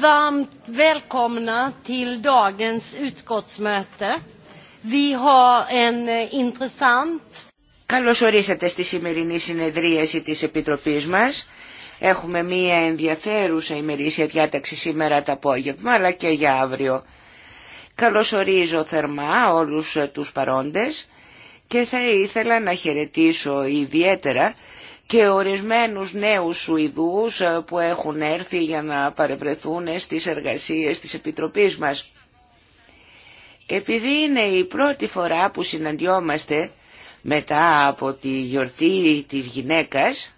Varmt välkomna till dagens utskottsmöte. Vi har en eh, intressant... Καλώς ορίσατε στη σημερινή συνεδρίαση της Επιτροπής μας. Έχουμε μία ενδιαφέρουσα ημερήσια διάταξη σήμερα το απόγευμα, αλλά και για αύριο. Καλώς ορίζω θερμά όλους τους παρόντες και θα ήθελα να χαιρετήσω ιδιαίτερα και ορισμένους νέους Σουηδούς ε, που έχουν έρθει για να παρευρεθούν στις εργασίες της Επιτροπής μας. Επειδή είναι η πρώτη φορά που συναντιόμαστε μετά από τη γιορτή της γυναίκας,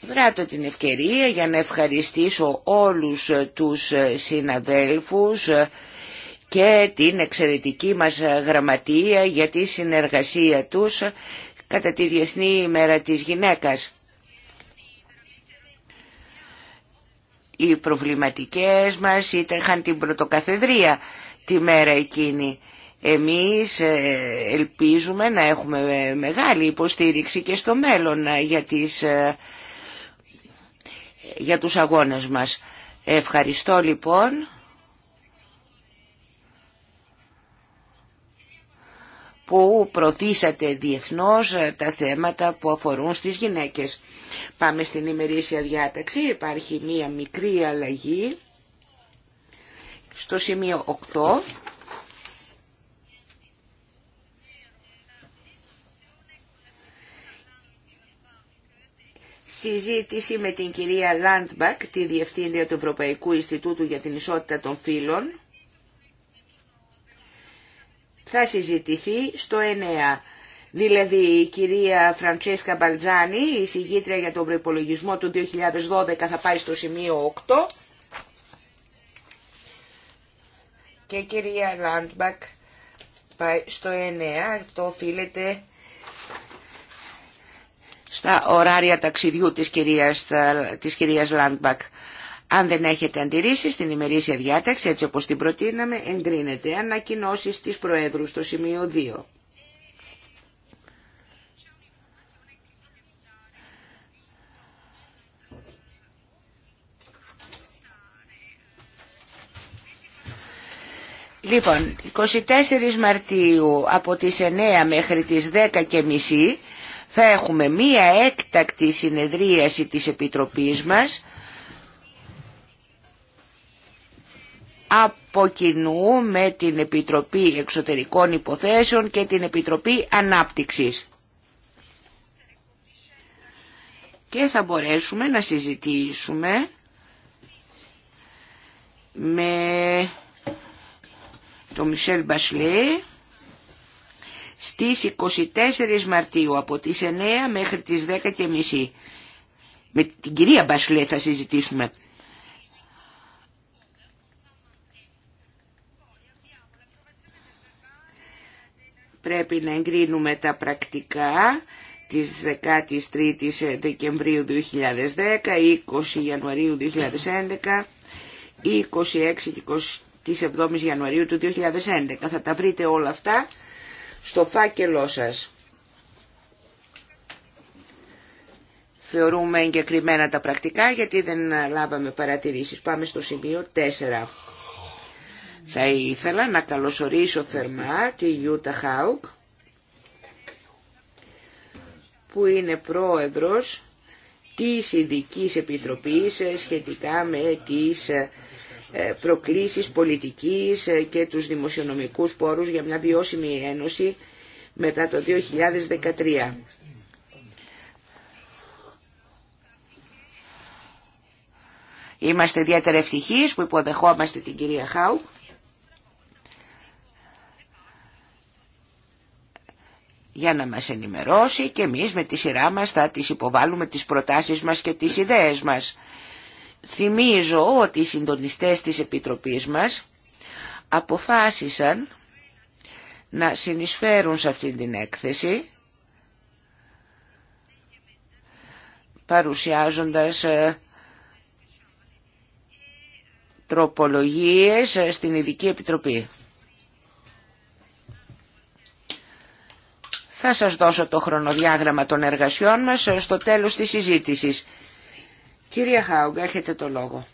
Δράτω την ευκαιρία για να ευχαριστήσω όλους τους συναδέλφους και την εξαιρετική μας γραμματεία για τη συνεργασία τους κατά τη Διεθνή ημέρα της γυναίκας. Οι προβληματικές μας είχαν την πρωτοκαθεδρία τη μέρα εκείνη. Εμείς ε, ελπίζουμε να έχουμε ε, μεγάλη υποστήριξη και στο μέλλον ε, για, τις, για τους αγώνες μας. Ευχαριστώ λοιπόν που προωθήσατε διεθνώς ε, τα θέματα που αφορούν στις γυναίκες. Πάμε στην ημερήσια διάταξη. Υπάρχει μία μικρή αλλαγή στο σημείο 8. Συζήτηση με την κυρία Λάντμπακ, τη Διευθύντρια του Ευρωπαϊκού Ινστιτούτου για την Ισότητα των Φύλων, θα συζητηθεί στο 9. Δηλαδή η κυρία Φραντσέσκα Μπαλτζάνη, η συγγήτρια για τον προπολογισμό του 2012 θα πάει στο σημείο 8 και η κυρία Λάντμπακ πάει στο 9. Αυτό οφείλεται στα ωράρια ταξιδιού της κυρίας, της κυρίας Λάντμπακ. Αν δεν έχετε αντιρρήσει στην ημερήσια διάταξη, έτσι όπως την προτείναμε, εγκρίνεται ανακοινώσει της Προέδρου στο σημείο 2. Λοιπόν, 24 Μαρτίου από τις 9 μέχρι τις 10 και μισή θα έχουμε μία έκτακτη συνεδρίαση της Επιτροπής μας από κοινού με την Επιτροπή Εξωτερικών Υποθέσεων και την Επιτροπή Ανάπτυξης. Και θα μπορέσουμε να συζητήσουμε με τον Μισελ Μπασλέ στις 24 Μαρτίου από τις 9 μέχρι τις 10.30. Με την κυρία Μπασλέ θα συζητήσουμε. πρέπει να εγκρίνουμε τα πρακτικά της 13ης Δεκεμβρίου 2010, 20 Ιανουαρίου 2011, 26 και 27 Ιανουαρίου του 2011. Θα τα βρείτε όλα αυτά στο φάκελό σας. Θεωρούμε εγκεκριμένα τα πρακτικά γιατί δεν λάβαμε παρατηρήσεις. Πάμε στο σημείο 4. Θα ήθελα να καλωσορίσω θερμά τη Γιούτα Χάουκ που είναι πρόεδρος της ειδική Επιτροπής σχετικά με τις ε, προκλήσεις πολιτικής ε, και τους δημοσιονομικούς πόρους για μια βιώσιμη ένωση μετά το 2013. Είμαστε ιδιαίτερα ευτυχείς που υποδεχόμαστε την κυρία Χάουκ για να μας ενημερώσει και εμείς με τη σειρά μας θα τις υποβάλουμε τις προτάσεις μας και τις ιδέες μας. Θυμίζω ότι οι συντονιστές της Επιτροπής μας αποφάσισαν να συνεισφέρουν σε αυτή την έκθεση παρουσιάζοντας ε, τροπολογίες ε, στην Ειδική Επιτροπή. Θα σας δώσω το χρονοδιάγραμμα των εργασιών μας στο τέλος της συζήτησης. Κυρία Χάουγκ, έχετε το λόγο.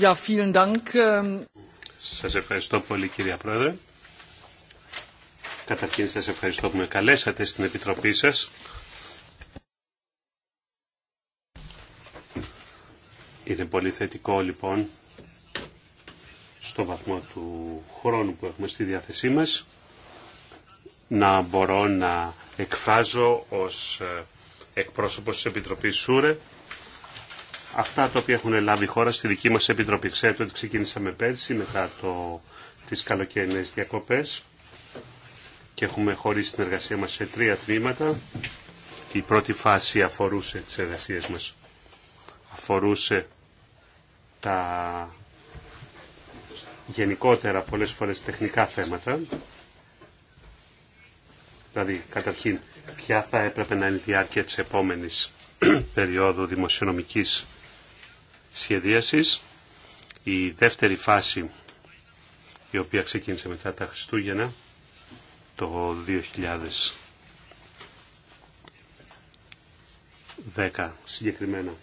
Ja, ähm, Σας ευχαριστώ πολύ κυρία Πρόεδρε. Καταρχήν σας ευχαριστώ που με καλέσατε στην Επιτροπή σας. Είναι πολύ θετικό λοιπόν στο βαθμό του χρόνου που έχουμε στη διάθεσή μας να μπορώ να εκφράζω ως ε, εκπρόσωπος της Επιτροπής ΣΟΥΡΕ αυτά τα οποία έχουν λάβει η χώρα στη δική μας Επιτροπή. Ξέρετε ότι ξεκίνησαμε πέρσι μετά το, τις καλοκαιρινές διακοπές και έχουμε χωρίσει την εργασία μας σε τρία τμήματα. Η πρώτη φάση αφορούσε τις εργασίες μας. Αφορούσε τα γενικότερα πολλές φορές τεχνικά θέματα. Δηλαδή, καταρχήν, ποια θα έπρεπε να είναι η διάρκεια της επόμενης περίοδου δημοσιονομικής σχεδίασης. Η δεύτερη φάση, η οποία ξεκίνησε μετά τα Χριστούγεννα, το 2010 συγκεκριμένα,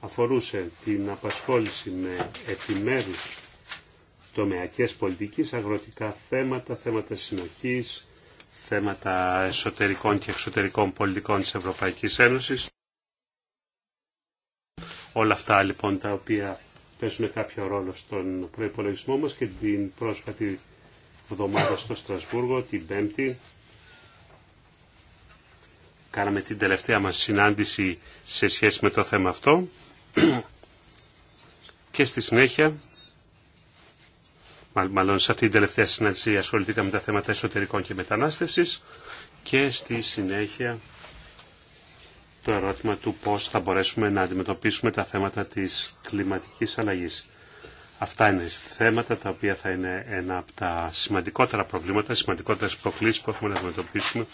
αφορούσε την απασχόληση με επιμέρους τομεακές πολιτικής, αγροτικά θέματα, θέματα συνοχής, θέματα εσωτερικών και εξωτερικών πολιτικών της Ευρωπαϊκής Ένωσης. Όλα αυτά λοιπόν τα οποία παίζουν κάποιο ρόλο στον προϋπολογισμό μας και την πρόσφατη βδομάδα στο Στρασβούργο, την Πέμπτη, κάναμε την τελευταία μας συνάντηση σε σχέση με το θέμα αυτό και στη συνέχεια μάλλον σε αυτή την τελευταία συνάντηση ασχοληθήκαμε με τα θέματα εσωτερικών και μετανάστευσης και στη συνέχεια το ερώτημα του πώς θα μπορέσουμε να αντιμετωπίσουμε τα θέματα της κλιματικής αλλαγής. Αυτά είναι θέματα τα οποία θα είναι ένα από τα σημαντικότερα προβλήματα, σημαντικότερες προκλήσεις που έχουμε να αντιμετωπίσουμε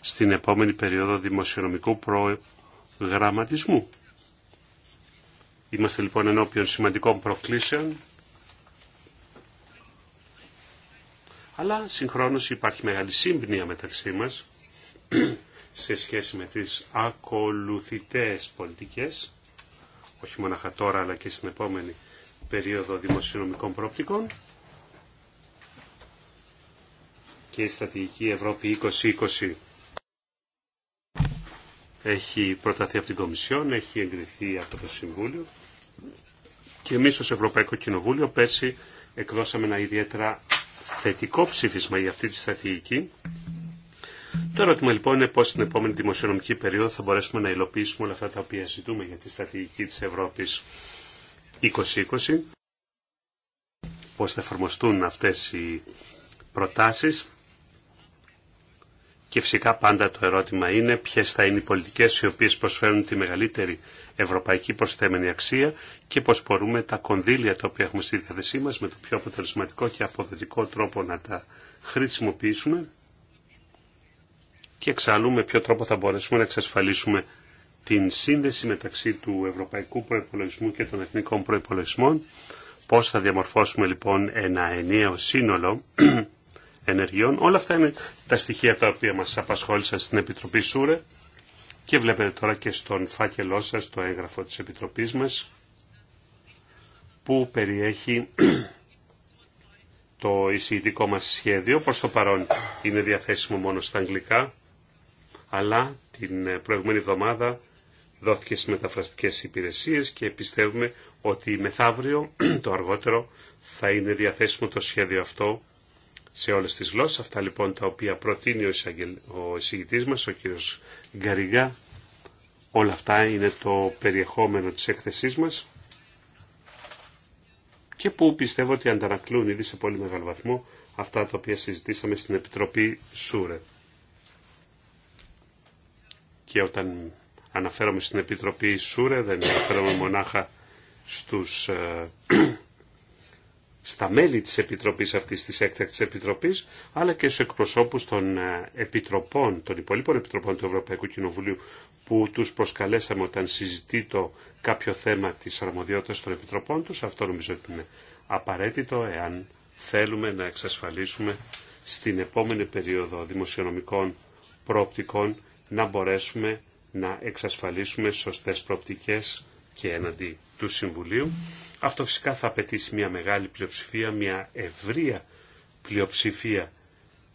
στην επόμενη περίοδο δημοσιονομικού προγραμματισμού. Είμαστε λοιπόν ενώπιον σημαντικών προκλήσεων αλλά συγχρόνως υπάρχει μεγάλη σύμπνοια μεταξύ μας σε σχέση με τις ακολουθητές πολιτικές, όχι μόνο τώρα αλλά και στην επόμενη περίοδο δημοσιονομικών πρόπτικών. και η Στατηγική Ευρώπη 2020 έχει προταθεί από την Κομισιόν, έχει εγκριθεί από το Συμβούλιο και εμείς ως Ευρωπαϊκό Κοινοβούλιο πέρσι εκδώσαμε ένα ιδιαίτερα θετικό ψήφισμα για αυτή τη στρατηγική. Το ερώτημα λοιπόν είναι πώς στην επόμενη δημοσιονομική περίοδο θα μπορέσουμε να υλοποιήσουμε όλα αυτά τα οποία ζητούμε για τη στρατηγική της Ευρώπης 2020. Πώς θα εφαρμοστούν αυτές οι προτάσεις και φυσικά πάντα το ερώτημα είναι ποιε θα είναι οι πολιτικέ οι οποίε προσφέρουν τη μεγαλύτερη ευρωπαϊκή προσθέμενη αξία και πω μπορούμε τα κονδύλια τα οποία έχουμε στη διάθεσή μα με το πιο αποτελεσματικό και αποδοτικό τρόπο να τα χρησιμοποιήσουμε και εξάλλου με ποιο τρόπο θα μπορέσουμε να εξασφαλίσουμε την σύνδεση μεταξύ του ευρωπαϊκού προϋπολογισμού και των εθνικών προϋπολογισμών. Πώς θα διαμορφώσουμε λοιπόν ένα ενιαίο σύνολο ενεργειών. Όλα αυτά είναι τα στοιχεία τα οποία μας απασχόλησαν στην Επιτροπή ΣΟΥΡΕ και βλέπετε τώρα και στον φάκελό σας το έγγραφο της Επιτροπής μας που περιέχει το εισηγητικό μας σχέδιο. Προς το παρόν είναι διαθέσιμο μόνο στα αγγλικά, αλλά την προηγούμενη εβδομάδα δόθηκε στις μεταφραστικές υπηρεσίες και πιστεύουμε ότι μεθαύριο το αργότερο θα είναι διαθέσιμο το σχέδιο αυτό σε όλες τις γλώσσες. Αυτά λοιπόν τα οποία προτείνει ο, εισαγγελ... ο εισηγητής μας, ο κύριος Γκαριγά. Όλα αυτά είναι το περιεχόμενο της έκθεσής μας και που πιστεύω ότι αντανακλούν ήδη σε πολύ μεγάλο βαθμό αυτά τα οποία συζητήσαμε στην Επιτροπή Σούρε. Και όταν αναφέρομαι στην Επιτροπή Σούρε δεν αναφέρομαι μονάχα στους ε, στα μέλη της Επιτροπής αυτής της έκτακτης Επιτροπής, αλλά και στους εκπροσώπους των ε, επιτροπών, των υπολείπων επιτροπών του Ευρωπαϊκού Κοινοβουλίου, που τους προσκαλέσαμε όταν συζητεί κάποιο θέμα της αρμοδιότητας των επιτροπών τους. Αυτό νομίζω ότι είναι απαραίτητο εάν θέλουμε να εξασφαλίσουμε στην επόμενη περίοδο δημοσιονομικών προοπτικών να μπορέσουμε να εξασφαλίσουμε σωστές προοπτικές και έναντι του Συμβουλίου αυτό φυσικά θα απαιτήσει μια μεγάλη πλειοψηφία, μια ευρεία πλειοψηφία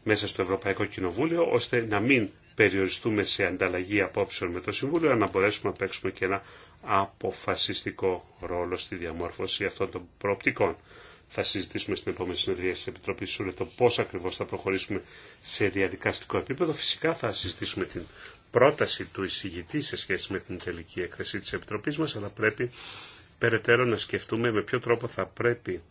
μέσα στο Ευρωπαϊκό Κοινοβούλιο, ώστε να μην περιοριστούμε σε ανταλλαγή απόψεων με το Συμβούλιο, αλλά να μπορέσουμε να παίξουμε και ένα αποφασιστικό ρόλο στη διαμόρφωση αυτών των προοπτικών. Θα συζητήσουμε στην επόμενη συνεδρία τη Επιτροπή Σούρε το πώ ακριβώ θα προχωρήσουμε σε διαδικαστικό επίπεδο. Φυσικά θα συζητήσουμε την πρόταση του εισηγητή σε σχέση με την τελική έκθεση τη Επιτροπή μα, αλλά πρέπει περαιτέρω να σκεφτούμε με ποιο τρόπο θα πρέπει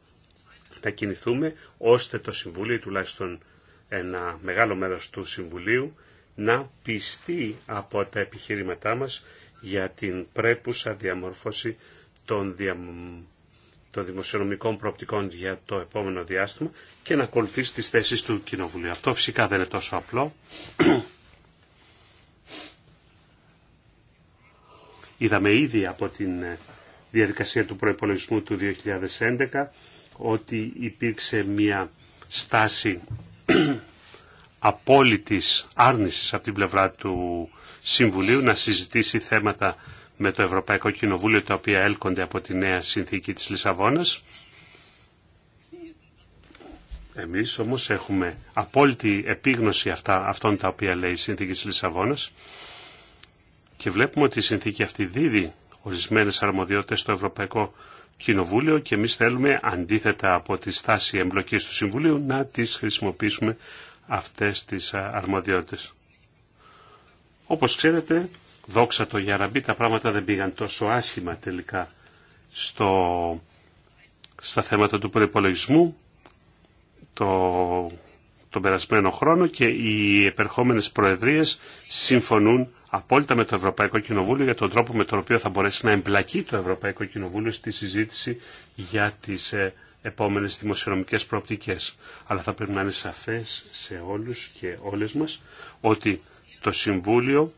να κινηθούμε ώστε το Συμβούλιο τουλάχιστον ένα μεγάλο μέρος του Συμβουλίου να πιστεί από τα επιχειρηματά μας για την πρέπουσα διαμόρφωση των, δημοσιονομικών προοπτικών για το επόμενο διάστημα και να ακολουθήσει τις θέσεις του Κοινοβουλίου. Αυτό φυσικά δεν είναι τόσο απλό. Είδαμε ήδη από την διαδικασία του προϋπολογισμού του 2011 ότι υπήρξε μια στάση απόλυτης άρνησης από την πλευρά του Συμβουλίου να συζητήσει θέματα με το Ευρωπαϊκό Κοινοβούλιο τα οποία έλκονται από τη νέα συνθήκη της Λισαβόνας. Εμείς όμως έχουμε απόλυτη επίγνωση αυτά, αυτών τα οποία λέει η συνθήκη της Λισαβόνας και βλέπουμε ότι η συνθήκη αυτή δίδει ορισμένες αρμοδιότητες στο Ευρωπαϊκό Κοινοβούλιο και εμείς θέλουμε αντίθετα από τη στάση εμπλοκής του Συμβουλίου να τις χρησιμοποιήσουμε αυτές τις αρμοδιότητες. Όπως ξέρετε, δόξα το Γιαραμπή, τα πράγματα δεν πήγαν τόσο άσχημα τελικά στο, στα θέματα του προπολογισμού το, τον περασμένο χρόνο και οι επερχόμενες προεδρίες συμφωνούν απόλυτα με το Ευρωπαϊκό Κοινοβούλιο για τον τρόπο με τον οποίο θα μπορέσει να εμπλακεί το Ευρωπαϊκό Κοινοβούλιο στη συζήτηση για τις ε, επόμενες δημοσιονομικές προοπτικές. Αλλά θα πρέπει να είναι σαφές σε όλους και όλες μας ότι το Συμβούλιο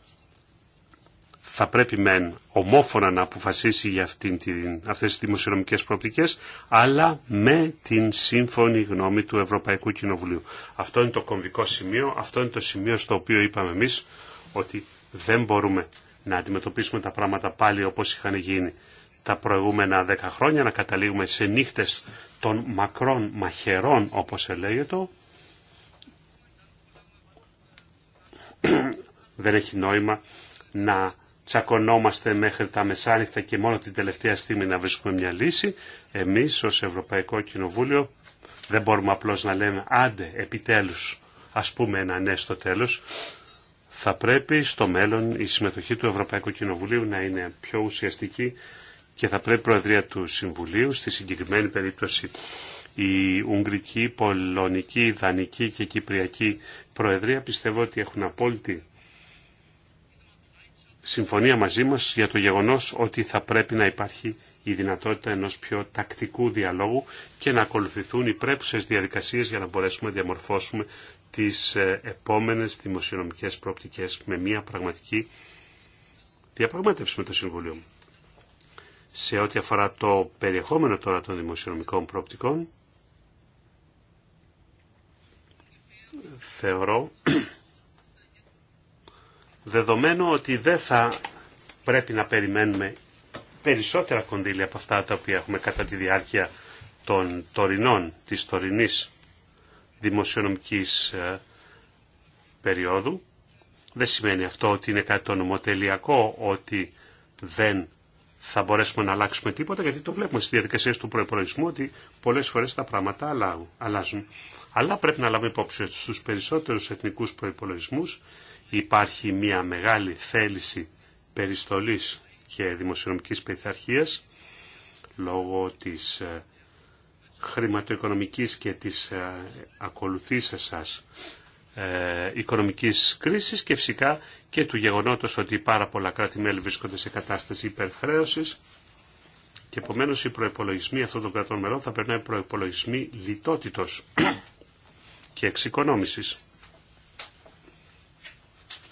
θα πρέπει μεν ομόφωνα να αποφασίσει για αυτήν την, αυτές τις δημοσιονομικές προοπτικές, αλλά με την σύμφωνη γνώμη του Ευρωπαϊκού Κοινοβουλίου. Αυτό είναι το κομβικό σημείο, αυτό είναι το σημείο στο οποίο είπαμε εμείς ότι δεν μπορούμε να αντιμετωπίσουμε τα πράγματα πάλι όπως είχαν γίνει τα προηγούμενα δέκα χρόνια, να καταλήγουμε σε νύχτες των μακρών μαχερών, όπως ελέγεται. Δεν έχει νόημα να τσακωνόμαστε μέχρι τα μεσάνυχτα και μόνο την τελευταία στιγμή να βρίσκουμε μια λύση. Εμείς ως Ευρωπαϊκό Κοινοβούλιο δεν μπορούμε απλώς να λέμε άντε επιτέλους ας πούμε ένα ναι στο τέλος θα πρέπει στο μέλλον η συμμετοχή του Ευρωπαϊκού Κοινοβουλίου να είναι πιο ουσιαστική και θα πρέπει η Προεδρία του Συμβουλίου, στη συγκεκριμένη περίπτωση η Ουγγρική, Πολωνική, Δανική και Κυπριακή Προεδρία, πιστεύω ότι έχουν απόλυτη συμφωνία μαζί μας για το γεγονός ότι θα πρέπει να υπάρχει η δυνατότητα ενός πιο τακτικού διαλόγου και να ακολουθηθούν οι πρέπουσες διαδικασίες για να μπορέσουμε να διαμορφώσουμε τις ε, επόμενες δημοσιονομικές προοπτικές με μια πραγματική διαπραγμάτευση με το Συμβουλίο. Σε ό,τι αφορά το περιεχόμενο τώρα των δημοσιονομικών προοπτικών, θεωρώ δεδομένο ότι δεν θα πρέπει να περιμένουμε περισσότερα κονδύλια από αυτά τα οποία έχουμε κατά τη διάρκεια των τωρινών, της τωρινής δημοσιονομικής ε, περίοδου. Δεν σημαίνει αυτό ότι είναι κάτι το νομοτελειακό, ότι δεν θα μπορέσουμε να αλλάξουμε τίποτα, γιατί το βλέπουμε στις διαδικασίες του προϋπολογισμού ότι πολλές φορές τα πράγματα αλλάζουν. Αλλά πρέπει να λάβουμε υπόψη ότι στους περισσότερους εθνικούς προϋπολογισμούς υπάρχει μια μεγάλη θέληση περιστολής και δημοσιονομικής πειθαρχίας λόγω της ε, χρηματοοικονομικής και της ε, ακολουθήσεως σας ε, οικονομικής κρίσης και φυσικά και του γεγονότος ότι πάρα πολλά κράτη-μέλη βρίσκονται σε κατάσταση υπερχρέωσης και επομένως οι προπολογισμοί αυτών των κρατών μελών θα περνάνε προϋπολογισμοί λιτότητος και εξοικονόμησης.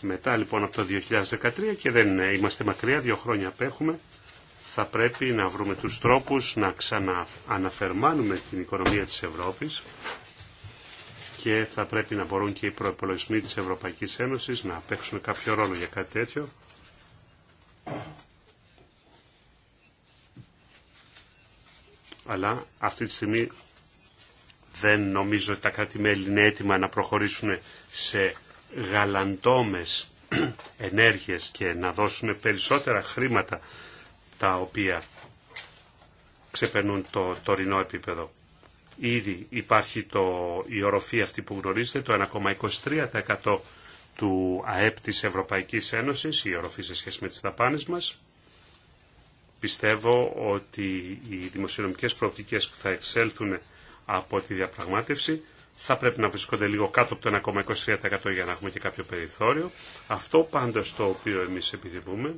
Μετά λοιπόν από το 2013 και δεν είμαστε μακριά, δύο χρόνια απέχουμε, θα πρέπει να βρούμε τους τρόπους να ξανααναφερμάνουμε την οικονομία της Ευρώπης και θα πρέπει να μπορούν και οι προπολογισμοί της Ευρωπαϊκής Ένωσης να παίξουν κάποιο ρόλο για κάτι τέτοιο. Αλλά αυτή τη στιγμή δεν νομίζω ότι τα κράτη-μέλη είναι έτοιμα να προχωρήσουν σε γαλαντόμες ενέργειες και να δώσουν περισσότερα χρήματα τα οποία ξεπερνούν το τωρινό επίπεδο. Ήδη υπάρχει το, η οροφή αυτή που γνωρίζετε, το 1,23% του ΑΕΠ της Ευρωπαϊκής Ένωσης, η οροφή σε σχέση με τις δαπάνες μας. Πιστεύω ότι οι δημοσιονομικές προοπτικές που θα εξέλθουν από τη διαπραγμάτευση θα πρέπει να βρισκόνται λίγο κάτω από το 1,23% για να έχουμε και κάποιο περιθώριο. Αυτό πάντως το οποίο εμείς επιθυμούμε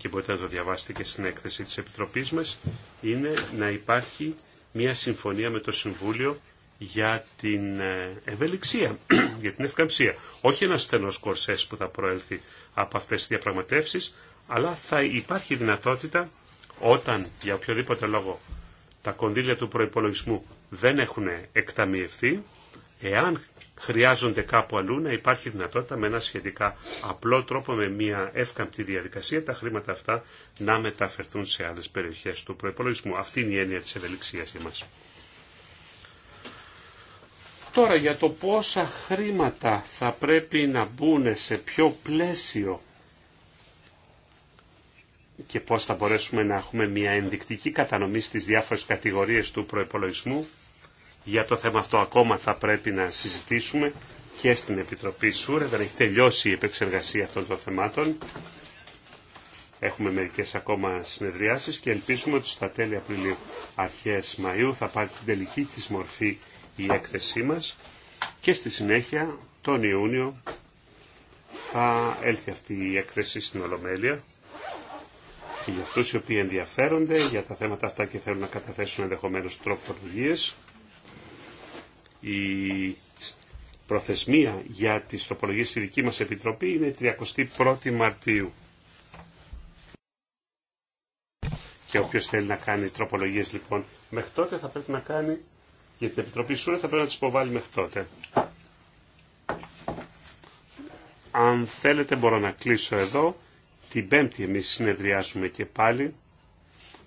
και μπορείτε να το διαβάσετε και στην έκθεση της Επιτροπής μας, είναι να υπάρχει μια συμφωνία με το Συμβούλιο για την ε, ευελιξία, για την ευκαμψία. Όχι ένα στενός κορσές που θα προέλθει από αυτές τις διαπραγματεύσεις, αλλά θα υπάρχει δυνατότητα όταν για οποιοδήποτε λόγο τα κονδύλια του προϋπολογισμού δεν έχουν εκταμιευθεί, εάν χρειάζονται κάπου αλλού, να υπάρχει δυνατότητα με ένα σχετικά απλό τρόπο, με μια εύκαμπτη διαδικασία, τα χρήματα αυτά να μεταφερθούν σε άλλες περιοχές του προϋπολογισμού. Αυτή είναι η έννοια της ευελιξίας για μας. Τώρα για το πόσα χρήματα θα πρέπει να μπουν σε ποιο πλαίσιο και πώς θα μπορέσουμε να έχουμε μια ενδεικτική κατανομή στις διάφορες κατηγορίες του προϋπολογισμού για το θέμα αυτό ακόμα θα πρέπει να συζητήσουμε και στην Επιτροπή ΣΟΥΡΕ, δεν έχει τελειώσει η επεξεργασία αυτών των θεμάτων. Έχουμε μερικές ακόμα συνεδριάσεις και ελπίζουμε ότι στα τέλη Απριλίου, αρχές Μαΐου θα πάρει την τελική της μορφή η έκθεσή μας και στη συνέχεια τον Ιούνιο θα έλθει αυτή η έκθεση στην Ολομέλεια και για αυτούς οι οποίοι ενδιαφέρονται για τα θέματα αυτά και θέλουν να καταθέσουν ενδεχομένως η προθεσμία για τις τροπολογίες στη δική μας Επιτροπή η είναι 31η Μαρτίου. Και όποιος θέλει να κάνει τροπολογίες λοιπόν μέχρι τότε θα πρέπει να κάνει για την Επιτροπή Σούρα θα πρέπει να τις υποβάλει μέχρι τότε. Αν θέλετε μπορώ να κλείσω εδώ. Την Πέμπτη εμείς συνεδριάζουμε και πάλι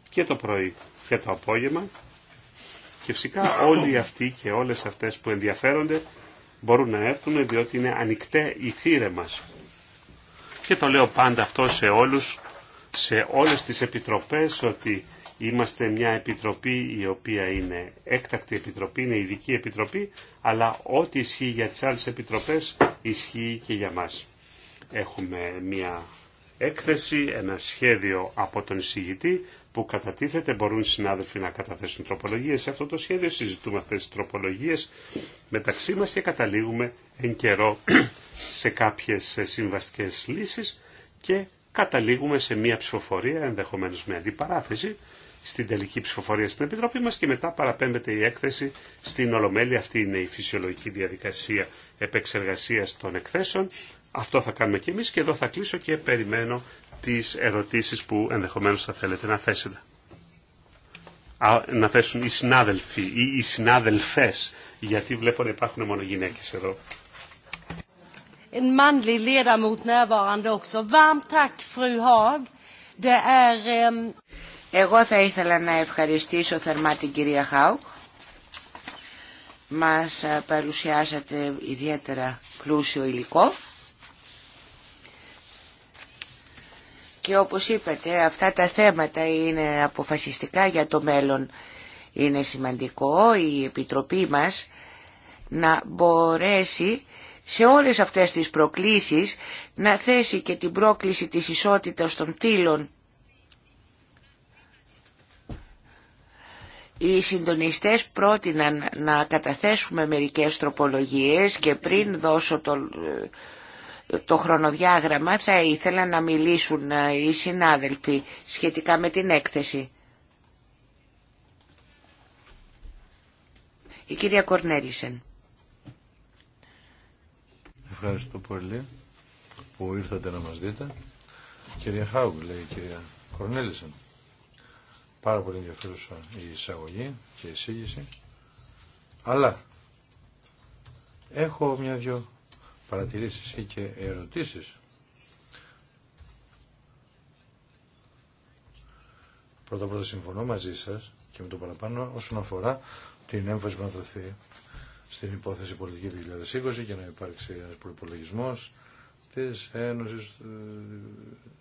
και το πρωί και το απόγευμα. Και φυσικά όλοι αυτοί και όλες αυτές που ενδιαφέρονται μπορούν να έρθουν διότι είναι ανοιχτέ η θύρε μας. Και το λέω πάντα αυτό σε όλους, σε όλες τις επιτροπές ότι είμαστε μια επιτροπή η οποία είναι έκτακτη επιτροπή, είναι ειδική επιτροπή, αλλά ό,τι ισχύει για τις άλλες επιτροπές ισχύει και για μας. Έχουμε μια έκθεση, ένα σχέδιο από τον εισηγητή, που κατατίθεται μπορούν οι συνάδελφοι να καταθέσουν τροπολογίες. Σε αυτό το σχέδιο συζητούμε αυτές τις τροπολογίες μεταξύ μας και καταλήγουμε εν καιρό σε κάποιες ε, συμβαστικές λύσεις και καταλήγουμε σε μια ψηφοφορία, ενδεχομένως με αντιπαράθεση, στην τελική ψηφοφορία στην Επιτροπή μας και μετά παραπέμπεται η έκθεση στην Ολομέλη. Αυτή είναι η φυσιολογική διαδικασία επεξεργασίας των εκθέσεων. Αυτό θα κάνουμε και εμείς και εδώ θα κλείσω και περιμένω τις ερωτήσεις που ενδεχομένως θα θέλετε να θέσετε. Να θέσουν οι συνάδελφοι ή οι συνάδελφες, γιατί βλέπω να υπάρχουν μόνο γυναίκες εδώ. Εγώ θα ήθελα να ευχαριστήσω θερμά την κυρία Χάουκ. Μας ε, παρουσιάσατε ιδιαίτερα πλούσιο υλικό. Και όπως είπατε, αυτά τα θέματα είναι αποφασιστικά για το μέλλον. Είναι σημαντικό η Επιτροπή μας να μπορέσει σε όλες αυτές τις προκλήσεις να θέσει και την πρόκληση της ισότητας των φύλων. Οι συντονιστές πρότειναν να καταθέσουμε μερικές τροπολογίες και πριν δώσω το το χρονοδιάγραμμα θα ήθελα να μιλήσουν ε, οι συνάδελφοι σχετικά με την έκθεση. Η κυρία Κορνέλησεν. Ευχαριστώ πολύ που ήρθατε να μας δείτε. Κυρία Χάουγκ, λέει η κυρία Κορνέλησεν. Πάρα πολύ ενδιαφέρουσα η εισαγωγή και η εισήγηση. Αλλά έχω μια-δυο παρατηρήσεις ή και ερωτήσεις. Πρώτα απ' όλα συμφωνώ μαζί σας και με το παραπάνω όσον αφορά την έμφαση που να δοθεί στην υπόθεση πολιτική 2020 και να υπάρξει ένας προϋπολογισμός της Ένωσης.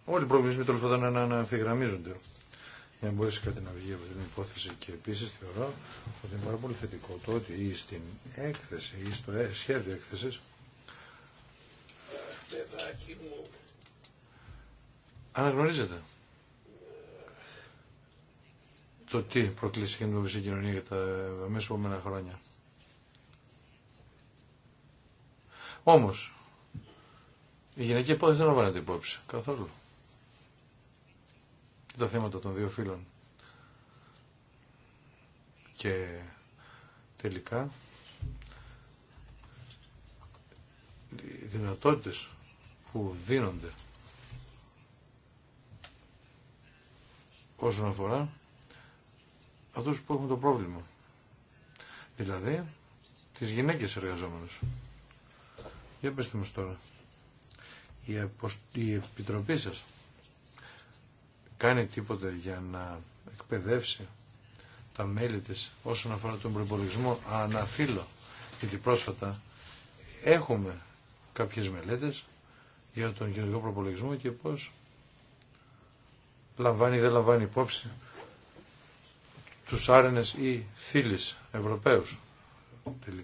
Όλοι οι προβλησμοί τέλος πάντων να αναφυγραμμίζονται για να μπορέσει κάτι να βγει από την υπόθεση. Και επίση θεωρώ ότι είναι πάρα πολύ θετικό το ότι ή στην έκθεση ή στο ε, σχέδιο έκθεση παιδάκι Αναγνωρίζετε το τι προκλήσει και αντιμετωπίζει η κοινωνία για τα μέσα επόμενα χρόνια. Όμως, η γυναική υπόθεση δεν την υπόψη καθόλου. τα θέματα των δύο φίλων. Και τελικά, οι δυνατότητες που δίνονται όσον αφορά αυτούς που έχουν το πρόβλημα. Δηλαδή, τις γυναίκες εργαζόμενες. Για πέστε μας τώρα. Η, Επιτροπή σας κάνει τίποτε για να εκπαιδεύσει τα μέλη της όσον αφορά τον προπολογισμό αναφύλλω. Γιατί πρόσφατα έχουμε κάποιες μελέτες για τον κοινωνικό προπολογισμό και πώς λαμβάνει ή δεν λαμβάνει υπόψη τους άρενες ή φίλες Ευρωπαίους. Μήπω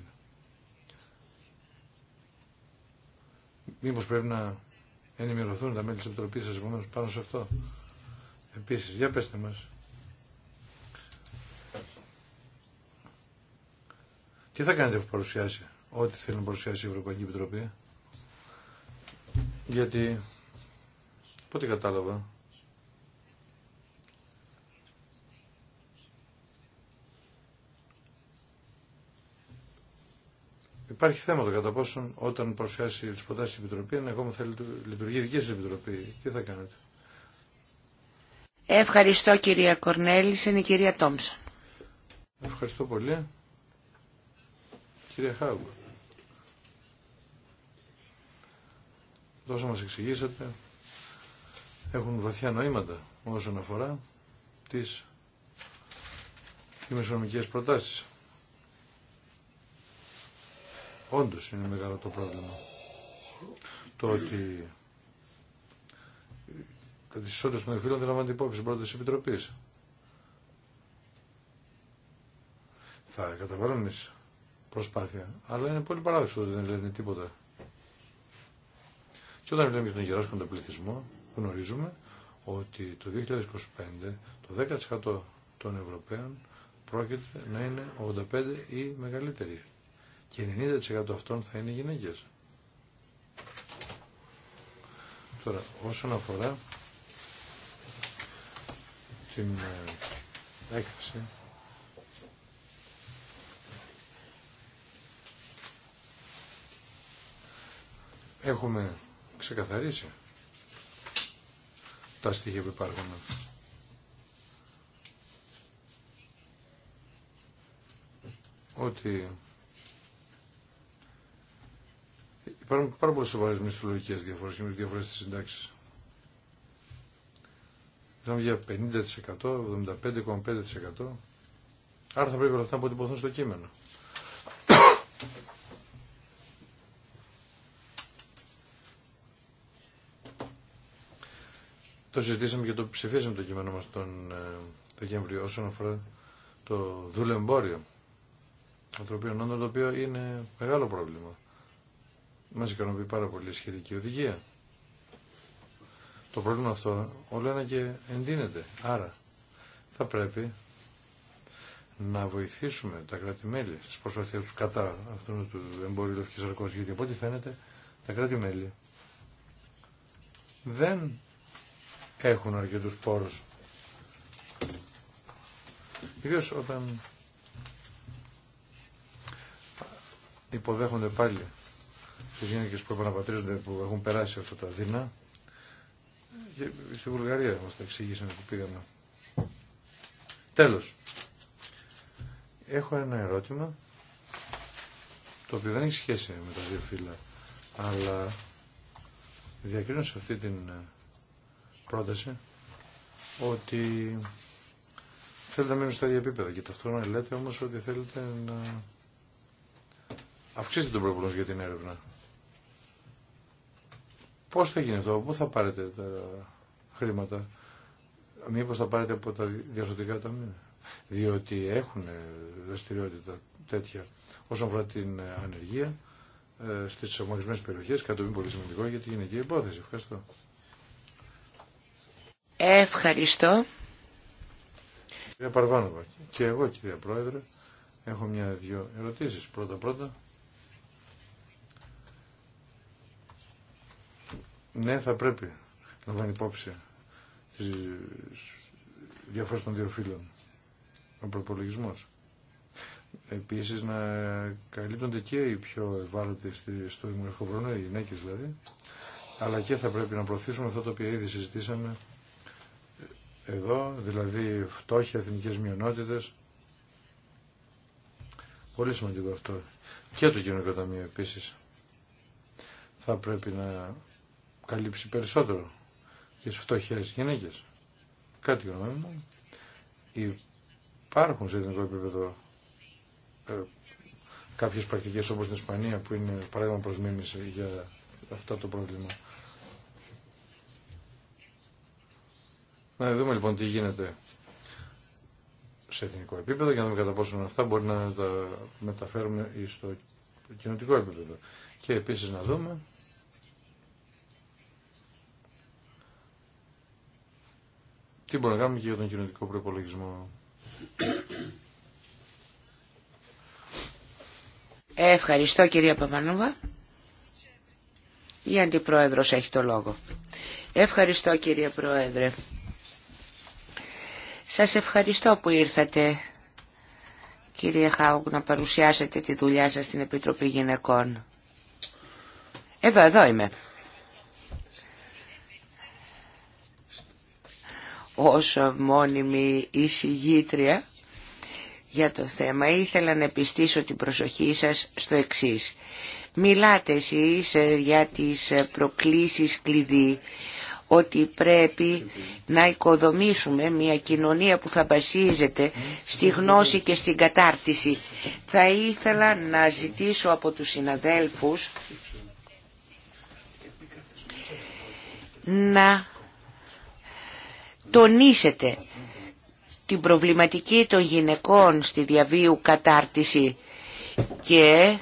Μήπως πρέπει να ενημερωθούν τα μέλη της Επιτροπής σας πάνω σε αυτό. Επίσης, για πέστε μας. Τι θα κάνετε αφού παρουσιάσει ό,τι θέλει να παρουσιάσει η Ευρωπαϊκή Επιτροπή. Γιατί, πότε κατάλαβα, Υπάρχει θέμα το κατά πόσον όταν προσφέρει τι προτάσει στην Επιτροπή, αν ακόμα θα λειτουργεί η δική σα Επιτροπή. Τι θα κάνετε. Ευχαριστώ κυρία Κορνέλη, είναι η κυρία Τόμψον. Ευχαριστώ πολύ. Κυρία Χάουγκ. τόσο μας εξηγήσατε έχουν βαθιά νοήματα όσον αφορά τις δημοσιονομικές προτάσεις. Όντως είναι μεγάλο το πρόβλημα. Το ότι κατά τι ισότητας των ευφύλων δεν λαμβάνεται υπόψη πρώτα Επιτροπής. Θα καταβάλουμε εμείς προσπάθεια. Αλλά είναι πολύ παράδοξο ότι δεν λένε τίποτα και όταν μιλάμε για τον γεράσκοντα πληθυσμό, γνωρίζουμε ότι το 2025 το 10% των Ευρωπαίων πρόκειται να είναι 85 ή μεγαλύτεροι. Και 90% αυτών θα είναι γυναίκες. Τώρα, όσον αφορά την ε, έκθεση έχουμε ξεκαθαρίσει τα στοιχεία που υπάρχουν. Ότι υπάρχουν πάρα πολλέ σοβαρέ μισθολογικέ διαφορέ και διαφορέ στι συντάξει. Μιλάμε για 50%, 75,5%. Άρα θα πρέπει όλα αυτά να αποτυπωθούν στο κείμενο. Το συζητήσαμε και το ψηφίσαμε το κείμενο μας τον ε, Δεκέμβριο όσον αφορά το δουλεμπόριο ανθρωπίων όντων, το οποίο είναι μεγάλο πρόβλημα. Μας ικανοποιεί πάρα πολύ σχετική οδηγία. Το πρόβλημα αυτό όλο ένα και εντείνεται. Άρα θα πρέπει να βοηθήσουμε τα κράτη-μέλη στις προσπαθίες τους κατά αυτού του εμπόριου λευκής αρκός, γιατί από ό,τι φαίνεται τα κράτη-μέλη δεν έχουν αρκετούς πόρους. Ιδίως όταν υποδέχονται πάλι τις γυναίκες που επαναπατρίζονται, που έχουν περάσει αυτά τα δίνα Και στη Βουλγαρία μας τα εξήγησαν που πήγαμε. Τέλος. Έχω ένα ερώτημα το οποίο δεν έχει σχέση με τα δύο φύλλα αλλά διακρίνω σε αυτή την ε, πρόταση ότι θέλετε να μείνουν στα ίδια επίπεδα και ταυτόχρονα λέτε όμως ότι θέλετε να αυξήσετε τον προβλημα για την έρευνα. Πώς θα γίνει αυτό, πού θα πάρετε τα χρήματα, μήπως θα πάρετε από τα διαστοτικά ταμεία. Διότι έχουν δραστηριότητα τέτοια όσον αφορά την ανεργία ε, στις ομορφισμένες περιοχές, κάτι που είναι πολύ ανεργια στις ομορφισμενες περιοχες κατι ειναι πολυ σημαντικο για τη η υπόθεση. Ευχαριστώ. Ευχαριστώ. Κυρία Παρβάνοβα, και εγώ κυρία Πρόεδρε, έχω μια-δυο ερωτήσεις. Πρώτα-πρώτα, ναι θα πρέπει να βάλει υπόψη τις διαφορές των δύο φύλων, ο προπολογισμό. Επίσης να καλύπτονται και οι πιο ευάλωτες στο δημοσιογραφικό οι γυναίκες δηλαδή, αλλά και θα πρέπει να προωθήσουμε αυτό το οποίο ήδη συζητήσαμε εδώ, δηλαδή φτώχεια, εθνικές μειονότητες. Πολύ σημαντικό αυτό. Και το κοινωνικό ταμείο επίσης θα πρέπει να καλύψει περισσότερο τις φτώχε γυναίκες. Κάτι γνώμη μου. Υπάρχουν σε εθνικό επίπεδο ε, κάποιες πρακτικές όπως στην Ισπανία που είναι παράδειγμα προς για αυτό το πρόβλημα. Να δούμε λοιπόν τι γίνεται σε εθνικό επίπεδο και να δούμε κατά πόσο αυτά μπορεί να τα μεταφέρουμε στο κοινωτικό επίπεδο. Και επίσης να δούμε τι μπορούμε να κάνουμε και για τον κοινωτικό προπολογισμό. Ευχαριστώ κυρία Παπανούβα. Η Αντιπρόεδρος έχει το λόγο. Ευχαριστώ κύριε Πρόεδρε. Σας ευχαριστώ που ήρθατε, κύριε Χάουγκ, να παρουσιάσετε τη δουλειά σας στην Επιτροπή Γυναικών. Εδώ, εδώ είμαι. Όσο μόνιμη εισηγήτρια για το θέμα ήθελα να επιστήσω την προσοχή σας στο εξής. Μιλάτε εσείς ε, για τις ε, προκλήσεις κλειδί ότι πρέπει να οικοδομήσουμε μια κοινωνία που θα βασίζεται στη γνώση και στην κατάρτιση. Θα ήθελα να ζητήσω από τους συναδέλφους να τονίσετε την προβληματική των γυναικών στη διαβίου κατάρτιση και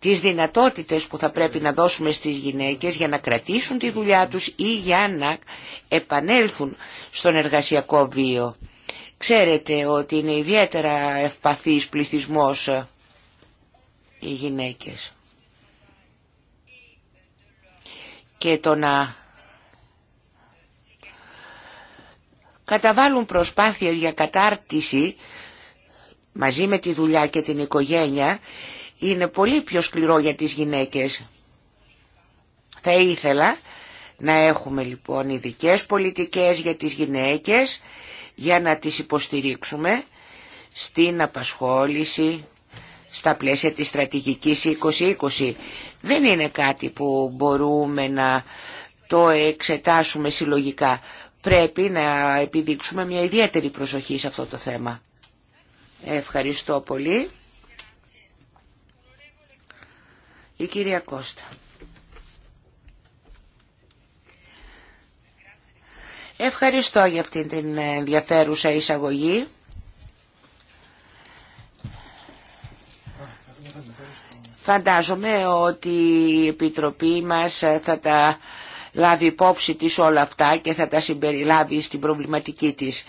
τις δυνατότητες που θα πρέπει να δώσουμε στις γυναίκες για να κρατήσουν τη δουλειά τους ή για να επανέλθουν στον εργασιακό βίο. Ξέρετε ότι είναι ιδιαίτερα ευπαθής πληθυσμός ε, οι γυναίκες. Και το να καταβάλουν προσπάθειες για κατάρτιση μαζί με τη δουλειά και την οικογένεια είναι πολύ πιο σκληρό για τις γυναίκες. Θα ήθελα να έχουμε λοιπόν ειδικέ πολιτικές για τις γυναίκες για να τις υποστηρίξουμε στην απασχόληση στα πλαίσια της στρατηγικής 2020. Δεν είναι κάτι που μπορούμε να το εξετάσουμε συλλογικά. Πρέπει να επιδείξουμε μια ιδιαίτερη προσοχή σε αυτό το θέμα. Ευχαριστώ πολύ. Η κυρία Κώστα. Ευχαριστώ για αυτήν την ενδιαφέρουσα εισαγωγή. Φαντάζομαι ότι η Επιτροπή μας θα τα λάβει υπόψη της όλα αυτά και θα τα συμπεριλάβει στην προβληματική της.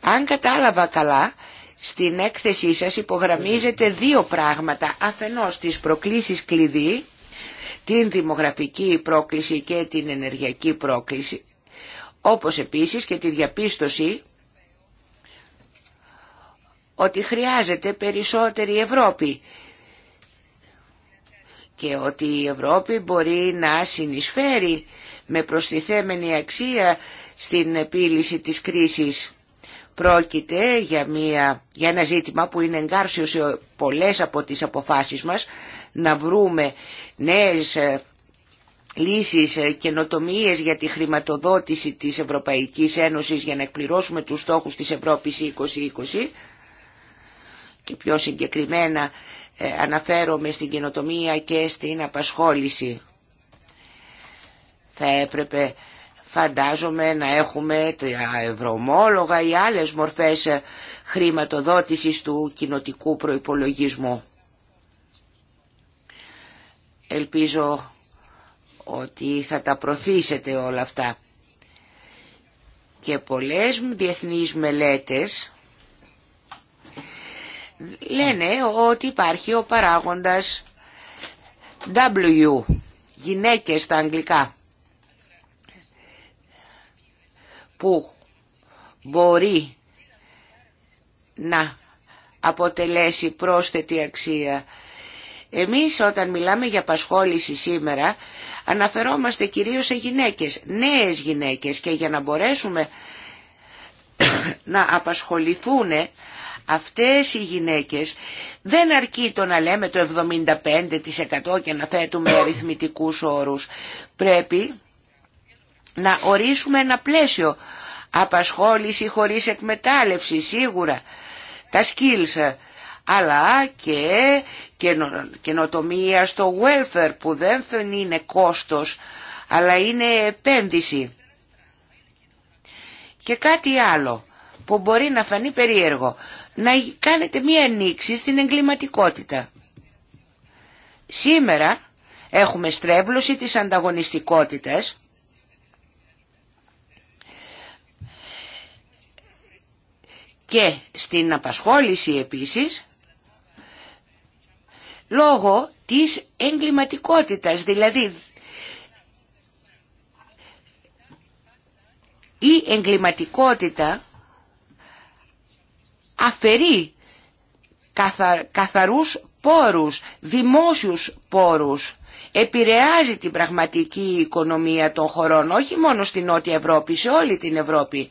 Αν κατάλαβα καλά, στην έκθεσή σας υπογραμμίζεται δύο πράγματα, αφενός τις προκλήσεις κλειδί, την δημογραφική πρόκληση και την ενεργειακή πρόκληση, όπως επίσης και τη διαπίστωση ότι χρειάζεται περισσότερη Ευρώπη και ότι η Ευρώπη μπορεί να συνεισφέρει με προστιθέμενη αξία στην επίλυση της κρίσης. Πρόκειται για, μια, για ένα ζήτημα που είναι εγκάρσιο σε πολλές από τις αποφάσεις μας να βρούμε νέες ε, λύσεις, ε, καινοτομίε για τη χρηματοδότηση της Ευρωπαϊκής Ένωσης για να εκπληρώσουμε τους στόχους της Ευρώπης 2020 και πιο συγκεκριμένα ε, αναφέρομαι στην καινοτομία και στην απασχόληση. Θα έπρεπε Φαντάζομαι να έχουμε τα ευρωμόλογα ή άλλες μορφές χρηματοδότησης του κοινοτικού προϋπολογισμού. Ελπίζω ότι θα τα προθίσετε όλα αυτά. Και πολλές διεθνείς μελέτες λένε ότι υπάρχει ο παράγοντας W, γυναίκες στα αγγλικά. που μπορεί να αποτελέσει πρόσθετη αξία. Εμείς όταν μιλάμε για απασχόληση σήμερα αναφερόμαστε κυρίως σε γυναίκες, νέες γυναίκες και για να μπορέσουμε να απασχοληθούν αυτές οι γυναίκες δεν αρκεί το να λέμε το 75% και να θέτουμε αριθμητικούς όρους. Πρέπει να ορίσουμε ένα πλαίσιο. Απασχόληση χωρίς εκμετάλλευση σίγουρα, τα skills, αλλά και καινοτομία στο welfare που δεν είναι κόστος, αλλά είναι επένδυση. Και κάτι άλλο που μπορεί να φανεί περίεργο, να κάνετε μία ανοίξη στην εγκληματικότητα. Σήμερα έχουμε στρέβλωση της ανταγωνιστικότητας, και στην απασχόληση επίσης λόγω της εγκληματικότητας, δηλαδή η εγκληματικότητα αφαιρεί καθαρούς πόρους, δημόσιους πόρους, επηρεάζει την πραγματική οικονομία των χωρών, όχι μόνο στην Νότια Ευρώπη, σε όλη την Ευρώπη.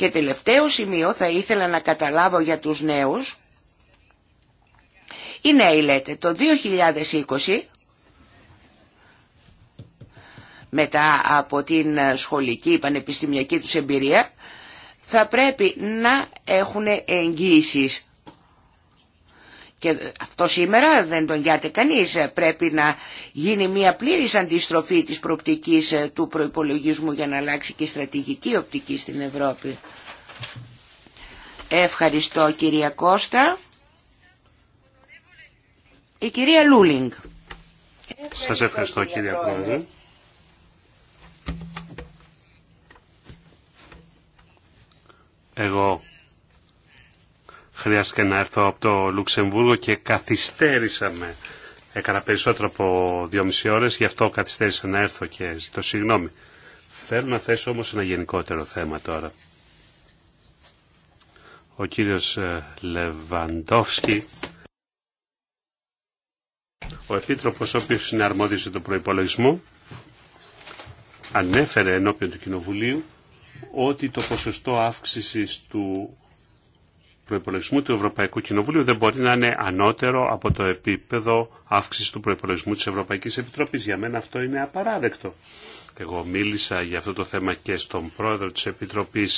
Και τελευταίο σημείο θα ήθελα να καταλάβω για τους νέους. Οι νέοι λέτε το 2020 μετά από την σχολική πανεπιστημιακή τους εμπειρία θα πρέπει να έχουν εγγύησεις και αυτό σήμερα δεν τον γιάται κανείς. Πρέπει να γίνει μια πλήρης αντιστροφή της προοπτικής ε, του προϋπολογισμού για να αλλάξει και η στρατηγική οπτική στην Ευρώπη. Ευχαριστώ κυρία Κώστα. Η κυρία Λούλινγκ. Σας ευχαριστώ κυρία Πρόεδρε. Εγώ χρειάστηκε να έρθω από το Λουξεμβούργο και καθυστέρησαμε. Έκανα περισσότερο από μισή ώρες, γι' αυτό καθυστέρησα να έρθω και ζητώ συγγνώμη. Θέλω να θέσω όμως ένα γενικότερο θέμα τώρα. Ο κύριος ε, Λεβαντόφσκι, ο επίτροπος ο οποίος είναι τον προϋπολογισμό, ανέφερε ενώπιον του Κοινοβουλίου ότι το ποσοστό αύξησης του προπολογισμού του Ευρωπαϊκού Κοινοβουλίου δεν μπορεί να είναι ανώτερο από το επίπεδο αύξηση του προπολογισμού τη Ευρωπαϊκή Επιτροπή. Για μένα αυτό είναι απαράδεκτο. Εγώ μίλησα για αυτό το θέμα και στον πρόεδρο τη Επιτροπή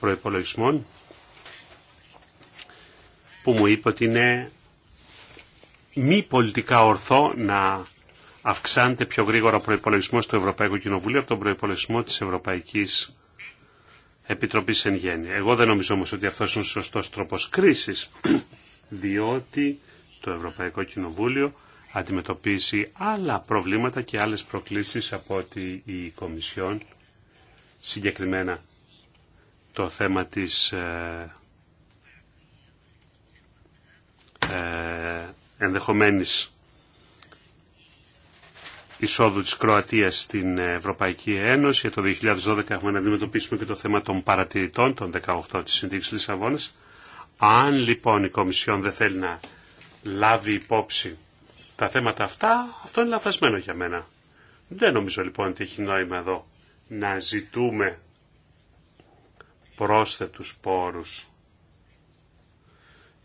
Προπολογισμών που μου είπε ότι είναι μη πολιτικά ορθό να αυξάνεται πιο γρήγορα ο προπολογισμό του Ευρωπαϊκού Κοινοβουλίου από τον προπολογισμό τη Ευρωπαϊκή Επιτροπή. Επιτροπή εν Εγώ δεν νομίζω όμως ότι αυτός είναι ο σωστός τρόπος κρίσης, διότι το Ευρωπαϊκό Κοινοβούλιο αντιμετωπίσει άλλα προβλήματα και άλλες προκλήσεις από ότι η Κομισιόν συγκεκριμένα το θέμα της ε, ε ενδεχομένης εισόδου της Κροατίας στην Ευρωπαϊκή Ένωση. Για το 2012 έχουμε να αντιμετωπίσουμε και το θέμα των παρατηρητών, των 18 της Συνδίκης Λισαβόνας. Αν λοιπόν η Κομισιόν δεν θέλει να λάβει υπόψη τα θέματα αυτά, αυτό είναι λαθασμένο για μένα. Δεν νομίζω λοιπόν ότι έχει νόημα εδώ να ζητούμε πρόσθετους πόρους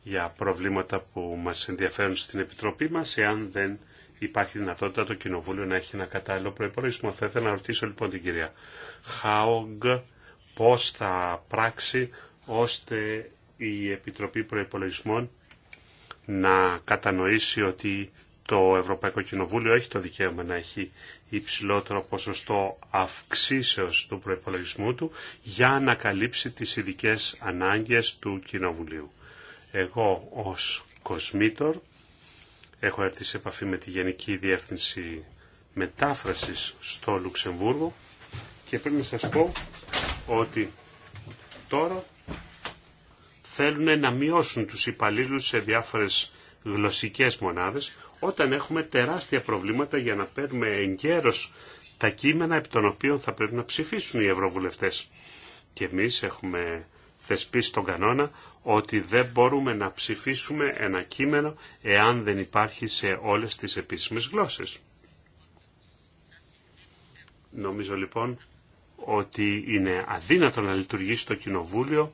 για προβλήματα που μας ενδιαφέρουν στην Επιτροπή μας, εάν δεν υπάρχει δυνατότητα το Κοινοβούλιο να έχει ένα κατάλληλο προπολογισμό. Θα ήθελα να ρωτήσω λοιπόν την κυρία Χάογκ πώς θα πράξει ώστε η Επιτροπή Προϋπολογισμών να κατανοήσει ότι το Ευρωπαϊκό Κοινοβούλιο έχει το δικαίωμα να έχει υψηλότερο ποσοστό αυξήσεως του προϋπολογισμού του για να καλύψει τις ειδικέ ανάγκες του Κοινοβουλίου. Εγώ ως κοσμήτορ Έχω έρθει σε επαφή με τη Γενική Διεύθυνση Μετάφρασης στο Λουξεμβούργο και πρέπει να σας πω ότι τώρα θέλουν να μειώσουν τους υπαλλήλους σε διάφορες γλωσσικές μονάδες όταν έχουμε τεράστια προβλήματα για να παίρνουμε εγκαίρως τα κείμενα επί των οποίων θα πρέπει να ψηφίσουν οι ευρωβουλευτές. Και εμείς έχουμε θεσπίσει τον κανόνα ότι δεν μπορούμε να ψηφίσουμε ένα κείμενο εάν δεν υπάρχει σε όλες τις επίσημες γλώσσες. Νομίζω λοιπόν ότι είναι αδύνατο να λειτουργήσει το Κοινοβούλιο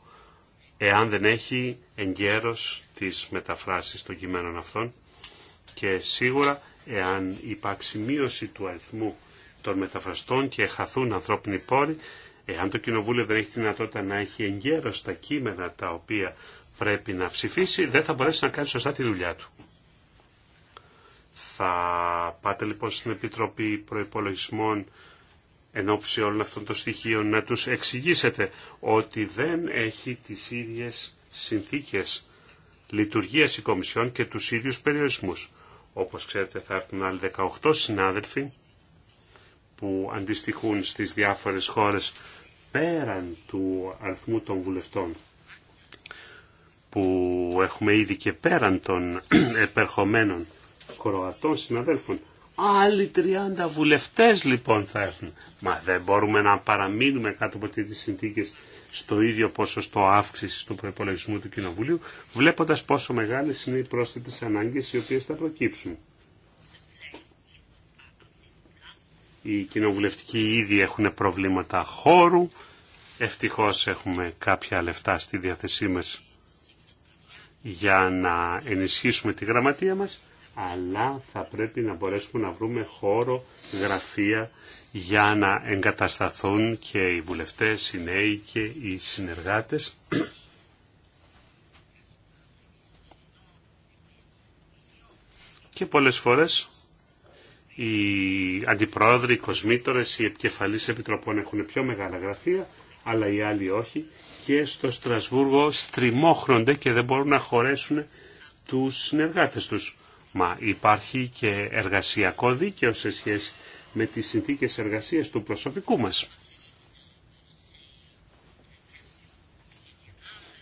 εάν δεν έχει εγκαίρως τις μεταφράσεις των κειμένων αυτών και σίγουρα εάν υπάρξει μείωση του αριθμού των μεταφραστών και χαθούν ανθρώπινοι πόροι Εάν το Κοινοβούλιο δεν έχει τη δυνατότητα να έχει εγκαίρω τα κείμενα τα οποία πρέπει να ψηφίσει, δεν θα μπορέσει να κάνει σωστά τη δουλειά του. Θα πάτε λοιπόν στην Επιτροπή Προϋπολογισμών εν ώψη όλων αυτών των στοιχείων να τους εξηγήσετε ότι δεν έχει τις ίδιες συνθήκες λειτουργίας η Κομισιόν και τους ίδιους περιορισμούς. Όπως ξέρετε θα έρθουν άλλοι 18 συνάδελφοι που αντιστοιχούν στις διάφορες χώρες πέραν του αριθμού των βουλευτών που έχουμε ήδη και πέραν των επερχομένων Κροατών συναδέλφων. Άλλοι 30 βουλευτές λοιπόν θα έρθουν. Μα δεν μπορούμε να παραμείνουμε κάτω από τις συνθήκες στο ίδιο ποσοστό αύξηση του προπολογισμού του Κοινοβουλίου, βλέποντας πόσο μεγάλες είναι οι πρόσθετες ανάγκες οι οποίες θα προκύψουν. Οι κοινοβουλευτικοί ήδη έχουν προβλήματα χώρου, Ευτυχώς έχουμε κάποια λεφτά στη διάθεσή μας για να ενισχύσουμε τη γραμματεία μας, αλλά θα πρέπει να μπορέσουμε να βρούμε χώρο, γραφεία για να εγκατασταθούν και οι βουλευτές, οι νέοι και οι συνεργάτες. Και πολλές φορές οι αντιπρόεδροι, οι κοσμήτορες, οι επικεφαλής επιτροπών έχουν πιο μεγάλα γραφεία, αλλά οι άλλοι όχι και στο Στρασβούργο στριμώχνονται και δεν μπορούν να χωρέσουν τους συνεργάτες τους. Μα υπάρχει και εργασιακό δίκαιο σε σχέση με τις συνθήκες εργασίας του προσωπικού μας.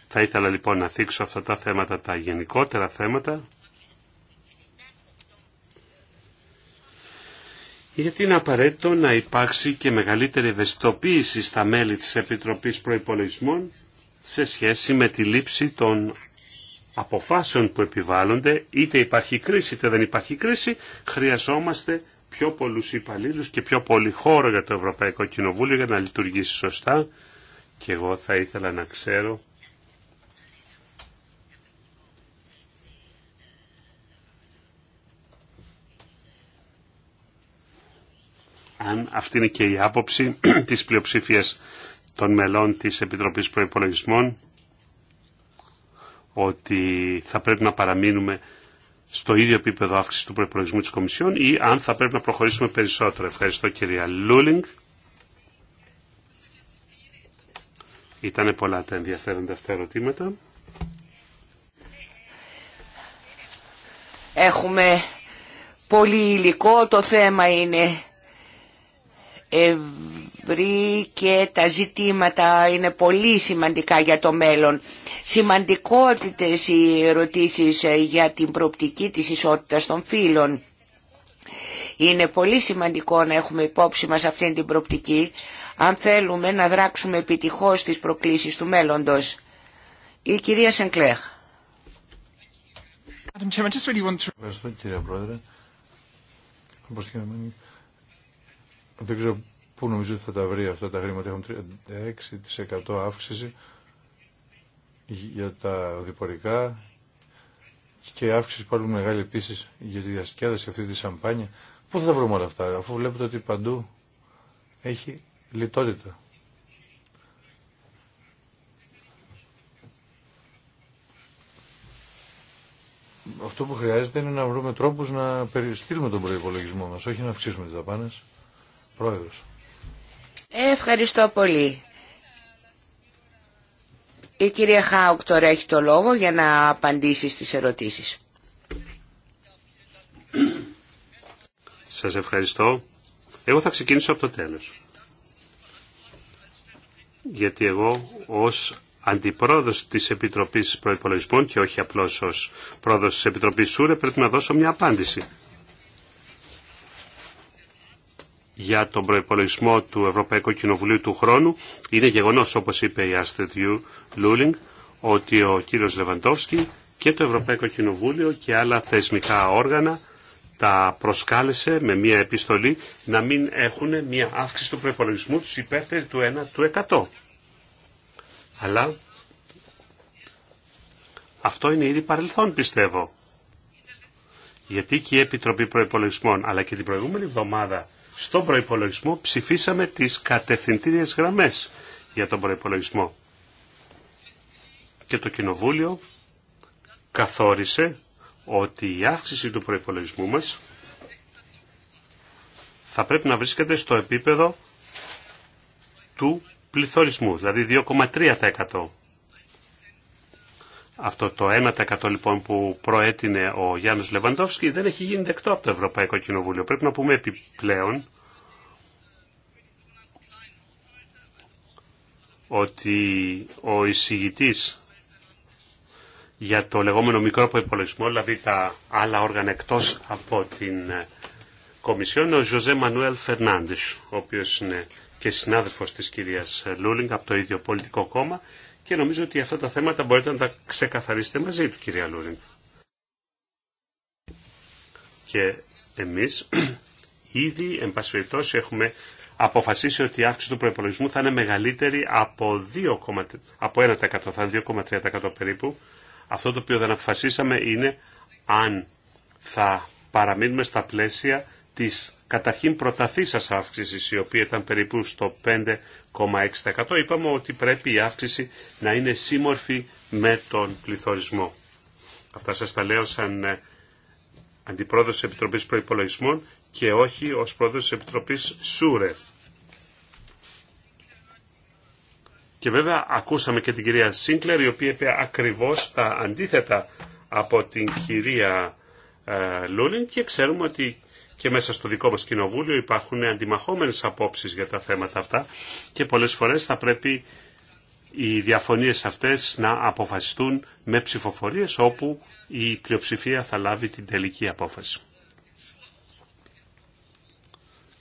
Θα ήθελα λοιπόν να θίξω αυτά τα θέματα, τα γενικότερα θέματα γιατί είναι απαραίτητο να υπάρξει και μεγαλύτερη ευαισθητοποίηση στα μέλη της Επιτροπής Προϋπολογισμών σε σχέση με τη λήψη των αποφάσεων που επιβάλλονται, είτε υπάρχει κρίση είτε δεν υπάρχει κρίση, χρειαζόμαστε πιο πολλούς υπαλλήλους και πιο πολύ χώρο για το Ευρωπαϊκό Κοινοβούλιο για να λειτουργήσει σωστά. Και εγώ θα ήθελα να ξέρω αν αυτή είναι και η άποψη της πλειοψηφίας των μελών της Επιτροπής Προϋπολογισμών, ότι θα πρέπει να παραμείνουμε στο ίδιο επίπεδο αύξηση του προϋπολογισμού της Κομισιόν ή αν θα πρέπει να προχωρήσουμε περισσότερο. Ευχαριστώ κυρία Λούλινγκ. Ήταν πολλά τα ενδιαφέροντα αυτά ερωτήματα. Έχουμε πολύ υλικό, το θέμα είναι ευρύ και τα ζητήματα είναι πολύ σημαντικά για το μέλλον. Σημαντικότητες οι ερωτήσεις ε, για την προοπτική της ισότητας των φύλων. Είναι πολύ σημαντικό να έχουμε υπόψη μας αυτή την προοπτική αν θέλουμε να δράξουμε επιτυχώς τις προκλήσεις του μέλλοντος. Η κυρία Σενκλέχ. Ευχαριστώ κύριε Πρόεδρε. Δεν ξέρω πού νομίζω ότι θα τα βρει αυτά τα χρήματα. έχουν 36% αύξηση για τα διπορικά και αύξηση πάλι μεγάλη επίση για τη διασκέδαση αυτή τη σαμπάνια. Πού θα τα βρούμε όλα αυτά, αφού βλέπετε ότι παντού έχει λιτότητα. Αυτό που χρειάζεται είναι να βρούμε τρόπους να περιστήλουμε τον προϋπολογισμό μας, όχι να αυξήσουμε τις δαπάνες. Πρόεδρος. Ευχαριστώ πολύ. Η κυρία Χάουκ τώρα έχει το λόγο για να απαντήσει στις ερωτήσεις. Σας ευχαριστώ. Εγώ θα ξεκινήσω από το τέλος. Γιατί εγώ ως αντιπρόεδρος της Επιτροπής Προϋπολογισμών και όχι απλώς ως πρόεδρος της Επιτροπής ΣΟΥΡΕ πρέπει να δώσω μια απάντηση για τον προϋπολογισμό του Ευρωπαϊκού Κοινοβουλίου του χρόνου. Είναι γεγονός, όπως είπε η Astrid Λούλινγκ, ότι ο κύριος Λεβαντόφσκι και το Ευρωπαϊκό Κοινοβούλιο και άλλα θεσμικά όργανα τα προσκάλεσε με μια επιστολή να μην έχουν μια αύξηση του προπολογισμού τους υπέρτερη του 1 του 100. Αλλά αυτό είναι ήδη παρελθόν πιστεύω. Γιατί και η Επιτροπή Προϋπολογισμών αλλά και την προηγούμενη εβδομάδα στον προϋπολογισμό ψηφίσαμε τις κατευθυντήριες γραμμές για τον προϋπολογισμό. Και το Κοινοβούλιο καθόρισε ότι η αύξηση του προϋπολογισμού μας θα πρέπει να βρίσκεται στο επίπεδο του πληθωρισμού, δηλαδή 2,3%. Αυτό το 1% λοιπόν που προέτεινε ο Γιάννος Λεβαντόφσκι δεν έχει γίνει δεκτό από το Ευρωπαϊκό Κοινοβούλιο. Πρέπει να πούμε επιπλέον ότι ο εισηγητής για το λεγόμενο μικρό προπολογισμό, δηλαδή τα άλλα όργανα εκτός από την ε, Κομισιόν, είναι ο Ζωζέ Μανουέλ Φερνάντης, ο οποίος είναι και συνάδελφος της κυρίας Λούλινγκ από το ίδιο πολιτικό κόμμα και νομίζω ότι αυτά τα θέματα μπορείτε να τα ξεκαθαρίσετε μαζί του, κυρία Λούριν. Και εμείς ήδη, εν έχουμε αποφασίσει ότι η αύξηση του προπολογισμού θα είναι μεγαλύτερη από, 2, από 1%, θα είναι 2,3% περίπου. Αυτό το οποίο δεν αποφασίσαμε είναι αν θα παραμείνουμε στα πλαίσια της καταρχήν προταθήσας αύξησης, η οποία ήταν περίπου στο 5 0,6% είπαμε ότι πρέπει η αύξηση να είναι σύμμορφη με τον πληθωρισμό. Αυτά σας τα λέω σαν ε, αντιπρόεδρος της Επιτροπής Προϋπολογισμών και όχι ως πρόεδρος της Επιτροπής ΣΟΥΡΕ. Και βέβαια ακούσαμε και την κυρία Σίνκλερ η οποία είπε ακριβώς τα αντίθετα από την κυρία ε, Λούλιν και ξέρουμε ότι και μέσα στο δικό μας κοινοβούλιο υπάρχουν αντιμαχόμενες απόψεις για τα θέματα αυτά και πολλές φορές θα πρέπει οι διαφωνίες αυτές να αποφασιστούν με ψηφοφορίες όπου η πλειοψηφία θα λάβει την τελική απόφαση.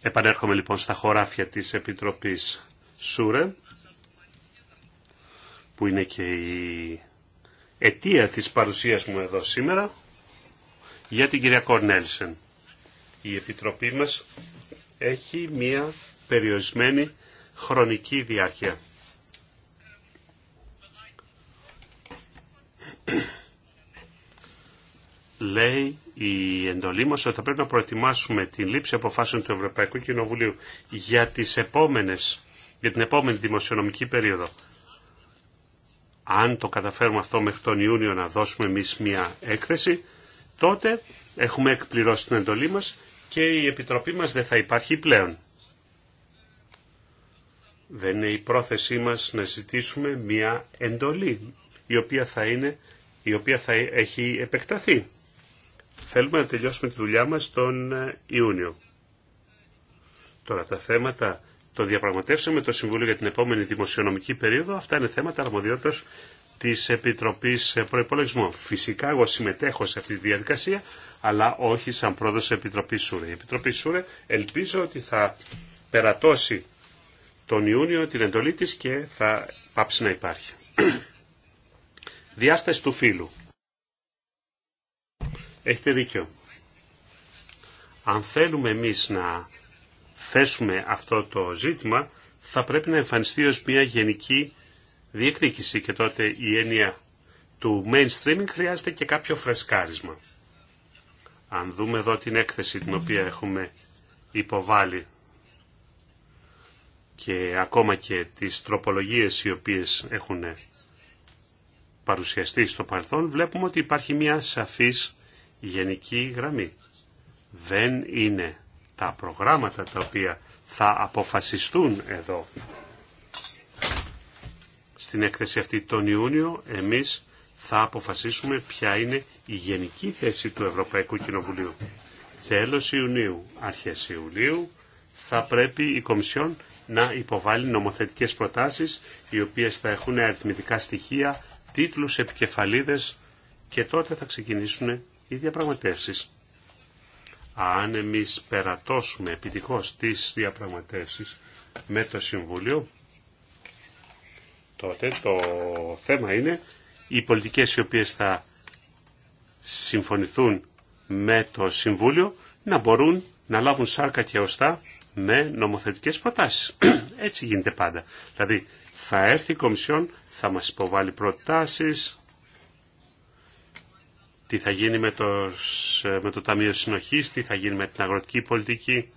Επανέρχομαι λοιπόν στα χωράφια της Επιτροπής ΣΟΥΡΕ που είναι και η αιτία της παρουσίας μου εδώ σήμερα για την κυρία Κορνέλσεν η Επιτροπή μας έχει μία περιορισμένη χρονική διάρκεια. Λέει η εντολή μας ότι θα πρέπει να προετοιμάσουμε την λήψη αποφάσεων του Ευρωπαϊκού Κοινοβουλίου για, τις επόμενες, για την επόμενη δημοσιονομική περίοδο. Αν το καταφέρουμε αυτό μέχρι τον Ιούνιο να δώσουμε εμεί μία έκθεση, τότε έχουμε εκπληρώσει την εντολή μας και η Επιτροπή μας δεν θα υπάρχει πλέον. Δεν είναι η πρόθεσή μας να ζητήσουμε μια εντολή η οποία θα, είναι, η οποία θα έχει επεκταθεί. Θέλουμε να τελειώσουμε τη δουλειά μας τον ε, Ιούνιο. Τώρα τα θέματα το διαπραγματεύσαμε το Συμβούλιο για την επόμενη δημοσιονομική περίοδο. Αυτά είναι θέματα αρμοδιότητας της Επιτροπής ε, Προϋπολογισμού. Φυσικά εγώ συμμετέχω σε αυτή τη διαδικασία, αλλά όχι σαν πρόεδρος της Επιτροπής Σούρε. Η Επιτροπή Σούρε ελπίζω ότι θα περατώσει τον Ιούνιο την εντολή της και θα πάψει να υπάρχει. Διάσταση του φίλου. Έχετε δίκιο. Αν θέλουμε εμείς να θέσουμε αυτό το ζήτημα, θα πρέπει να εμφανιστεί ως μια γενική διεκδίκηση και τότε η έννοια του mainstreaming χρειάζεται και κάποιο φρεσκάρισμα. Αν δούμε εδώ την έκθεση την οποία έχουμε υποβάλει και ακόμα και τις τροπολογίες οι οποίες έχουν παρουσιαστεί στο παρελθόν, βλέπουμε ότι υπάρχει μια σαφής γενική γραμμή. Δεν είναι τα προγράμματα τα οποία θα αποφασιστούν εδώ. Στην έκθεση αυτή τον Ιούνιο εμείς θα αποφασίσουμε ποια είναι η γενική θέση του Ευρωπαϊκού Κοινοβουλίου. Τέλος Ιουνίου, αρχές Ιουλίου, θα πρέπει η Κομισιόν να υποβάλει νομοθετικές προτάσεις, οι οποίες θα έχουν αριθμητικά στοιχεία, τίτλους, επικεφαλίδες και τότε θα ξεκινήσουν οι διαπραγματεύσεις. Αν εμείς περατώσουμε επιτυχώς τις διαπραγματεύσεις με το Συμβούλιο, τότε το θέμα είναι οι πολιτικές οι οποίες θα συμφωνηθούν με το Συμβούλιο να μπορούν να λάβουν σάρκα και οστά με νομοθετικές προτάσεις. Έτσι γίνεται πάντα. Δηλαδή θα έρθει η Κομισιόν, θα μας υποβάλει προτάσεις, τι θα γίνει με το, με το Ταμείο Συνοχής, τι θα γίνει με την αγροτική πολιτική,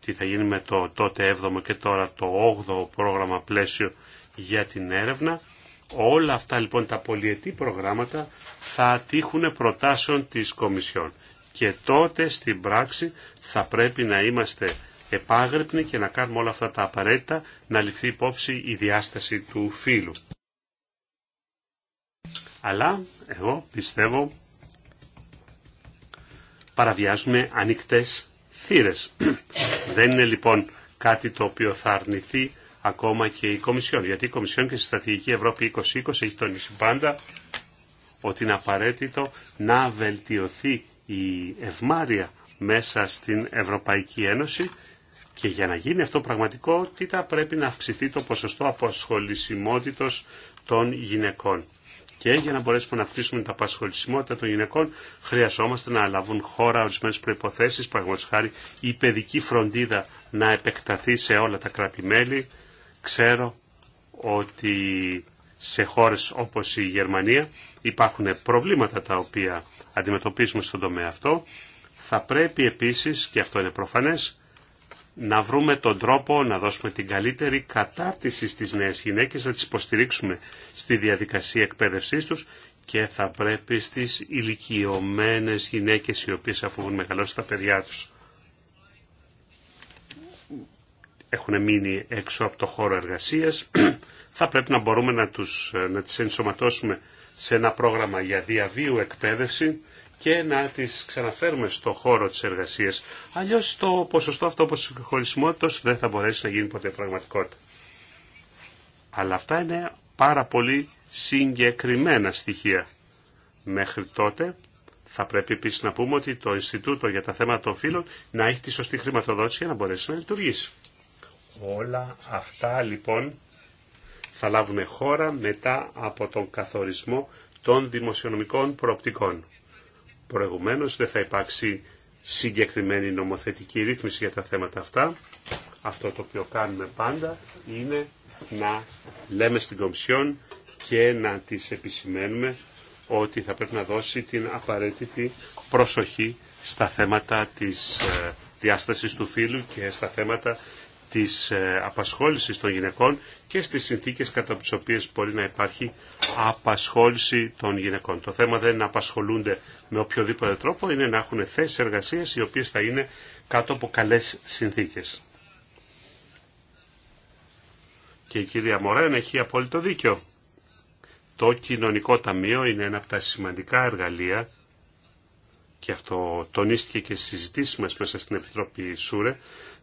τι θα γίνει με το τότε 7ο και τώρα το 8ο πρόγραμμα πλαίσιο για την έρευνα Όλα αυτά λοιπόν τα πολιετή προγράμματα θα τύχουν προτάσεων της Κομισιόν και τότε στην πράξη θα πρέπει να είμαστε επάγρυπνοι και να κάνουμε όλα αυτά τα απαραίτητα να ληφθεί υπόψη η διάσταση του φύλου. Αλλά εγώ πιστεύω παραβιάζουμε ανοιχτές θύρες. Δεν είναι λοιπόν κάτι το οποίο θα αρνηθεί ακόμα και η Κομισιόν. Γιατί η Κομισιόν και στη Στρατηγική Ευρώπη 2020 έχει τονίσει πάντα ότι είναι απαραίτητο να βελτιωθεί η ευμάρεια μέσα στην Ευρωπαϊκή Ένωση και για να γίνει αυτό πραγματικό, πραγματικότητα πρέπει να αυξηθεί το ποσοστό απασχολησιμότητος των γυναικών. Και για να μπορέσουμε να αυξήσουμε την απασχολησιμότητα των γυναικών, χρειαζόμαστε να λάβουν χώρα ορισμένε προποθέσει, παραδείγματο χάρη η παιδική φροντίδα να επεκταθεί σε όλα τα κρατη Ξέρω ότι σε χώρες όπως η Γερμανία υπάρχουν προβλήματα τα οποία αντιμετωπίζουμε στον τομέα αυτό. Θα πρέπει επίσης, και αυτό είναι προφανές, να βρούμε τον τρόπο να δώσουμε την καλύτερη κατάρτιση στις νέες γυναίκες, να τις υποστηρίξουμε στη διαδικασία εκπαίδευσής τους και θα πρέπει στις ηλικιωμένες γυναίκες οι οποίες αφού μεγαλώσει τα παιδιά τους έχουν μείνει έξω από το χώρο εργασίας. Θα πρέπει να μπορούμε να, τους, να τις ενσωματώσουμε σε ένα πρόγραμμα για διαβίου εκπαίδευση και να τις ξαναφέρουμε στο χώρο της εργασίας. Αλλιώς το ποσοστό αυτό όπως αποσυγχωρησιμότητας δεν θα μπορέσει να γίνει ποτέ πραγματικότητα. Αλλά αυτά είναι πάρα πολύ συγκεκριμένα στοιχεία. Μέχρι τότε θα πρέπει επίση να πούμε ότι το Ινστιτούτο για τα θέματα των φύλων να έχει τη σωστή χρηματοδότηση για να μπορέσει να λειτουργήσει. Όλα αυτά λοιπόν θα λάβουν χώρα μετά από τον καθορισμό των δημοσιονομικών προοπτικών. Προηγουμένως δεν θα υπάρξει συγκεκριμένη νομοθετική ρύθμιση για τα θέματα αυτά. Αυτό το οποίο κάνουμε πάντα είναι να λέμε στην Κομισιόν και να τις επισημαίνουμε ότι θα πρέπει να δώσει την απαραίτητη προσοχή στα θέματα της ε, διάστασης του φύλου και στα θέματα της ε, απασχόλησης των γυναικών και στις συνθήκες κατά τις οποίες μπορεί να υπάρχει απασχόληση των γυναικών. Το θέμα δεν είναι να απασχολούνται με οποιοδήποτε τρόπο, είναι να έχουν θέσει εργασίας οι οποίες θα είναι κάτω από καλές συνθήκες. Και η κυρία Μωρέν έχει απόλυτο δίκιο. Το κοινωνικό ταμείο είναι ένα από τα σημαντικά εργαλεία και αυτό τονίστηκε και στις συζητήσεις μας μέσα στην Επιτροπή ΣΟΥΡΕ,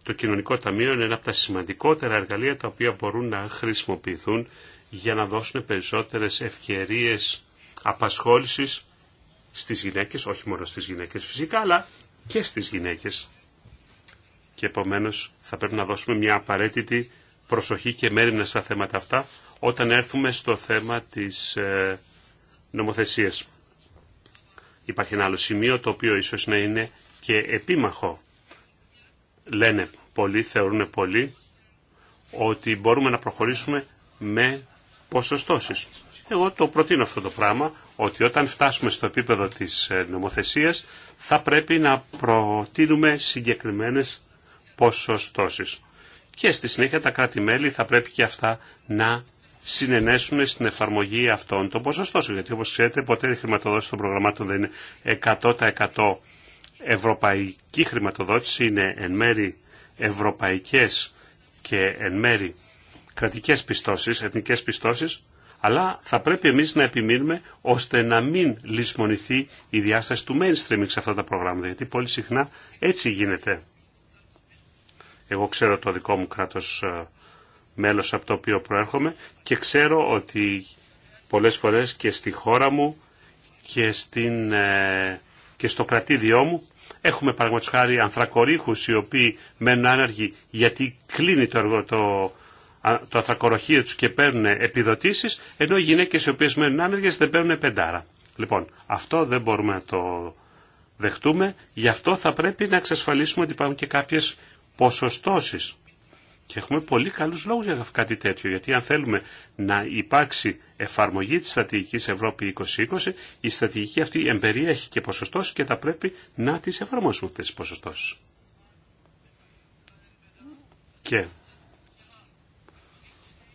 το κοινωνικό ταμείο είναι ένα από τα σημαντικότερα εργαλεία τα οποία μπορούν να χρησιμοποιηθούν για να δώσουν περισσότερες ευκαιρίες απασχόλησης στις γυναίκες, όχι μόνο στις γυναίκες φυσικά, αλλά και στις γυναίκες. Και επομένως θα πρέπει να δώσουμε μια απαραίτητη προσοχή και μέρημνα στα θέματα αυτά όταν έρθουμε στο θέμα της ε, νομοθεσίας. Υπάρχει ένα άλλο σημείο το οποίο ίσως να είναι και επίμαχο λένε πολλοί, θεωρούν πολλοί, ότι μπορούμε να προχωρήσουμε με ποσοστώσεις. Εγώ το προτείνω αυτό το πράγμα, ότι όταν φτάσουμε στο επίπεδο της ε, νομοθεσίας θα πρέπει να προτείνουμε συγκεκριμένες ποσοστώσεις. Και στη συνέχεια τα κράτη-μέλη θα πρέπει και αυτά να συνενέσουν στην εφαρμογή αυτών των ποσοστώσεων. Γιατί όπως ξέρετε ποτέ η χρηματοδότηση των προγραμμάτων δεν είναι 100% ευρωπαϊκή χρηματοδότηση είναι εν μέρη ευρωπαϊκές και εν μέρη κρατικές πιστώσεις, εθνικές πιστώσεις, αλλά θα πρέπει εμείς να επιμείνουμε ώστε να μην λησμονηθεί η διάσταση του mainstream σε αυτά τα προγράμματα, γιατί πολύ συχνά έτσι γίνεται. Εγώ ξέρω το δικό μου κράτος ε, μέλος από το οποίο προέρχομαι και ξέρω ότι πολλές φορές και στη χώρα μου και στην ε, και στο κρατήδιό μου έχουμε παραγματικά χάρη οι οποίοι μένουν άνεργοι γιατί κλείνει το, το, το ανθρακοροχείο τους και παίρνουν επιδοτήσεις ενώ οι γυναίκες οι οποίες μένουν άνεργες δεν παίρνουν πεντάρα. Λοιπόν, αυτό δεν μπορούμε να το δεχτούμε, γι' αυτό θα πρέπει να εξασφαλίσουμε ότι υπάρχουν και κάποιες ποσοστώσεις και έχουμε πολύ καλούς λόγους για κάτι τέτοιο, γιατί αν θέλουμε να υπάρξει εφαρμογή της στρατηγικής Ευρώπη 2020, η στρατηγική αυτή εμπεριέχει και ποσοστός και θα πρέπει να τις εφαρμόσουμε αυτές τις ποσοστώσεις. Και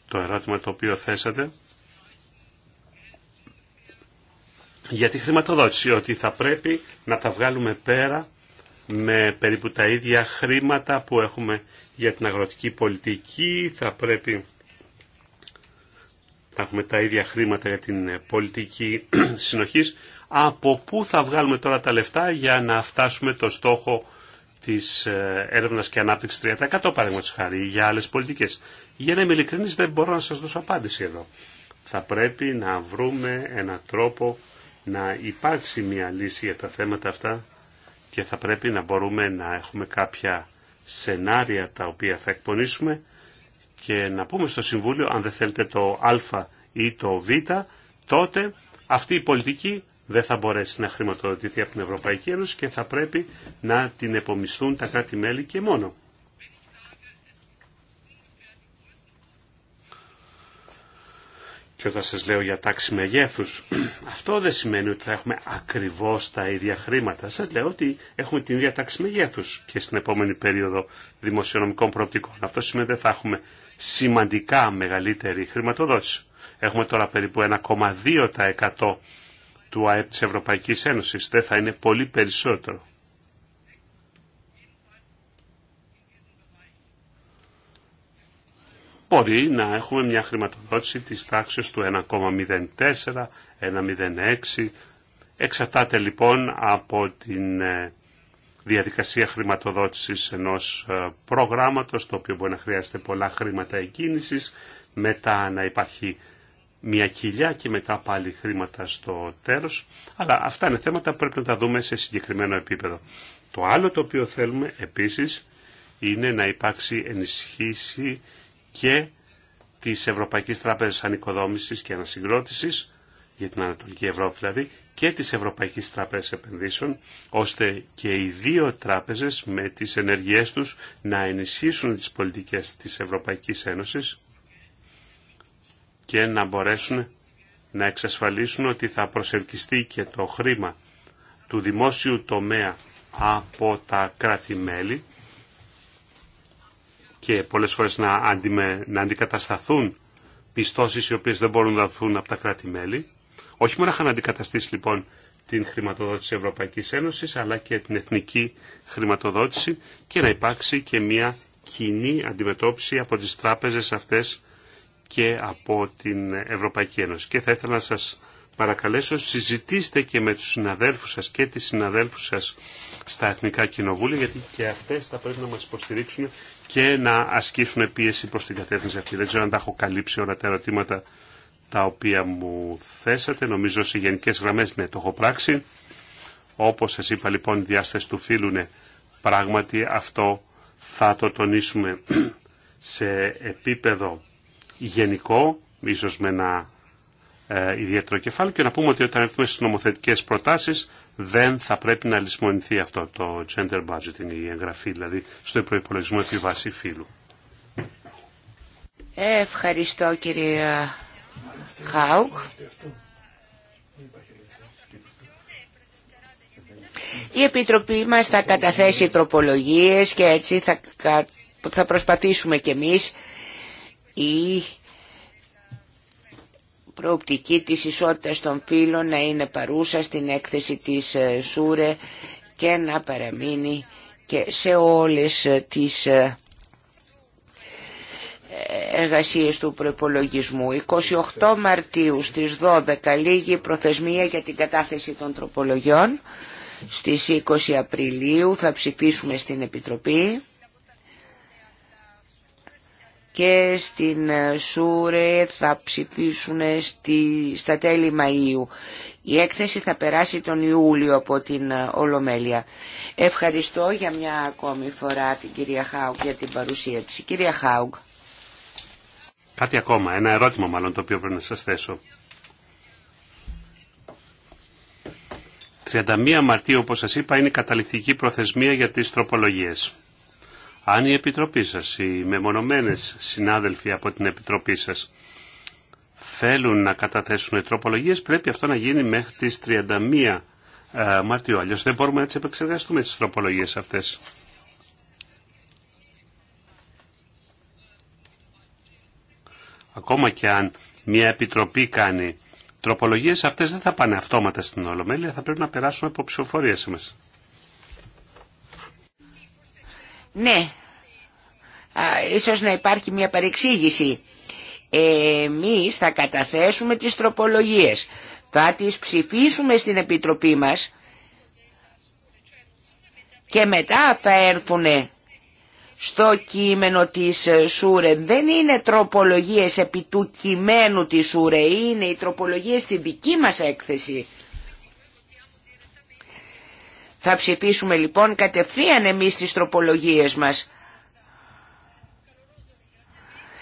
το ερώτημα το οποίο θέσατε για τη χρηματοδότηση, ότι θα πρέπει να τα βγάλουμε πέρα με περίπου τα ίδια χρήματα που έχουμε για την αγροτική πολιτική, θα πρέπει να έχουμε τα ίδια χρήματα για την ε, πολιτική συνοχής. Από πού θα βγάλουμε τώρα τα λεφτά για να φτάσουμε το στόχο της ε, έρευνας και ανάπτυξης 30% παραδείγματος χάρη για άλλες πολιτικές. Για να είμαι ειλικρινής δεν μπορώ να σας δώσω απάντηση εδώ. Θα πρέπει να βρούμε έναν τρόπο να υπάρξει μια λύση για τα θέματα αυτά και θα πρέπει να μπορούμε να έχουμε κάποια σενάρια τα οποία θα εκπονήσουμε και να πούμε στο Συμβούλιο αν δεν θέλετε το Α ή το Β, τότε αυτή η πολιτική δεν θα μπορέσει να χρηματοδοτηθεί από την Ευρωπαϊκή Ένωση και θα πρέπει να την επομισθούν τα κράτη-μέλη και μόνο. Και όταν σας λέω για τάξη μεγέθους, αυτό δεν σημαίνει ότι θα έχουμε ακριβώς τα ίδια χρήματα. Σας λέω ότι έχουμε την ίδια τάξη μεγέθους και στην επόμενη περίοδο δημοσιονομικών προοπτικών. Αυτό σημαίνει ότι θα έχουμε σημαντικά μεγαλύτερη χρηματοδότηση. Έχουμε τώρα περίπου 1,2% του ΑΕΠ της Ευρωπαϊκής Ένωσης. Δεν θα είναι πολύ περισσότερο. μπορεί να έχουμε μια χρηματοδότηση της τάξης του 1,04, 1,06. Εξαρτάται λοιπόν από την ε, διαδικασία χρηματοδότησης ενός ε, προγράμματος, το οποίο μπορεί να χρειάζεται πολλά χρήματα εκκίνησης, μετά να υπάρχει μια κοιλιά και μετά πάλι χρήματα στο τέλος. Αλλά αυτά είναι θέματα που πρέπει να τα δούμε σε συγκεκριμένο επίπεδο. Το άλλο το οποίο θέλουμε επίσης είναι να υπάρξει ενισχύση και της Ευρωπαϊκής Τράπεζας Ανοικοδόμησης και Ανασυγκρότησης, για την Ανατολική Ευρώπη δηλαδή, και της Ευρωπαϊκής Τράπεζας Επενδύσεων, ώστε και οι δύο τράπεζες με τις ενεργειές τους να ενισχύσουν τις πολιτικές της Ευρωπαϊκής Ένωσης και να μπορέσουν να εξασφαλίσουν ότι θα προσελκυστεί και το χρήμα του δημόσιου τομέα από τα κράτη-μέλη και πολλές φορές να, αντιμε, να αντικατασταθούν πιστώσεις οι οποίες δεν μπορούν να δοθούν από τα κράτη-μέλη. Όχι μόνο να αντικαταστήσει λοιπόν την χρηματοδότηση της Ευρωπαϊκής Ένωσης αλλά και την εθνική χρηματοδότηση και να υπάρξει και μια κοινή αντιμετώπιση από τις τράπεζες αυτές και από την Ευρωπαϊκή Ένωση. Και θα ήθελα να σας παρακαλέσω συζητήστε και με τους συναδέλφους σας και τις συναδέλφους σας στα Εθνικά Κοινοβούλια γιατί και αυτές θα πρέπει να μας υποστηρίξουν και να ασκήσουν πίεση προς την κατεύθυνση αυτή. Δεν ξέρω αν τα έχω καλύψει όλα τα ερωτήματα τα οποία μου θέσατε. Νομίζω σε γενικές γραμμές ναι, το έχω πράξει. Όπως σας είπα λοιπόν, η διάσταση του φίλου είναι πράγματι αυτό θα το τονίσουμε σε επίπεδο γενικό, ίσως με ένα ε, ιδιαίτερο κεφάλαιο και να πούμε ότι όταν έρθουμε στις νομοθετικές προτάσεις δεν θα πρέπει να λησμονηθεί αυτό το gender budgeting, η εγγραφή δηλαδή στο προπολογισμό επιβάση φύλου. Ευχαριστώ κύριε Χάουκ. Η Επιτροπή μας θα καταθέσει τροπολογίες και έτσι θα, θα προσπαθήσουμε κι εμείς προοπτική της ισότητας των φύλων να είναι παρούσα στην έκθεση της ε, ΣΟΥΡΕ και να παραμείνει και σε όλες ε, τις ε, εργασίες του προπολογισμού. 28 Μαρτίου στις 12 λίγη προθεσμία για την κατάθεση των τροπολογιών. Στις 20 Απριλίου θα ψηφίσουμε στην Επιτροπή και στην ε, Σούρε θα ψηφίσουν στα τέλη Μαΐου. Η έκθεση θα περάσει τον Ιούλιο από την ε, Ολομέλεια. Ευχαριστώ για μια ακόμη φορά την κυρία Χάουγ για την παρουσία της. κυρία Χάουγ. Κάτι ακόμα, ένα ερώτημα μάλλον το οποίο πρέπει να σας θέσω. 31 Μαρτίου, όπως σας είπα, είναι καταληκτική προθεσμία για τις τροπολογίες. Αν η Επιτροπή σας, οι μεμονωμένες συνάδελφοι από την Επιτροπή σας θέλουν να καταθέσουν τροπολογίες, πρέπει αυτό να γίνει μέχρι τις 31 ε, Μαρτίου. Αλλιώς δεν μπορούμε να τις επεξεργαστούμε τις τροπολογίες αυτές. Ακόμα και αν μια επιτροπή κάνει τροπολογίες, αυτές δεν θα πάνε αυτόματα στην Ολομέλεια, θα πρέπει να περάσουν από ψηφοφορίες μας. Ναι, ίσως να υπάρχει μια παρεξήγηση. Εμείς θα καταθέσουμε τις τροπολογίες. Θα τις ψηφίσουμε στην Επιτροπή μας και μετά θα έρθουν στο κείμενο της Σούρε. Δεν είναι τροπολογίες επί του κειμένου της Σούρε, είναι οι τροπολογίες στη δική μας έκθεση. Θα ψηφίσουμε λοιπόν κατευθείαν εμείς τις τροπολογίες μας.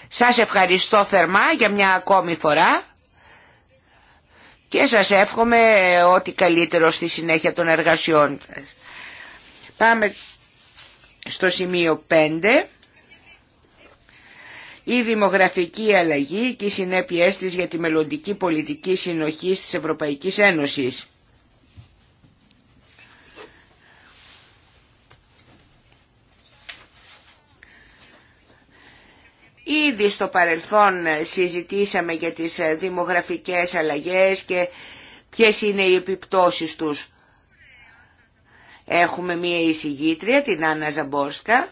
Σας ευχαριστώ θερμά για μια ακόμη φορά και σας εύχομαι ό,τι καλύτερο στη συνέχεια των εργασιών. Πάμε στο σημείο 5. Η δημογραφική αλλαγή και οι συνέπειές της για τη μελλοντική πολιτική συνοχή της Ευρωπαϊκής Ένωσης. Ήδη στο παρελθόν ε, συζητήσαμε για τις ε, δημογραφικές αλλαγές και ποιες είναι οι επιπτώσεις τους. Έχουμε μία εισηγήτρια, την Άννα Ζαμπόρσκα.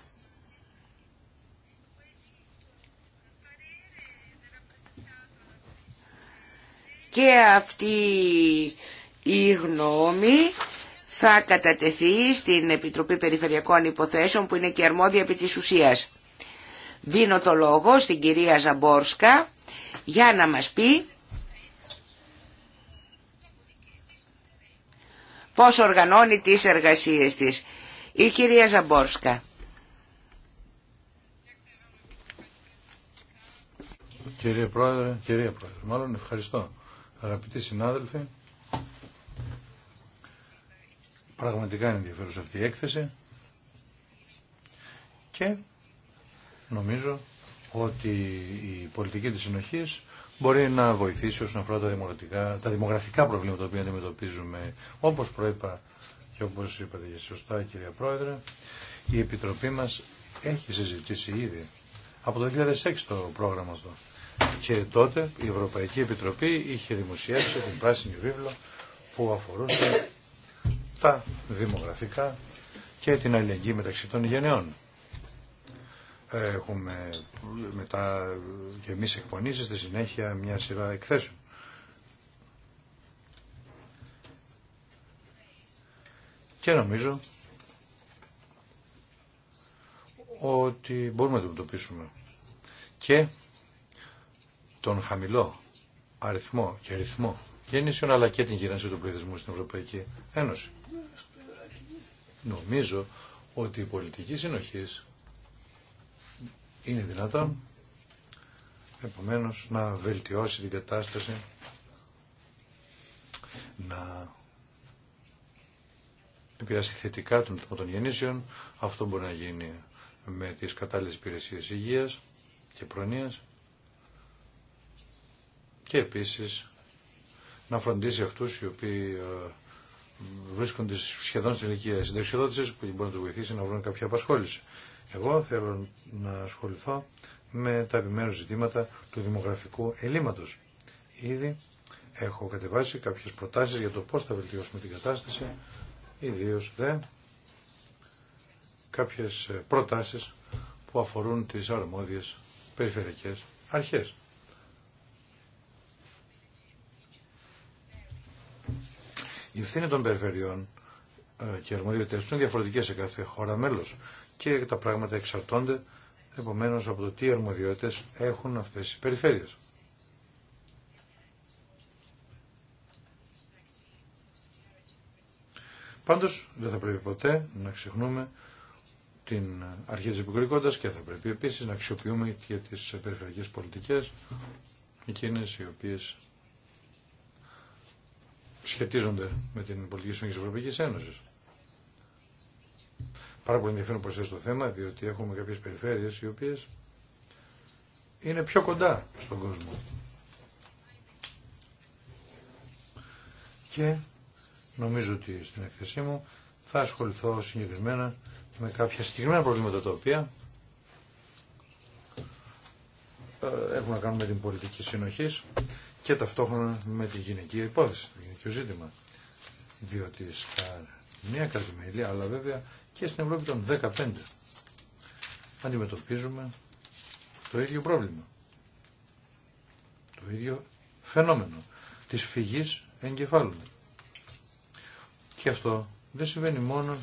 Και αυτή η γνώμη θα κατατεθεί στην Επιτροπή Περιφερειακών Υποθέσεων που είναι και αρμόδια επί της ουσίας. Δίνω το λόγο στην κυρία Ζαμπόρσκα για να μας πει πώς οργανώνει τις εργασίες της. Η κυρία Ζαμπόρσκα. Κυρία Πρόεδρε, κυρία Πρόεδρε, μάλλον ευχαριστώ. Αγαπητοί συνάδελφοι, πραγματικά είναι ενδιαφέρουσα αυτή η έκθεση και νομίζω ότι η πολιτική της συνοχής μπορεί να βοηθήσει όσον αφορά τα, τα δημογραφικά προβλήματα τα οποία αντιμετωπίζουμε. Όπως προείπα και όπως είπατε για σωστά κυρία Πρόεδρε, η Επιτροπή μας έχει συζητήσει ήδη από το 2006 το πρόγραμμα αυτό. Και τότε η Ευρωπαϊκή Επιτροπή είχε δημοσιεύσει την πράσινη βίβλο που αφορούσε τα δημογραφικά και την αλληλεγγύη μεταξύ των γενεών. Έχουμε μετά και εμείς εκπονήσεις στη συνέχεια μια σειρά εκθέσεων. Και νομίζω ότι μπορούμε να το εντοπίσουμε και τον χαμηλό αριθμό και ρυθμό γεννήσεων αλλά και την γύρανση του πληθυσμού στην Ευρωπαϊκή Ένωση. Νομίζω ότι η πολιτική συνοχής είναι δυνατόν επομένως να βελτιώσει την κατάσταση να επηρεάσει θετικά των των γεννήσεων αυτό μπορεί να γίνει με τις κατάλληλες υπηρεσίες υγείας και προνοίας και επίσης να φροντίσει αυτούς οι οποίοι ε, βρίσκονται σχεδόν στην ηλικία συνταξιοδότησης που μπορεί να τους βοηθήσει να βρουν κάποια απασχόληση. Εγώ θέλω να ασχοληθώ με τα επιμέρους ζητήματα του δημογραφικού ελλείμματος. Ήδη έχω κατεβάσει κάποιες προτάσεις για το πώς θα βελτιώσουμε την κατάσταση, ιδίως δε κάποιες προτάσεις που αφορούν τις αρμόδιες περιφερειακές αρχές. Η ευθύνη των περιφερειών ε, και αρμοδιότητες είναι διαφορετικές σε κάθε χώρα μέλος και τα πράγματα εξαρτώνται επομένως από το τι αρμοδιότητες έχουν αυτές οι περιφέρειες. Πάντως δεν θα πρέπει ποτέ να ξεχνούμε την αρχή της επικουρικότητας και θα πρέπει επίσης να αξιοποιούμε και τις περιφερειακές πολιτικές εκείνες οι οποίες σχετίζονται με την πολιτική της Ευρωπαϊκής Ένωσης πάρα πολύ ενδιαφέρον προσθέσει στο θέμα, διότι έχουμε κάποιες περιφέρειες οι οποίες είναι πιο κοντά στον κόσμο. Και νομίζω ότι στην εκθεσή μου θα ασχοληθώ συγκεκριμένα με κάποια συγκεκριμένα προβλήματα τα οποία ε, έχουν να κάνουν με την πολιτική συνοχή και ταυτόχρονα με τη γυναική υπόθεση, το γυναικείο ζήτημα. Διότι στα μια καθημερινή, αλλά βέβαια και στην Ευρώπη των 15 αντιμετωπίζουμε το ίδιο πρόβλημα. Το ίδιο φαινόμενο της φυγής εγκεφάλου. Και αυτό δεν συμβαίνει μόνο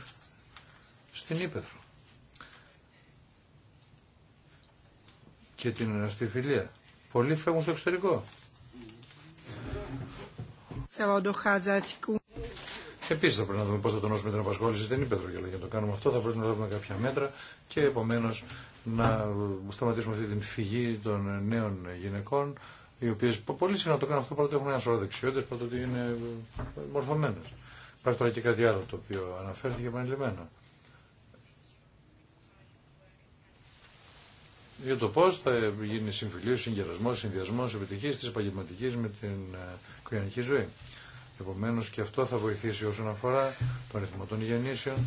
στην Ήπεθρο. Και την αναστηφιλία. Πολλοί φεύγουν στο εξωτερικό. Επίση, θα πρέπει να δούμε πώ θα τονώσουμε την απασχόληση στην Ήπεθρο. Για να το κάνουμε αυτό, θα πρέπει να λάβουμε κάποια μέτρα και επομένω να σταματήσουμε αυτή την φυγή των νέων γυναικών, οι οποίε πολύ συχνά το κάνουν αυτό, πρώτα έχουν ένα σωρό δεξιότητε, πρώτα ότι είναι μορφωμένε. Υπάρχει τώρα και κάτι άλλο το οποίο αναφέρθηκε επανειλημμένα. για το πώ θα γίνει συμφιλίωση, συγκερασμό, συνδυασμό επιτυχία τη επαγγελματική με την ε, οικογενειακή ζωή. Επομένω και αυτό θα βοηθήσει όσον αφορά τον ρυθμό των γεννήσεων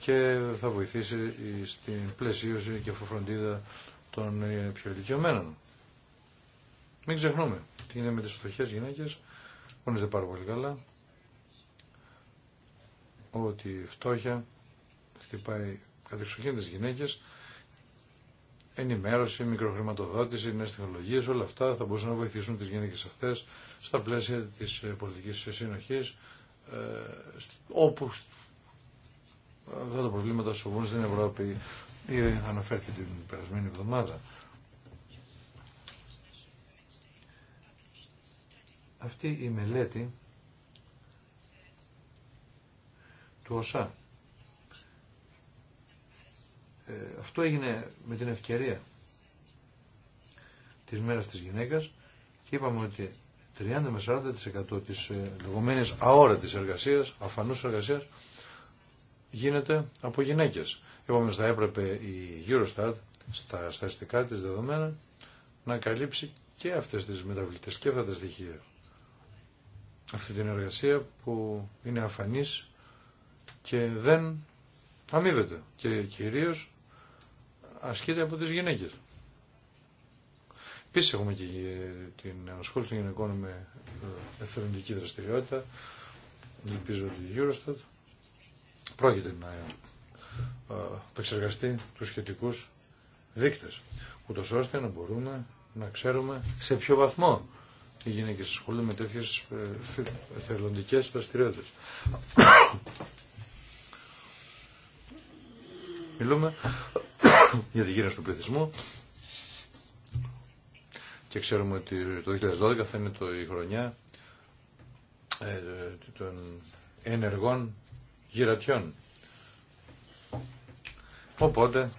και θα βοηθήσει στην πλαισίωση και φροντίδα των ε, πιο ηλικιωμένων. Μην ξεχνούμε τι είναι με τις φτωχές γυναίκες, γνωρίζετε πάρα πολύ καλά ότι η φτώχεια χτυπάει κατεξοχήν τις γυναίκε ενημέρωση, μικροχρηματοδότηση, νέε τεχνολογίε, όλα αυτά θα μπορούσαν να βοηθήσουν τις γυναίκε αυτέ στα πλαίσια της ε, πολιτικής συνοχής, ε, όπου αυτά τα προβλήματα σοβούν στην Ευρώπη ή αναφέρθηκε την περασμένη εβδομάδα. Αυτή η μελέτη του ΩΣΑ ε, αυτό έγινε με την ευκαιρία της μέρας της γυναίκας και είπαμε ότι 30 με 40% της ε, λεγόμενης αόρατης εργασίας, αφανούς εργασίας, γίνεται από γυναίκες. ότι θα έπρεπε η Eurostat στα στατιστικά της δεδομένα να καλύψει και αυτές τις μεταβλητές και αυτά τα στοιχεία. Αυτή την εργασία που είναι αφανής και δεν αμείβεται και κυρίως ασκείται από τις γυναίκες. Επίσης έχουμε και ε, την ασχόληση των γυναικών με ε, εθελοντική δραστηριότητα. Ελπίζω ότι η Eurostat πρόκειται να ε, επεξεργαστεί τους σχετικούς δείκτες, ούτως ώστε να μπορούμε να ξέρουμε σε ποιο βαθμό οι γυναίκες ασχολούνται με τέτοιες εθελοντικές δραστηριότητες Μιλούμε για τη γύρανση του πληθυσμού και ξέρουμε ότι το 2012 θα είναι το, η χρονιά ε, των ενεργών γυρατιών. Οπότε,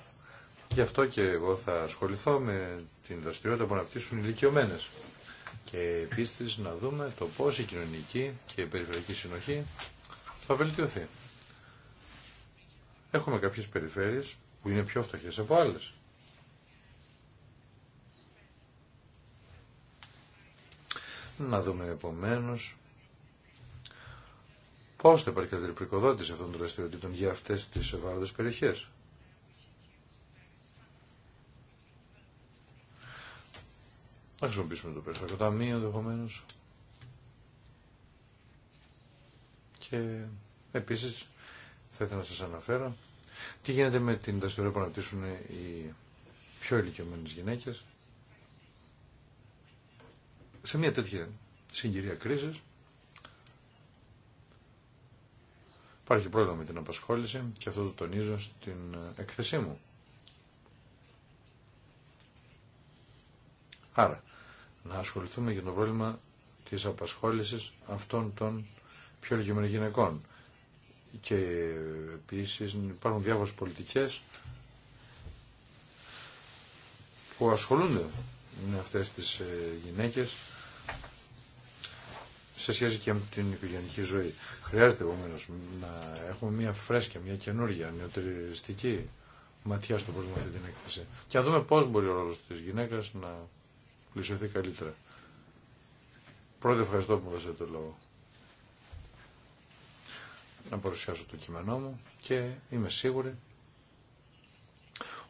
γι' αυτό και εγώ θα ασχοληθώ με την δραστηριότητα που αναπτύσσουν οι Και επίσης να δούμε το πώς η κοινωνική και η περιφερειακή συνοχή θα βελτιωθεί. Έχουμε κάποιες περιφέρειες που είναι πιο φτωχέ από άλλε. Να δούμε επομένω πώ θα υπάρχει καλύτερη αυτών των δραστηριοτήτων για αυτέ τι ευάλωτε περιοχέ. Να χρησιμοποιήσουμε το περιφερειακό ταμείο ενδεχομένω. Και επίσης θα ήθελα να σας αναφέρω τι γίνεται με την δραστηριότητα που αναπτύσσουν οι πιο ηλικιωμένες γυναίκες σε μια τέτοια συγκυρία κρίσης. Υπάρχει πρόβλημα με την απασχόληση και αυτό το τονίζω στην εκθεσή μου. Άρα, να ασχοληθούμε για το πρόβλημα της απασχόλησης αυτών των πιο ηλικιωμένων γυναικών και επίσης υπάρχουν διάφορες πολιτικές που ασχολούνται με αυτές τις ε, γυναίκες σε σχέση και με την οικογενειακή ζωή. Χρειάζεται επομένω να έχουμε μια φρέσκια, μια καινούργια, νεοτεριστική ματιά στο πρόβλημα αυτή την έκθεση. Και να δούμε πώς μπορεί ο ρόλος της γυναίκας να πλησιωθεί καλύτερα. Πρώτα ευχαριστώ που μου δώσατε το λόγο να παρουσιάσω το κείμενό μου και είμαι σίγουρη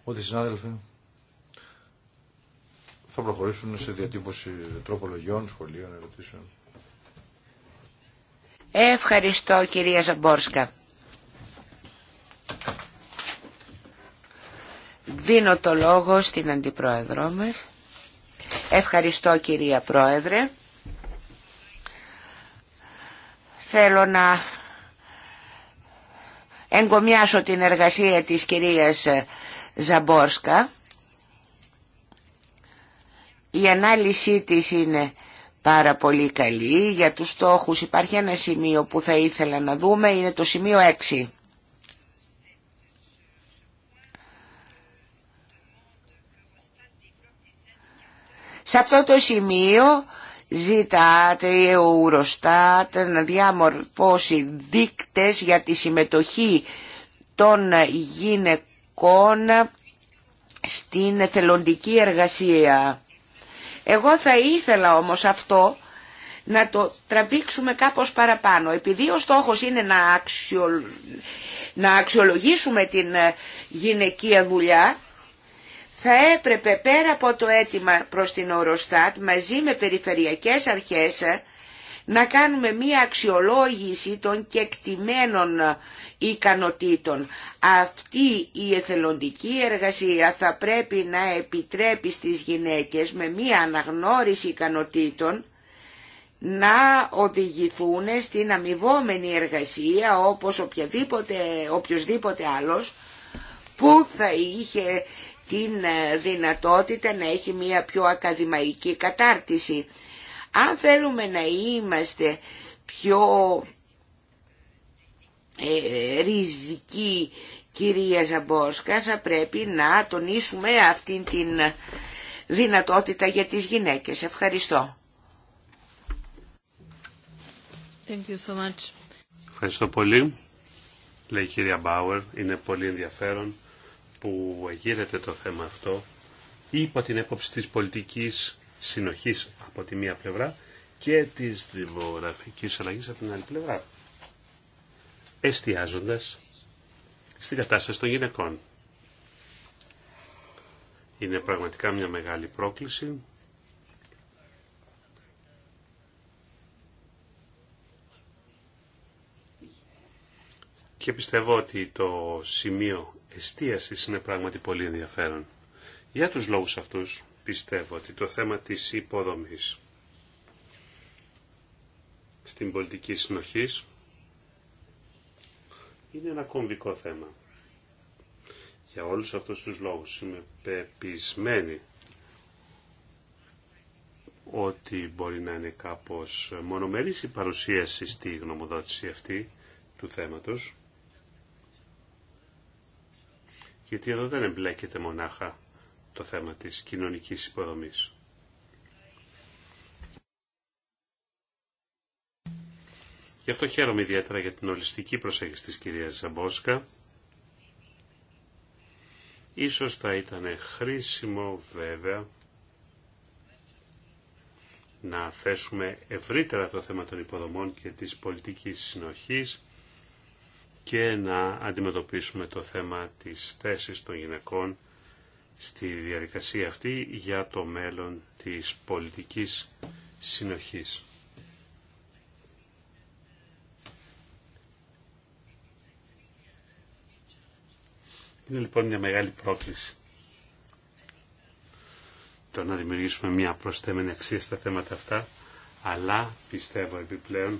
ότι οι συνάδελφοι θα προχωρήσουν σε διατύπωση τροπολογιών, σχολείων, ερωτήσεων. Ευχαριστώ κυρία Ζαμπόρσκα. Δίνω το λόγο στην Αντιπρόεδρό μας. Ευχαριστώ κυρία Πρόεδρε. Θέλω να εγκομιάσω την εργασία της κυρίας Ζαμπόρσκα. Η ανάλυση της είναι πάρα πολύ καλή. Για τους στόχους υπάρχει ένα σημείο που θα ήθελα να δούμε, είναι το σημείο 6. Σε αυτό το σημείο Ζητάτε ο Ουροστάτ να διαμορφώσει δείκτες για τη συμμετοχή των γυναικών στην εθελοντική εργασία. Εγώ θα ήθελα όμως αυτό να το τραβήξουμε κάπως παραπάνω. Επειδή ο στόχος είναι να, να αξιολογήσουμε την γυναικεία δουλειά, θα έπρεπε πέρα από το αίτημα προς την Οροστάτ μαζί με περιφερειακές αρχές να κάνουμε μία αξιολόγηση των κεκτημένων ικανοτήτων. Αυτή η εθελοντική εργασία θα πρέπει να επιτρέπει στις γυναίκες με μία αναγνώριση ικανοτήτων να οδηγηθούν στην αμοιβόμενη εργασία όπως οποιοδήποτε, οποιοδήποτε άλλος που θα είχε την ε, δυνατότητα να έχει μία πιο ακαδημαϊκή κατάρτιση. Αν θέλουμε να είμαστε πιο ε, ριζικοί κυρία Ζαμπόσκα, θα πρέπει να τονίσουμε αυτήν την δυνατότητα για τις γυναίκες. Ευχαριστώ. Thank you Ευχαριστώ πολύ. Λέει η κυρία Μπάουερ, είναι πολύ ενδιαφέρον που γύρεται το θέμα αυτό υπό την έποψη της πολιτικής συνοχής από τη μία πλευρά και της δημογραφικής αλλαγής από την άλλη πλευρά εστιάζοντας στην κατάσταση των γυναικών. Είναι πραγματικά μια μεγάλη πρόκληση και πιστεύω ότι το σημείο εστίασης είναι πράγματι πολύ ενδιαφέρον. Για τους λόγους αυτούς πιστεύω ότι το θέμα της υποδομής στην πολιτική συνοχής είναι ένα κομβικό θέμα. Για όλους αυτούς τους λόγους είμαι πεπισμένη ότι μπορεί να είναι κάπως μονομερής η παρουσίαση στη γνωμοδότηση αυτή του θέματος γιατί εδώ δεν εμπλέκεται μονάχα το θέμα της κοινωνικής υποδομής. Γι' αυτό χαίρομαι ιδιαίτερα για την ολιστική προσέγγιση της κυρίας Ζαμπόσκα. Ίσως θα ήταν χρήσιμο βέβαια να θέσουμε ευρύτερα το θέμα των υποδομών και της πολιτικής συνοχής και να αντιμετωπίσουμε το θέμα της θέσης των γυναικών στη διαδικασία αυτή για το μέλλον της πολιτικής συνοχής. Είναι λοιπόν μια μεγάλη πρόκληση το να δημιουργήσουμε μια προσθέμενη αξία στα θέματα αυτά, αλλά πιστεύω επιπλέον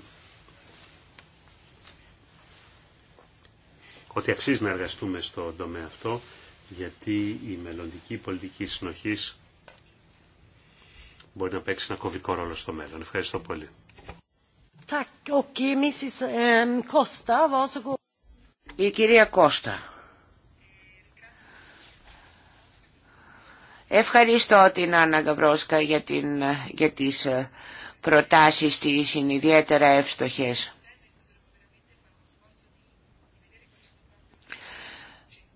ότι αξίζει να εργαστούμε στον τομέα αυτό, γιατί η μελλοντική πολιτική συνοχή μπορεί να παίξει ένα κομβικό ρόλο στο μέλλον. Ευχαριστώ πολύ. Eh, eh, η κυρία Κώστα. Ευχαριστώ την Άννα Γαβρόσκα για, την, για τις ε, προτάσεις της, είναι ιδιαίτερα εύστοχες.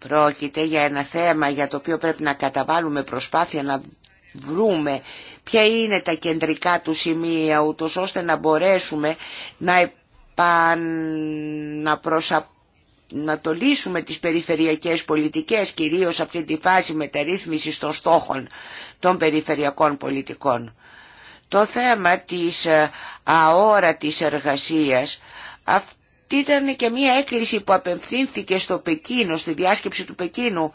Πρόκειται για ένα θέμα για το οποίο πρέπει να καταβάλουμε προσπάθεια να βρούμε ποια είναι τα κεντρικά του σημεία ούτως ώστε να μπορέσουμε να τολίσουμε τις περιφερειακές πολιτικές κυρίως αυτή τη φάση μεταρρύθμισης των στόχων των περιφερειακών πολιτικών. Το θέμα της ε, αόρατης εργασίας ήταν και μια έκκληση που απευθύνθηκε στο Πεκίνο, στη διάσκεψη του Πεκίνου,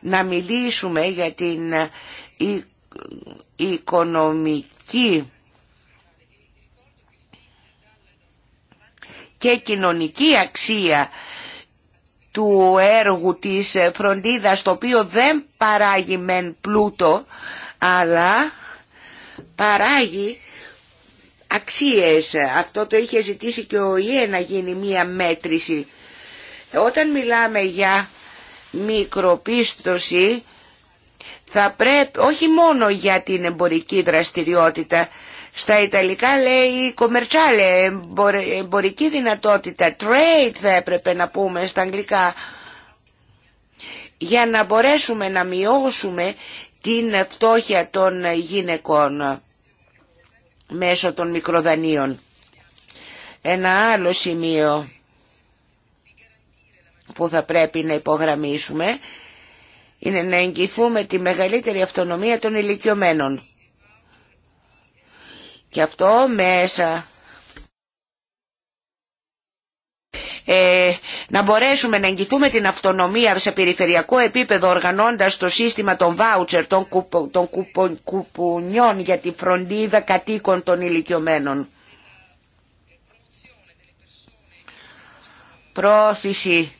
να μιλήσουμε για την οικονομική και κοινωνική αξία του έργου της φροντίδας, το οποίο δεν παράγει μεν πλούτο, αλλά παράγει αξίες. Αυτό το είχε ζητήσει και ο ΙΕ να γίνει μία μέτρηση. Όταν μιλάμε για μικροπίστοση, θα πρέπει, όχι μόνο για την εμπορική δραστηριότητα, στα Ιταλικά λέει commerciale, εμπορική δυνατότητα, trade θα έπρεπε να πούμε στα Αγγλικά, για να μπορέσουμε να μειώσουμε την φτώχεια των γυναικών μέσω των μικροδανείων. Ένα άλλο σημείο που θα πρέπει να υπογραμμίσουμε είναι να εγγυθούμε τη μεγαλύτερη αυτονομία των ηλικιωμένων. Και αυτό μέσα ε, να μπορέσουμε να εγγυθούμε την αυτονομία σε περιφερειακό επίπεδο οργανώντας το σύστημα των βάουτσερ, των, κουπουνιών για τη φροντίδα κατοίκων των ηλικιωμένων. Πρόθεση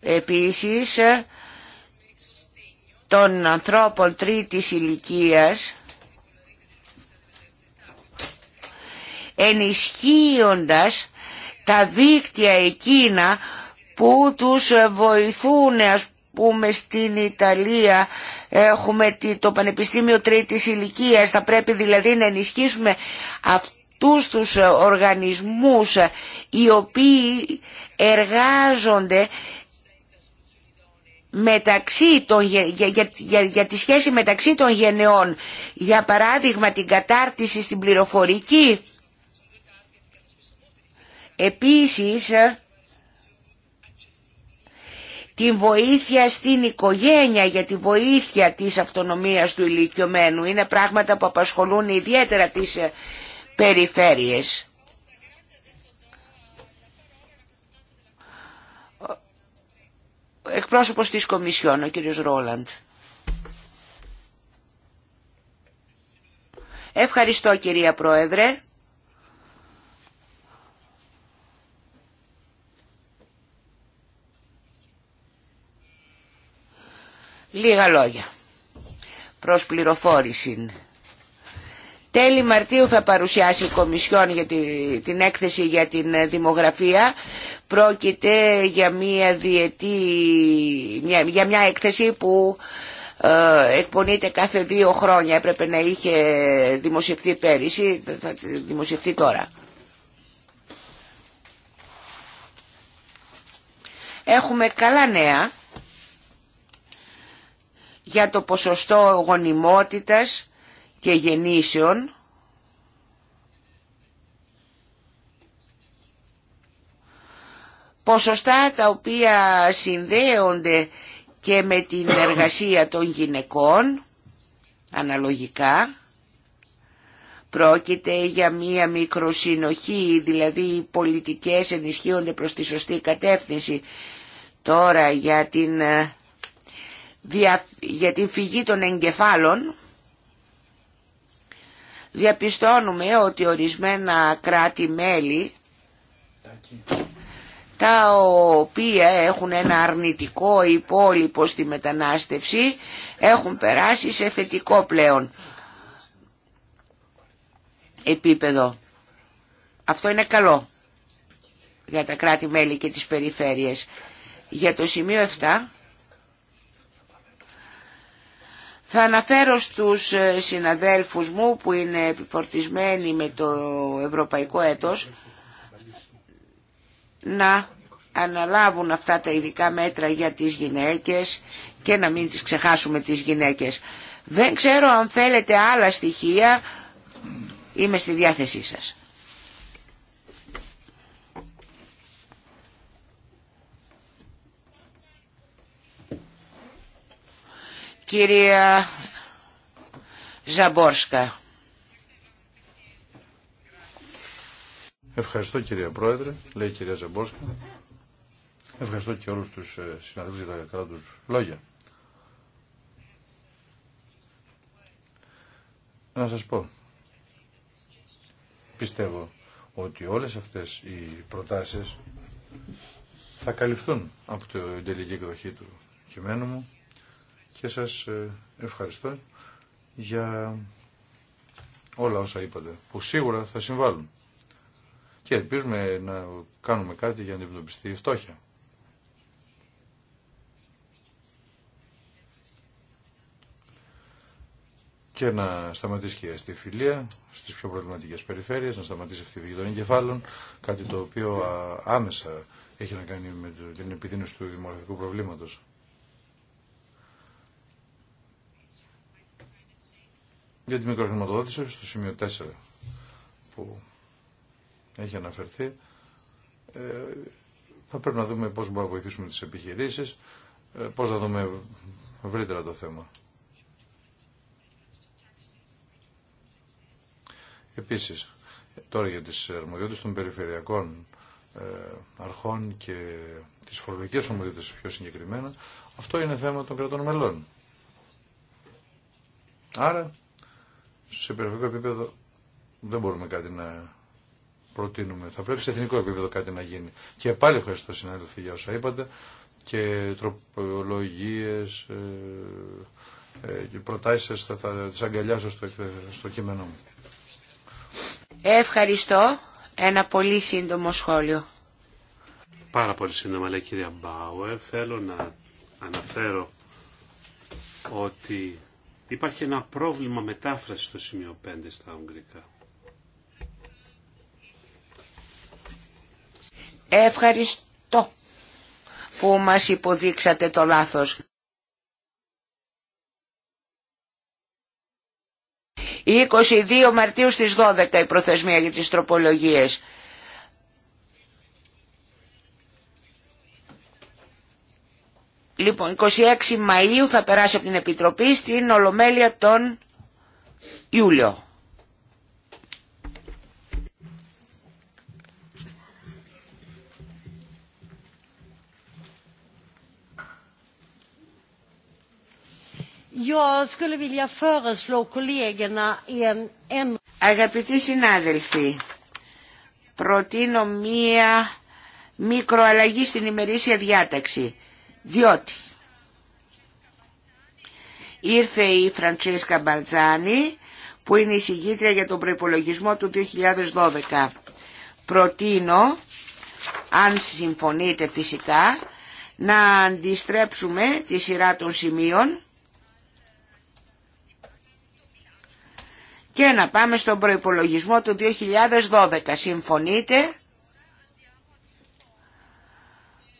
επίσης των ανθρώπων τρίτης ηλικίας ενισχύοντας τα δίκτυα εκείνα που τους βοηθούν ας πούμε στην Ιταλία έχουμε το Πανεπιστήμιο Τρίτης Ηλικίας θα πρέπει δηλαδή να ενισχύσουμε αυτούς τους οργανισμούς οι οποίοι εργάζονται μεταξύ των, για, για, για, τη σχέση μεταξύ των γενεών για παράδειγμα την κατάρτιση στην πληροφορική Επίσης, ε, την βοήθεια στην οικογένεια για τη βοήθεια της αυτονομίας του ηλικιωμένου. Είναι πράγματα που απασχολούν ιδιαίτερα τις ε, περιφέρειες. Εκπρόσωπος της Κομισιόν, ο κύριος Ρόλαντ. Ευχαριστώ κυρία Πρόεδρε. Λίγα λόγια. Προς πληροφόρηση. Τέλη Μαρτίου θα παρουσιάσει η Κομισιόν για την έκθεση για την ε, δημογραφία. Πρόκειται για μια, διετή, μια, για μια έκθεση που ε, εκπονείται κάθε δύο χρόνια. Έπρεπε να είχε δημοσιευθεί πέρυσι, θα δημοσιευθεί τώρα. Έχουμε καλά νέα για το ποσοστό γονιμότητας και γεννήσεων ποσοστά τα οποία συνδέονται και με την εργασία των γυναικών αναλογικά πρόκειται για μία μικροσυνοχή δηλαδή οι πολιτικές ενισχύονται προς τη σωστή κατεύθυνση τώρα για την ε, για την φυγή των εγκεφάλων διαπιστώνουμε ότι ορισμένα κράτη-μέλη τα οποία έχουν ένα αρνητικό υπόλοιπο στη μετανάστευση έχουν περάσει σε θετικό πλέον επίπεδο. Αυτό είναι καλό για τα κράτη-μέλη και τις περιφέρειες. Για το σημείο 7 Θα αναφέρω στους ε, συναδέλφους μου που είναι επιφορτισμένοι με το ευρωπαϊκό έτος να αναλάβουν αυτά τα ειδικά μέτρα για τις γυναίκες και να μην τις ξεχάσουμε τις γυναίκες. Δεν ξέρω αν θέλετε άλλα στοιχεία, είμαι στη διάθεσή σας. Κυρία Ζαμπόρσκα. Ευχαριστώ κυρία Πρόεδρε, λέει η κυρία Ζαμπόρσκα. Ευχαριστώ και όλους τους ε, συναδέλφους για τα καλά τους λόγια. Να σας πω. Πιστεύω ότι όλες αυτές οι προτάσεις θα καλυφθούν από την τελική εκδοχή του κειμένου μου και σας ε, ευχαριστώ για όλα όσα είπατε, που σίγουρα θα συμβάλλουν. Και ελπίζουμε να κάνουμε κάτι για να αντιμετωπιστεί η φτώχεια. και να σταματήσει και η φιλία στις πιο προβληματικές περιφέρειες, να σταματήσει αυτή η φυγή των εγκεφάλων, κάτι το οποίο άμεσα έχει να κάνει με την επιδείνωση του δημογραφικού προβλήματος. για τη μικροχρηματοδότηση στο σημείο 4 που έχει αναφερθεί. Ε, θα πρέπει να δούμε πώς μπορούμε να βοηθήσουμε τις επιχειρήσεις, ε, πώς θα δούμε ευρύτερα το θέμα. Επίσης, τώρα για τις αρμοδιότητες των περιφερειακών ε, αρχών και τις φορολογικές αρμοδιότητες πιο συγκεκριμένα, αυτό είναι θέμα των κρατών μελών. Άρα σε περιφερειακό επίπεδο δεν μπορούμε κάτι να προτείνουμε. Θα πρέπει σε εθνικό επίπεδο κάτι να γίνει. Και πάλι ευχαριστώ συνάδελφοι για όσα είπατε και τροπολογίες ε, ε, και προτάσει θα, θα αγκαλιάσω στο, στο κείμενό μου. Ευχαριστώ. Ένα πολύ σύντομο σχόλιο. Πάρα πολύ σύντομα λέει κυρία Μπάουερ. Θέλω να αναφέρω ότι Υπάρχει ένα πρόβλημα μετάφραση στο σημείο 5 στα Ουγγρικά. Ευχαριστώ που μας υποδείξατε το λάθος. Η 22 Μαρτίου στις 12 η προθεσμία για τις τροπολογίες. Λοιπόν, 26 Μαΐου θα περάσει από την Επιτροπή στην Ολομέλεια τον Ιούλιο. Αγαπητοί συνάδελφοι, προτείνω μία μικροαλλαγή στην ημερήσια διάταξη διότι ήρθε η Φραντσέσκα Μπαλτζάνη που είναι η συγγήτρια για τον προϋπολογισμό του 2012. Προτείνω, αν συμφωνείτε φυσικά, να αντιστρέψουμε τη σειρά των σημείων και να πάμε στον προϋπολογισμό του 2012. Συμφωνείτε?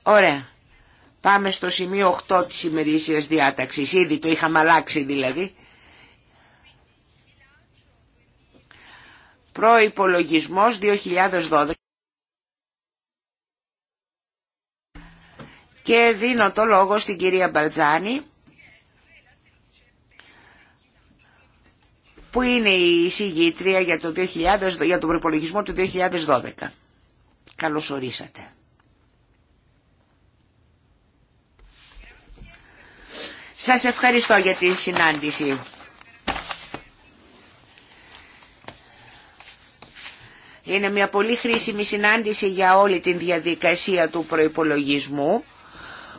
Ωραία. Πάμε στο σημείο 8 της ημερήσιας διάταξης, ήδη το είχαμε αλλάξει δηλαδή. Προϋπολογισμός 2012. Και δίνω το λόγο στην κυρία Μπαλτζάνη, που είναι η εισηγήτρια για, το για τον προϋπολογισμό του 2012. Καλώς ορίσατε. Σας ευχαριστώ για τη συνάντηση. Είναι μια πολύ χρήσιμη συνάντηση για όλη την διαδικασία του προϋπολογισμού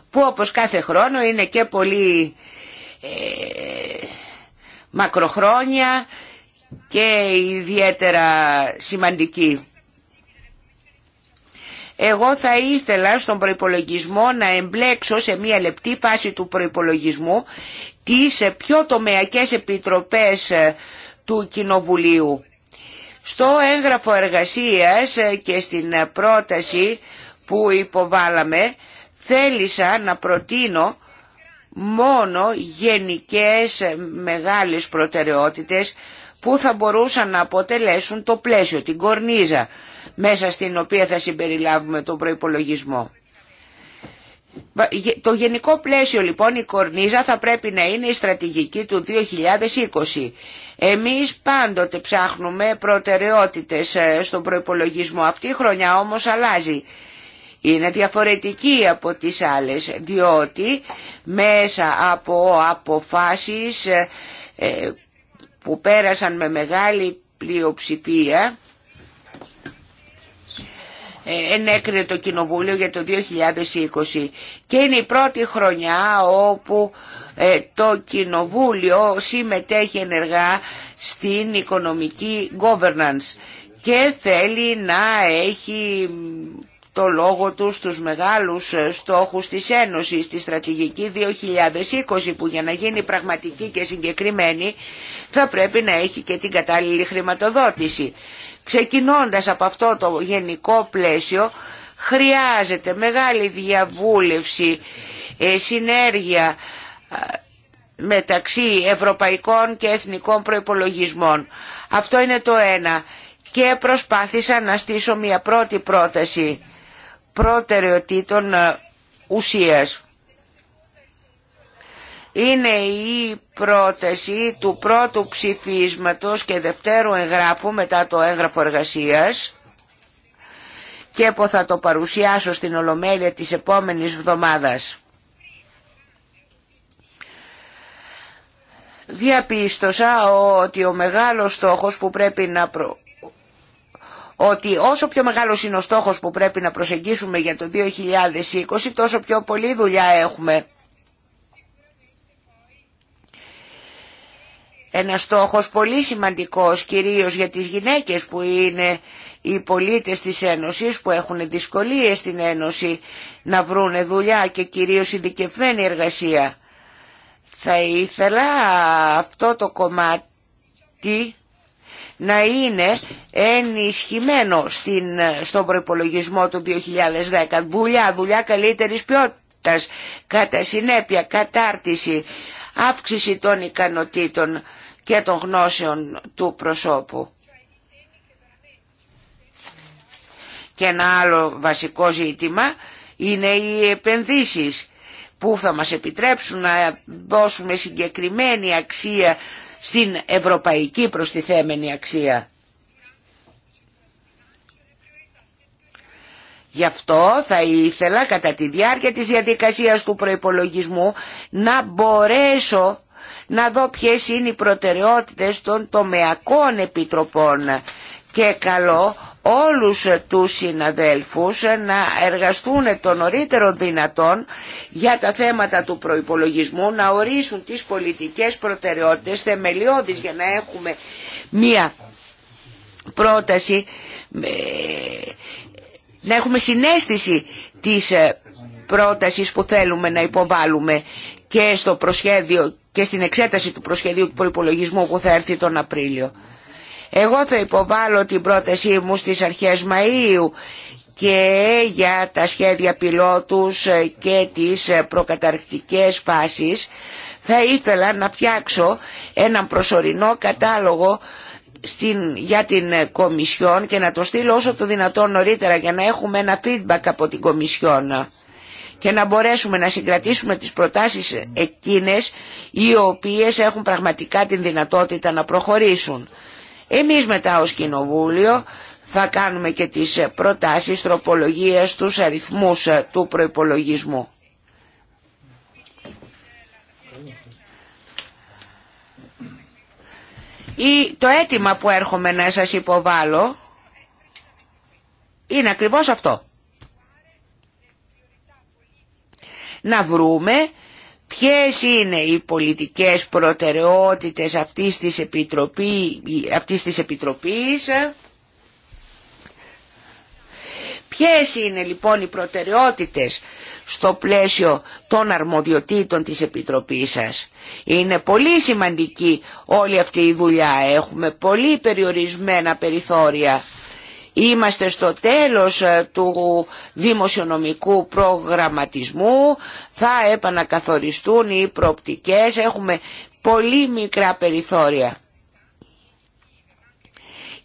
που όπως κάθε χρόνο είναι και πολύ ε, μακροχρόνια και ιδιαίτερα σημαντική. Εγώ θα ήθελα στον προϋπολογισμό να εμπλέξω σε μια λεπτή φάση του προϋπολογισμού τις ε, πιο τομεακές επιτροπές ε, του Κοινοβουλίου. Στο έγγραφο εργασίας ε, και στην πρόταση που υποβάλαμε θέλησα να προτείνω μόνο γενικές μεγάλες προτεραιότητες που θα μπορούσαν να αποτελέσουν το πλαίσιο, την κορνίζα μέσα στην οποία θα συμπεριλάβουμε τον προϋπολογισμό. Το γενικό πλαίσιο λοιπόν η κορνίζα θα πρέπει να είναι η στρατηγική του 2020. Εμείς πάντοτε ψάχνουμε προτεραιότητες ε, στον προϋπολογισμό. Αυτή η χρονιά όμως αλλάζει. Είναι διαφορετική από τις άλλες διότι μέσα από αποφάσεις ε, ε, που πέρασαν με μεγάλη πλειοψηφία ε, ενέκρινε το Κοινοβούλιο για το 2020 και είναι η πρώτη χρονιά όπου ε, το Κοινοβούλιο συμμετέχει ενεργά στην οικονομική governance και θέλει να έχει το λόγο του στους μεγάλους ε, στόχους της Ένωσης, στη στρατηγική 2020 που για να γίνει πραγματική και συγκεκριμένη θα πρέπει να έχει και την κατάλληλη χρηματοδότηση. Ξεκινώντας από αυτό το γενικό πλαίσιο, χρειάζεται μεγάλη διαβούλευση, ε, συνέργεια ε, μεταξύ ευρωπαϊκών και εθνικών προϋπολογισμών. Αυτό είναι το ένα. Και προσπάθησα να στήσω μια πρώτη πρόταση προτεραιοτήτων ε, ουσίας είναι η πρόταση του πρώτου ψηφίσματος και δευτέρου εγγράφου μετά το έγγραφο εργασίας και που θα το παρουσιάσω στην Ολομέλεια της επόμενης εβδομάδας. Διαπίστωσα ότι ο μεγάλος στόχος που πρέπει να ότι όσο πιο μεγάλος είναι ο στόχος που πρέπει να προσεγγίσουμε για το 2020, τόσο πιο πολλή δουλειά έχουμε. Ένα στόχος πολύ σημαντικός κυρίως για τις γυναίκες που είναι οι πολίτες της Ένωσης που έχουν δυσκολίες στην Ένωση να βρουν δουλειά και κυρίως ειδικευμένη εργασία. Θα ήθελα αυτό το κομμάτι να είναι ενισχυμένο στην, στον προπολογισμό του 2010. Δουλειά, δουλειά καλύτερης ποιότητας, κατά συνέπεια, κατάρτιση, αύξηση των ικανοτήτων και των γνώσεων του προσώπου. Και ένα άλλο βασικό ζήτημα είναι οι επενδύσεις που θα μας επιτρέψουν να δώσουμε συγκεκριμένη αξία στην ευρωπαϊκή προστιθέμενη αξία. Γι' αυτό θα ήθελα κατά τη διάρκεια της διαδικασίας του προϋπολογισμού να μπορέσω να δω ποιες είναι οι προτεραιότητες των τομεακών επιτροπών και καλό όλους τους συναδέλφους να εργαστούν το νωρίτερο δυνατόν για τα θέματα του προϋπολογισμού, να ορίσουν τις πολιτικές προτεραιότητες θεμελιώδεις για να έχουμε μία πρόταση ε, να έχουμε συνέστηση της ε, πρότασης που θέλουμε να υποβάλουμε και στο προσχέδιο και στην εξέταση του προσχεδίου του που θα έρθει τον Απρίλιο. Εγώ θα υποβάλω την πρότασή μου στις αρχές Μαΐου και για τα σχέδια πιλότους ε, και τις ε, προκαταρκτικές φάσεις θα ήθελα να φτιάξω έναν προσωρινό κατάλογο στην, για την ε, Κομισιόν και να το στείλω όσο το δυνατόν νωρίτερα για να έχουμε ένα feedback από την Κομισιόν και να μπορέσουμε να συγκρατήσουμε τις προτάσεις εκείνες οι οποίες έχουν πραγματικά την δυνατότητα να προχωρήσουν. Εμείς μετά ως Κοινοβούλιο θα κάνουμε και τις προτάσεις τροπολογίες τους αριθμούς ε, του προϋπολογισμού. ή το αίτημα που έρχομαι να σας υποβάλω είναι ακριβώς αυτό. Να βρούμε ποιες είναι οι πολιτικές προτεραιότητες αυτής της, επιτροπή, αυτής της Επιτροπής Ποιες είναι λοιπόν οι προτεραιότητες στο πλαίσιο των αρμοδιοτήτων της Επιτροπής σας. Είναι πολύ σημαντική όλη αυτή η δουλειά. Έχουμε πολύ περιορισμένα περιθώρια. Είμαστε στο τέλος ε, του δημοσιονομικού προγραμματισμού, θα επανακαθοριστούν οι προοπτικές, έχουμε πολύ μικρά περιθώρια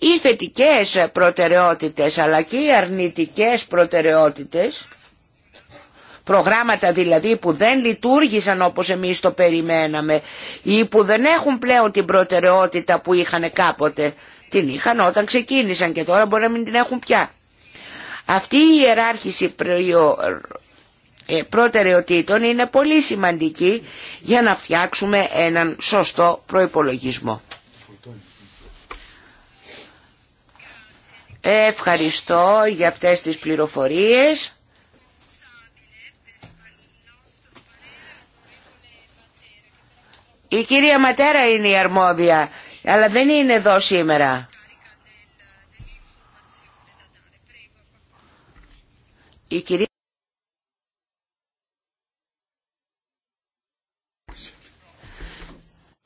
οι θετικές προτεραιότητες αλλά και οι αρνητικές προτεραιότητες, προγράμματα δηλαδή που δεν λειτουργήσαν όπως εμείς το περιμέναμε ή που δεν έχουν πλέον την προτεραιότητα που είχαν κάποτε, την είχαν όταν ξεκίνησαν και τώρα μπορεί να μην την έχουν πια. Αυτή η ιεράρχηση ε, προτεραιοτήτων είναι πολύ σημαντική για να φτιάξουμε έναν σωστό προϋπολογισμό. Ευχαριστώ για αυτές τις πληροφορίες. Η κυρία Ματέρα είναι η αρμόδια, αλλά δεν είναι εδώ σήμερα. Η κυρία...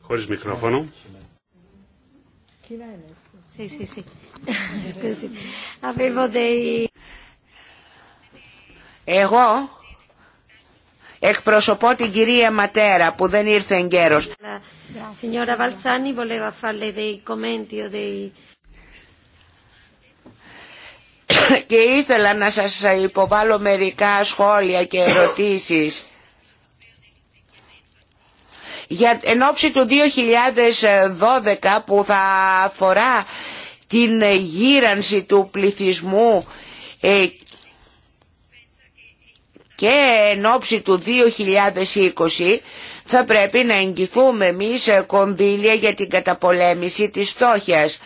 Χωρίς μικρόφωνο. Εγώ εκπροσωπώ την κυρία Ματέρα που δεν ήρθε εγκαίρως. Και ήθελα να σας υποβάλω μερικά σχόλια και ερωτήσεις. Για, εν ώψη του 2012 που θα αφορά την γύρανση του πληθυσμού ε, και εν ώψη του 2020 θα πρέπει να εγγυθούμε εμεί ε, κονδύλια για την καταπολέμηση της στόχιας.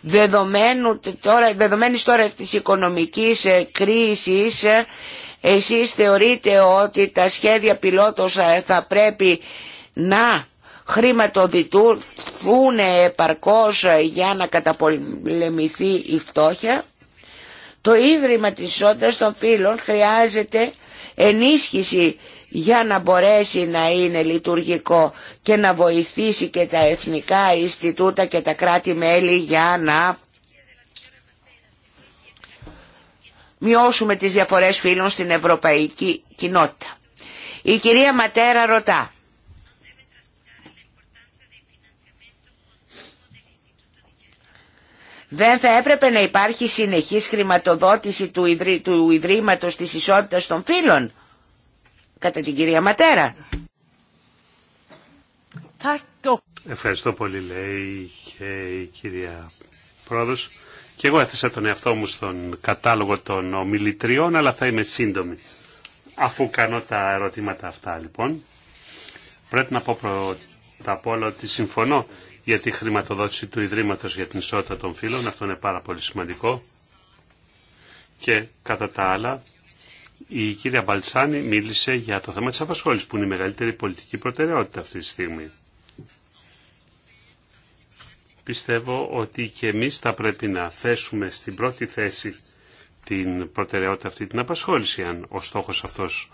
Δεδομένου, τώρα, δεδομένης τώρα της οικονομικής ε, κρίσης, εσείς θεωρείτε ότι τα σχέδια πιλότος θα πρέπει να χρηματοδοτούν επαρκώς για να καταπολεμηθεί η φτώχεια. Το Ίδρυμα της Ζώντας των φίλων χρειάζεται ενίσχυση για να μπορέσει να είναι λειτουργικό και να βοηθήσει και τα εθνικά Ινστιτούτα και τα κράτη-μέλη για να μειώσουμε τις διαφορές φίλων στην ευρωπαϊκή κοινότητα. Η κυρία Ματέρα ρωτά Δεν θα έπρεπε να υπάρχει συνεχής χρηματοδότηση του, ιδρύ, του Ιδρύματος της Ισότητας των Φύλων, κατά την κυρία Ματέρα. Ευχαριστώ πολύ, λέει και η κυρία Πρόεδρος. Και εγώ έθεσα τον εαυτό μου στον κατάλογο των ομιλητριών, αλλά θα είμαι σύντομη. Αφού κάνω τα ερωτήματα αυτά, λοιπόν, πρέπει να πω πρώτα απ' όλα ότι συμφωνώ για τη χρηματοδότηση του Ιδρύματος για την Ισότητα των Φύλων. Αυτό είναι πάρα πολύ σημαντικό. Και κατά τα άλλα, η κυρία Μπαλτσάνη μίλησε για το θέμα της απασχόλησης που είναι η μεγαλύτερη πολιτική προτεραιότητα αυτή τη στιγμή. Πιστεύω ότι και εμείς θα πρέπει να θέσουμε στην πρώτη θέση την προτεραιότητα αυτή την απασχόληση αν ο στόχος αυτός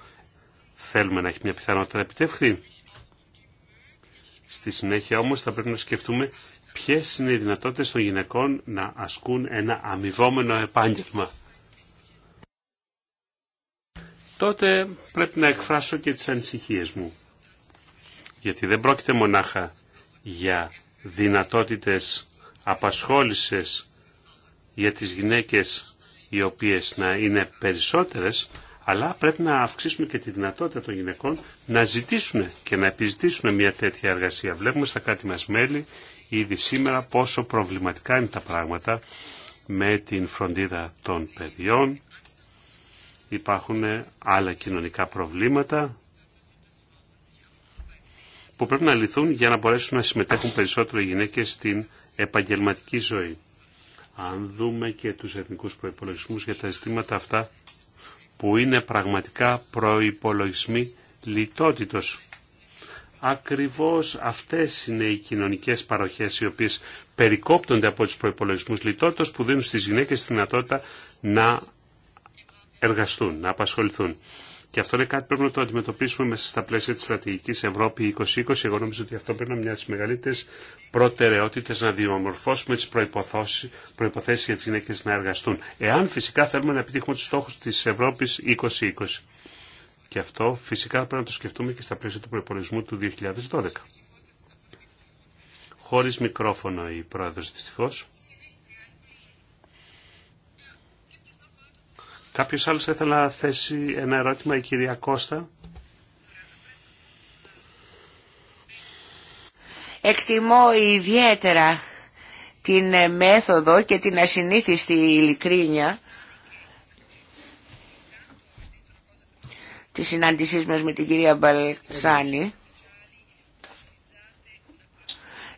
θέλουμε να έχει μια πιθανότητα να επιτευχθεί. Στη συνέχεια όμως θα πρέπει να σκεφτούμε ποιες είναι οι δυνατότητες των γυναικών να ασκούν ένα αμοιβόμενο επάγγελμα. Τότε πρέπει να εκφράσω και τις ανησυχίες μου. Γιατί δεν πρόκειται μονάχα για δυνατότητες απασχόλησης για τις γυναίκες οι οποίες να είναι περισσότερες, αλλά πρέπει να αυξήσουμε και τη δυνατότητα των γυναικών να ζητήσουν και να επιζητήσουν μια τέτοια εργασία. Βλέπουμε στα κράτη μας μέλη ήδη σήμερα πόσο προβληματικά είναι τα πράγματα με την φροντίδα των παιδιών. Υπάρχουν άλλα κοινωνικά προβλήματα που πρέπει να λυθούν για να μπορέσουν να συμμετέχουν περισσότερο οι γυναίκες στην επαγγελματική ζωή. Αν δούμε και τους εθνικούς προϋπολογισμούς για τα ζητήματα αυτά, που είναι πραγματικά προϋπολογισμοί λιτότητος. Ακριβώς αυτές είναι οι κοινωνικές παροχές οι οποίες περικόπτονται από τους προϋπολογισμούς λιτότητος που δίνουν στις γυναίκες τη δυνατότητα να εργαστούν, να απασχοληθούν. Και αυτό είναι κάτι που πρέπει να το αντιμετωπίσουμε μέσα στα πλαίσια τη στρατηγική Ευρώπη 2020. Εγώ νομίζω ότι αυτό πρέπει να είναι μια από τι μεγαλύτερε προτεραιότητε να διαμορφώσουμε τι προποθέσει για τι γυναίκε να εργαστούν. Εάν φυσικά θέλουμε να επιτύχουμε του στόχου τη Ευρώπη 2020. Και αυτό φυσικά πρέπει να το σκεφτούμε και στα πλαίσια του προπολογισμού του 2012. Χωρίς μικρόφωνο η πρόεδρος δυστυχώς. Κάποιος άλλος ήθελε να θέσει ένα ερώτημα, η κυρία Κώστα. Εκτιμώ ιδιαίτερα την ε, μέθοδο και την ασυνήθιστη ειλικρίνεια της συνάντησής μας με την κυρία Μπαλσάνη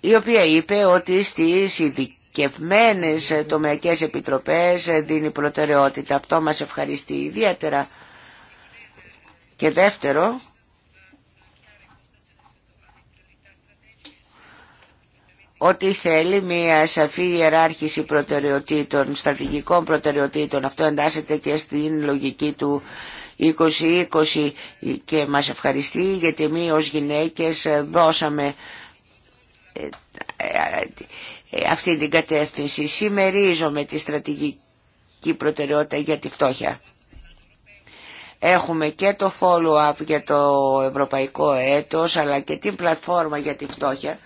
η οποία είπε ότι στις ειδικές το ε, τομεακές επιτροπές ε, δίνει προτεραιότητα. Αυτό μας ευχαριστεί ιδιαίτερα. Και δεύτερο, ότι θέλει μια σαφή ιεράρχηση προτεραιοτήτων, στρατηγικών προτεραιοτήτων. Αυτό εντάσσεται και στην λογική του 2020 και μας ευχαριστεί γιατί εμείς ως γυναίκες δώσαμε ε, αυτή την κατεύθυνση. Σημερίζομαι τη στρατηγική προτεραιότητα για τη φτώχεια. Έχουμε και το follow-up για το ευρωπαϊκό έτος, αλλά και την πλατφόρμα για τη φτώχεια.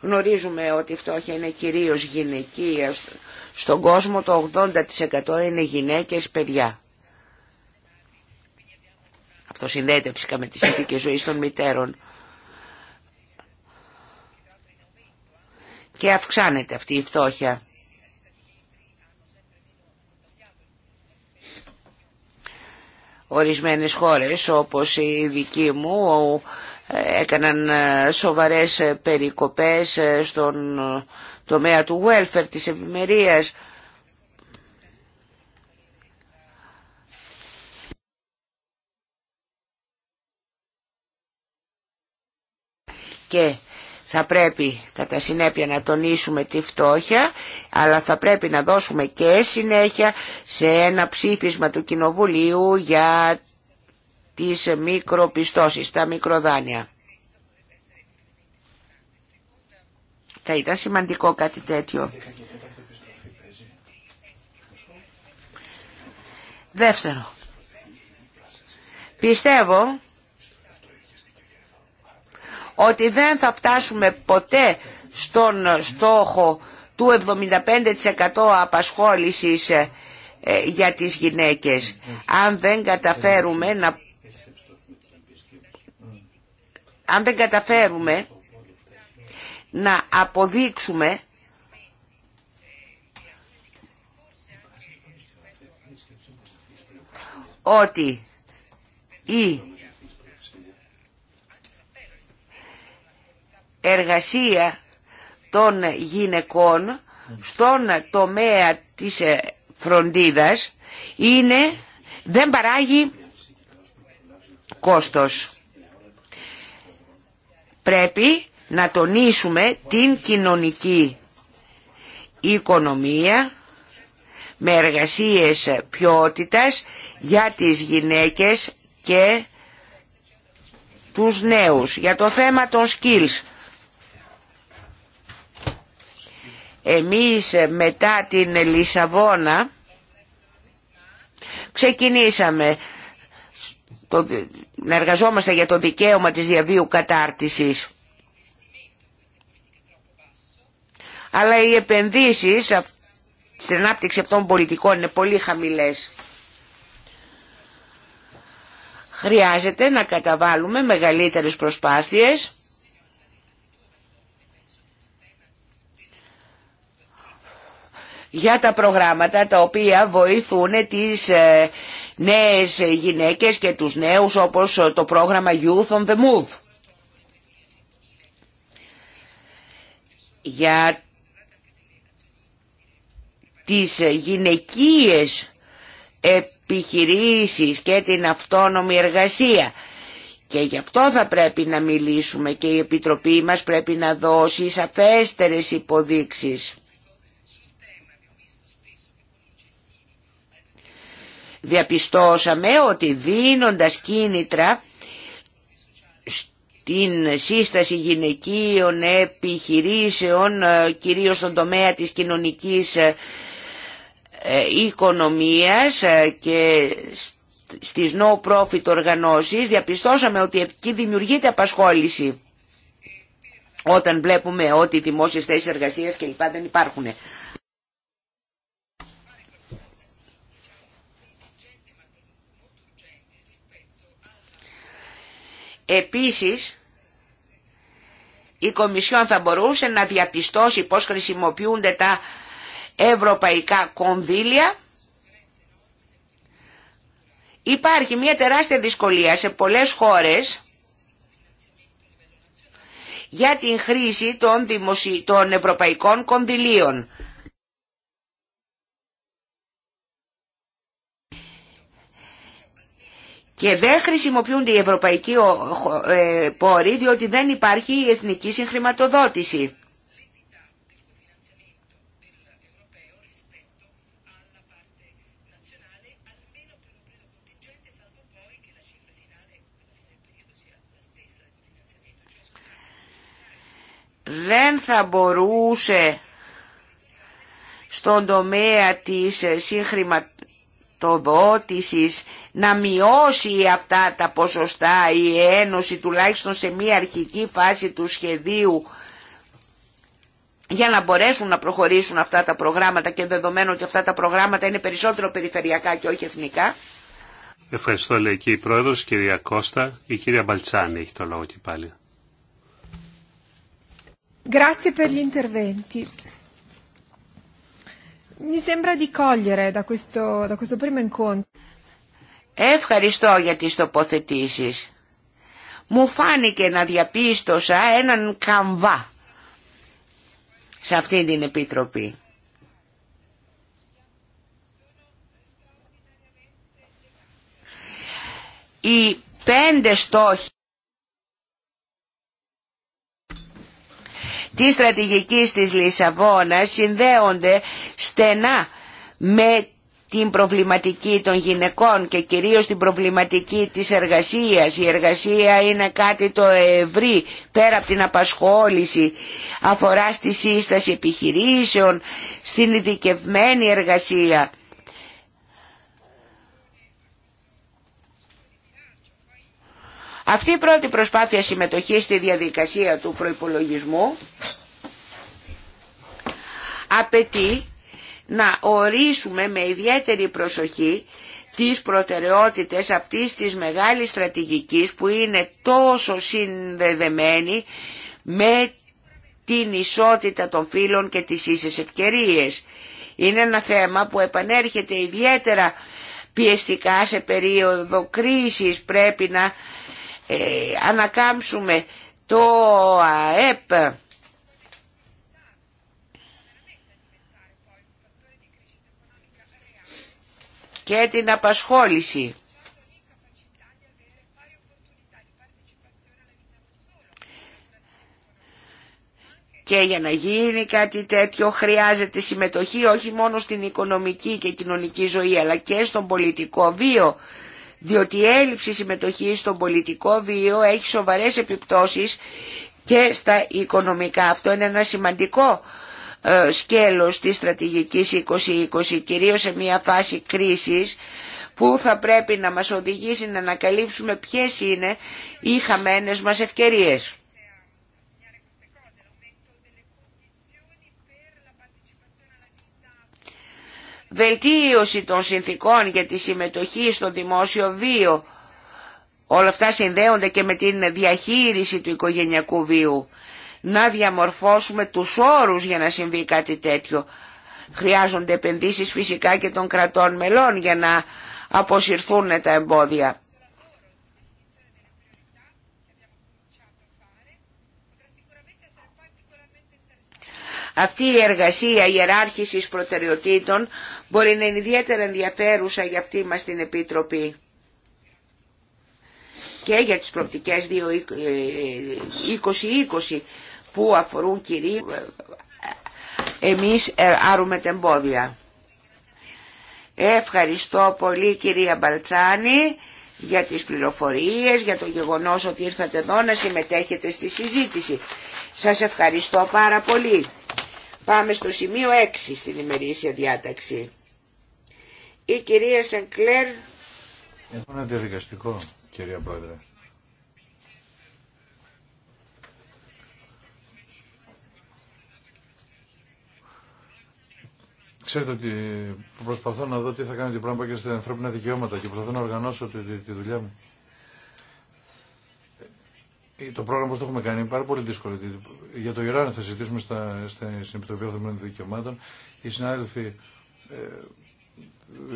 Γνωρίζουμε ότι η φτώχεια είναι κυρίως γυναική. Στον κόσμο το 80% είναι γυναίκες παιδιά. Αυτό συνδέεται φυσικά με τις συνθήκες ζωής των μητέρων. και αυξάνεται αυτή η φτώχεια. Ορισμένες χώρες όπως η δική μου έκαναν σοβαρές περικοπές στον τομέα του welfare, της ευημερίας. Και θα πρέπει κατά συνέπεια να τονίσουμε τη φτώχεια, αλλά θα πρέπει να δώσουμε και συνέχεια σε ένα ψήφισμα του Κοινοβουλίου για τις μικροπιστώσεις, τα μικροδάνεια. Θα ήταν σημαντικό κάτι τέτοιο. Δεύτερο, πιστεύω ότι δεν θα φτάσουμε ποτέ στον στόχο του 75% απασχόλησης ε, για τις γυναίκες αν δεν καταφέρουμε να αν καταφέρουμε να αποδείξουμε ότι η εργασία των γυναικών στον τομέα της ε, φροντίδας είναι, δεν παράγει κόστος. Πρέπει να τονίσουμε την κοινωνική οικονομία με εργασίες ποιότητας για τις γυναίκες και τους νέους. Για το θέμα των skills Εμείς ε, μετά την Λισαβόνα ξεκινήσαμε να εργαζόμαστε για το δικαίωμα της διαβίου κατάρτισης. Αλλά οι επενδύσεις στην ανάπτυξη αυτών των πολιτικών είναι πολύ χαμηλές. Χρειάζεται να καταβάλουμε μεγαλύτερες προσπάθειες για τα προγράμματα τα οποία βοηθούν τις ε, νέες γυναίκες και τους νέους όπως ε, το πρόγραμμα Youth on the Move. Για τις γυναικείες επιχειρήσεις και την αυτόνομη εργασία. Και γι' αυτό θα πρέπει να μιλήσουμε και η Επιτροπή μας πρέπει να δώσει σαφέστερες υποδείξεις. διαπιστώσαμε ότι δίνοντας κίνητρα στην σύσταση γυναικείων επιχειρήσεων, ε, κυρίως στον τομέα της κοινωνικής ε, ε, οικονομίας και στις no profit οργανώσεις, διαπιστώσαμε ότι εκεί δημιουργείται απασχόληση όταν βλέπουμε ότι οι δημόσιες θέσεις εργασίας κλπ δεν υπάρχουν. Επίσης, η Κομισιόν θα μπορούσε να διαπιστώσει πώς χρησιμοποιούνται τα ευρωπαϊκά κονδύλια. Υπάρχει μια τεράστια δυσκολία σε πολλές χώρες για την χρήση των, των ευρωπαϊκών κονδυλίων. Και δεν χρησιμοποιούνται οι ευρωπαϊκοί ε, πόροι διότι δεν υπάρχει η εθνική συγχρηματοδότηση. Δεν θα μπορούσε στον τομέα της ε, συγχρηματοδότησης να μειώσει αυτά τα ποσοστά η Ένωση τουλάχιστον σε μια αρχική φάση του σχεδίου για να μπορέσουν να προχωρήσουν αυτά τα προγράμματα και δεδομένου ότι αυτά τα προγράμματα είναι περισσότερο περιφερειακά και όχι εθνικά. Ευχαριστώ λέει και η Πρόεδρος, κυρία Κώστα. Η κυρία Μπαλτσάνη έχει το λόγο και πάλι. Grazie per gli interventi. Mi sembra di cogliere da questo, da questo primo incontro. Ευχαριστώ για τις τοποθετήσεις. Μου φάνηκε να διαπίστωσα έναν καμβά σε αυτή την Επίτροπη. Οι πέντε στόχοι της στρατηγικής της Λισαβόνας συνδέονται στενά με την προβληματική των γυναικών και κυρίως την προβληματική της εργασίας. Η εργασία είναι κάτι το ευρύ πέρα από την απασχόληση, αφορά στη σύσταση επιχειρήσεων, στην ειδικευμένη εργασία. Αυτή η πρώτη προσπάθεια συμμετοχής στη διαδικασία του προϋπολογισμού απαιτεί να ορίσουμε με ιδιαίτερη προσοχή τις προτεραιότητες αυτής της μεγάλης στρατηγικής που είναι τόσο συνδεδεμένη με την ισότητα των φύλων και τις ίσες ευκαιρίες. Είναι ένα θέμα που επανέρχεται ιδιαίτερα πιεστικά σε περίοδο κρίσης πρέπει να ε, ανακάμψουμε το ΑΕΠ και την απασχόληση. Και για να γίνει κάτι τέτοιο χρειάζεται συμμετοχή όχι μόνο στην οικονομική και κοινωνική ζωή αλλά και στον πολιτικό βίο. Διότι η έλλειψη συμμετοχή στον πολιτικό βίο έχει σοβαρές επιπτώσεις και στα οικονομικά. Αυτό είναι ένα σημαντικό ε, σκέλος της στρατηγικής 2020, κυρίως σε μια φάση κρίσης που θα πρέπει να μας οδηγήσει να ανακαλύψουμε ποιες είναι οι χαμένες μας ευκαιρίες. Βελτίωση των συνθήκων για τη συμμετοχή στο δημόσιο βίο. Όλα αυτά συνδέονται και με την διαχείριση του οικογενειακού βίου να διαμορφώσουμε τους όρους για να συμβεί κάτι τέτοιο. Χρειάζονται επενδύσεις φυσικά και των κρατών μελών για να αποσυρθούν τα εμπόδια. Αυτή η εργασία ιεράρχησης προτεραιοτήτων μπορεί να είναι ιδιαίτερα ενδιαφέρουσα για αυτή μας την Επίτροπη και για τις προοπτικές 2020 που αφορούν κυρίως εμείς ε, άρουμε τεμπόδια. Ευχαριστώ πολύ κυρία Μπαλτσάνη για τις πληροφορίες, για το γεγονός ότι ήρθατε εδώ να συμμετέχετε στη συζήτηση. Σας ευχαριστώ πάρα πολύ. Πάμε στο σημείο 6 στην ημερήσια διάταξη. Η κυρία Σενκλέρ... Έχω ένα διαδικαστικό, κυρία Πρόεδρε. Ξέρετε ότι προσπαθώ να δω τι θα κάνει την πράγμα και στα ανθρώπινα δικαιώματα και προσπαθώ να οργανώσω τη, τη, δουλειά μου. Ε, το πρόγραμμα που το έχουμε κάνει είναι πάρα πολύ δύσκολο. Για το Ιράν θα συζητήσουμε στα, στην Επιτροπή Ανθρωπίνων Δικαιωμάτων. Οι συνάδελφοι ε,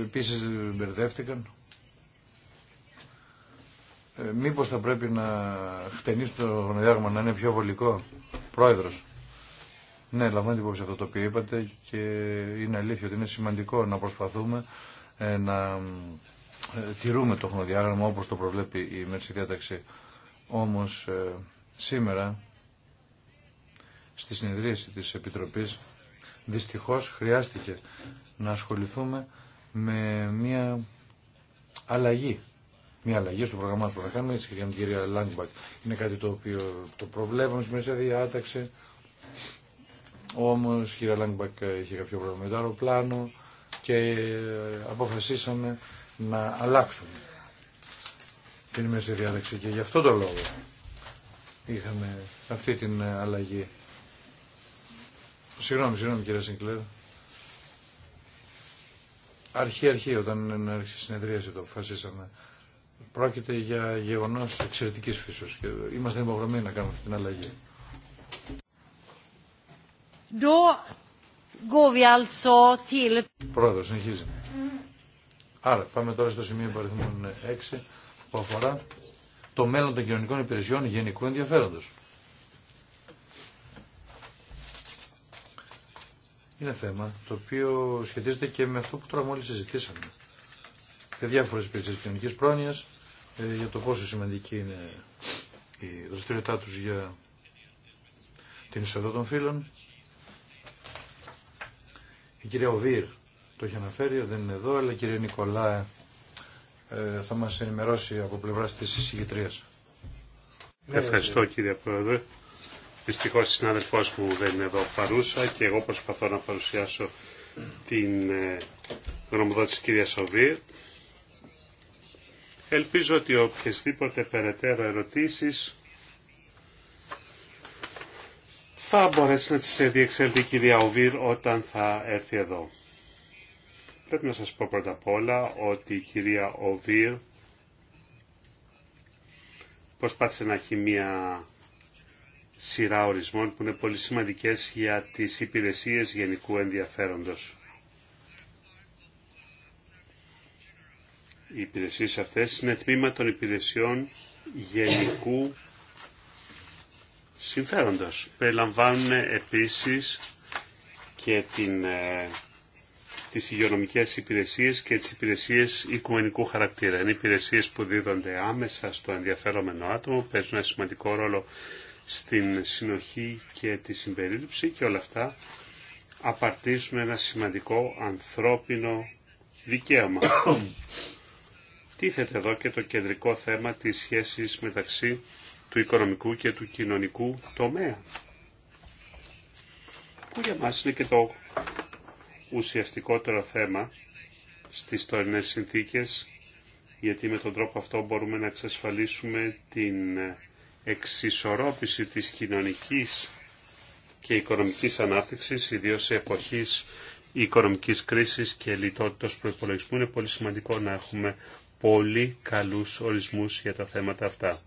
επίση μπερδεύτηκαν. Ε, Μήπω θα πρέπει να χτενίσει το γνωδιάγμα να είναι πιο βολικό, πρόεδρος. Ναι, την υπόψη αυτό το οποίο είπατε και είναι αλήθεια ότι είναι σημαντικό να προσπαθούμε ε, να ε, τηρούμε το χρονοδιάγραμμα όπως το προβλέπει η Μέρση Διάταξη. Όμως ε, σήμερα στη συνεδρίαση της Επιτροπής δυστυχώς χρειάστηκε να ασχοληθούμε με μια αλλαγή. Μια αλλαγή στο πρόγραμμα που θα κάνουμε, την κυρία Λάγκμπακ. Είναι κάτι το οποίο το προβλέπαμε στη Μέση Διάταξη Όμω η κυρία Λάγκμπακ είχε κάποιο πρόβλημα με το αεροπλάνο και ε, αποφασίσαμε να αλλάξουμε την μέση διάταξη και γι' αυτό το λόγο είχαμε αυτή την αλλαγή. Συγγνώμη, συγγνώμη κύριε Σιγκλέρ. Αρχή-αρχή όταν άρχισε η συνεδρίαση το αποφασίσαμε. Πρόκειται για γεγονός εξαιρετικής φύσεως και είμαστε υποχρεωμένοι να κάνουμε αυτή την αλλαγή. Då går vi alltså till... συνεχίζει. Άρα, πάμε τώρα στο σημείο αριθμούν 6 που αφορά το μέλλον των κοινωνικών υπηρεσιών γενικού ενδιαφέροντος. Είναι θέμα το οποίο σχετίζεται και με αυτό που τώρα μόλις συζητήσαμε. Για διάφορες υπηρεσίες κοινωνικής πρόνοιας, ε, για το πόσο σημαντική είναι η δραστηριότητά τους για την εισοδό των φύλων η κυρία Οβίρ το έχει αναφέρει, δεν είναι εδώ, αλλά η κυρία Νικολά ε, θα μας ενημερώσει από πλευρά τη εισηγητρίας. Ναι, Ευχαριστώ κύριε Πρόεδρε. Δυστυχώς η συνάδελφός μου δεν είναι εδώ παρούσα και εγώ προσπαθώ να παρουσιάσω την ε, γνωμοδότηση της κυρίας Οβίρ. Ελπίζω ότι οποιασδήποτε περαιτέρω ερωτήσεις θα μπορέσει να τις διεξέλθει η κυρία Οβίρ όταν θα έρθει εδώ. Πρέπει να σας πω πρώτα απ' όλα ότι η κυρία Οβίρ προσπάθησε να έχει μία σειρά ορισμών που είναι πολύ σημαντικές για τις υπηρεσίες γενικού ενδιαφέροντος. Οι υπηρεσίες αυτές είναι τμήμα των υπηρεσιών γενικού συμφέροντος. Περιλαμβάνουν επίσης και την, ε, τις υγειονομικές υπηρεσίες και τις υπηρεσίες οικουμενικού χαρακτήρα. Είναι υπηρεσίες που δίδονται άμεσα στο ενδιαφέρομενο άτομο, παίζουν ένα σημαντικό ρόλο στην συνοχή και τη συμπερίληψη και όλα αυτά απαρτίζουν ένα σημαντικό ανθρώπινο δικαίωμα. Τίθεται εδώ και το κεντρικό θέμα της σχέσης μεταξύ του οικονομικού και του κοινωνικού τομέα. Που για μας είναι και το ουσιαστικότερο θέμα στις τωρινές συνθήκες, γιατί με τον τρόπο αυτό μπορούμε να εξασφαλίσουμε την εξισορρόπηση της κοινωνικής και οικονομικής ανάπτυξης, ιδίως σε εποχής οικονομικής κρίσης και λιτότητος προϋπολογισμού. Είναι πολύ σημαντικό να έχουμε πολύ καλούς ορισμούς για τα θέματα αυτά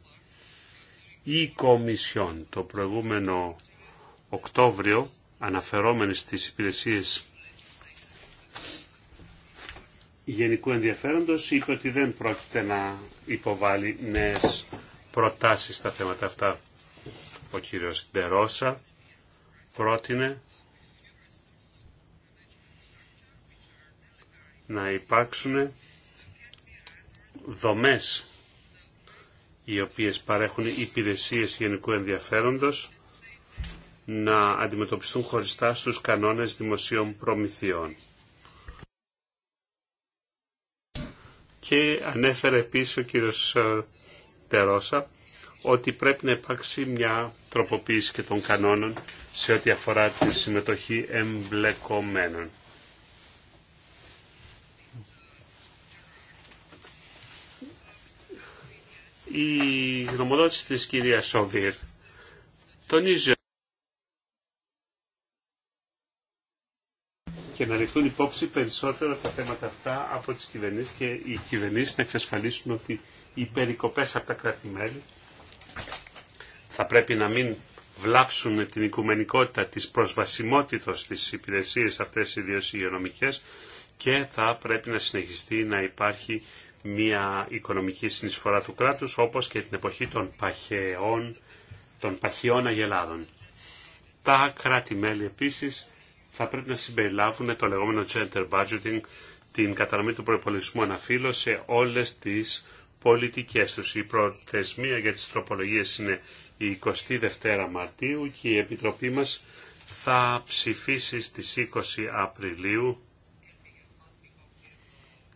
η Κομισιόν το προηγούμενο Οκτώβριο αναφερόμενη στις υπηρεσίες γενικού ενδιαφέροντος είπε ότι δεν πρόκειται να υποβάλει νέες προτάσεις στα θέματα αυτά. Ο κύριος Ντερόσα πρότεινε να υπάρξουν δομές οι οποίες παρέχουν υπηρεσίες γενικού ενδιαφέροντος να αντιμετωπιστούν χωριστά στους κανόνες δημοσίων προμηθειών. Και ανέφερε επίσης ο κύριος ε, Τερόσα ότι πρέπει να υπάρξει μια τροποποίηση και των κανόνων σε ό,τι αφορά τη συμμετοχή εμπλεκομένων. Η γνωμοδότηση της κυρίας Σόβιρ τονίζει και να ληφθούν υπόψη περισσότερο τα θέματα αυτά από τις κυβερνήσεις και οι κυβερνήσεις να εξασφαλίσουν ότι οι περικοπές από τα κράτη-μέλη θα πρέπει να μην βλάψουν την οικουμενικότητα της προσβασιμότητας της υπηρεσίας αυτές δύο και θα πρέπει να συνεχιστεί να υπάρχει μια οικονομική συνεισφορά του κράτους όπως και την εποχή των παχαιών, των παχαιών αγελάδων. Τα κράτη-μέλη επίσης θα πρέπει να συμπεριλάβουν το λεγόμενο gender budgeting, την κατανομή του προπολογισμού αναφύλω σε όλες τις πολιτικές τους. Η προθεσμία για τις τροπολογίες είναι η 22 Μαρτίου και η Επιτροπή μας θα ψηφίσει στις 20 Απριλίου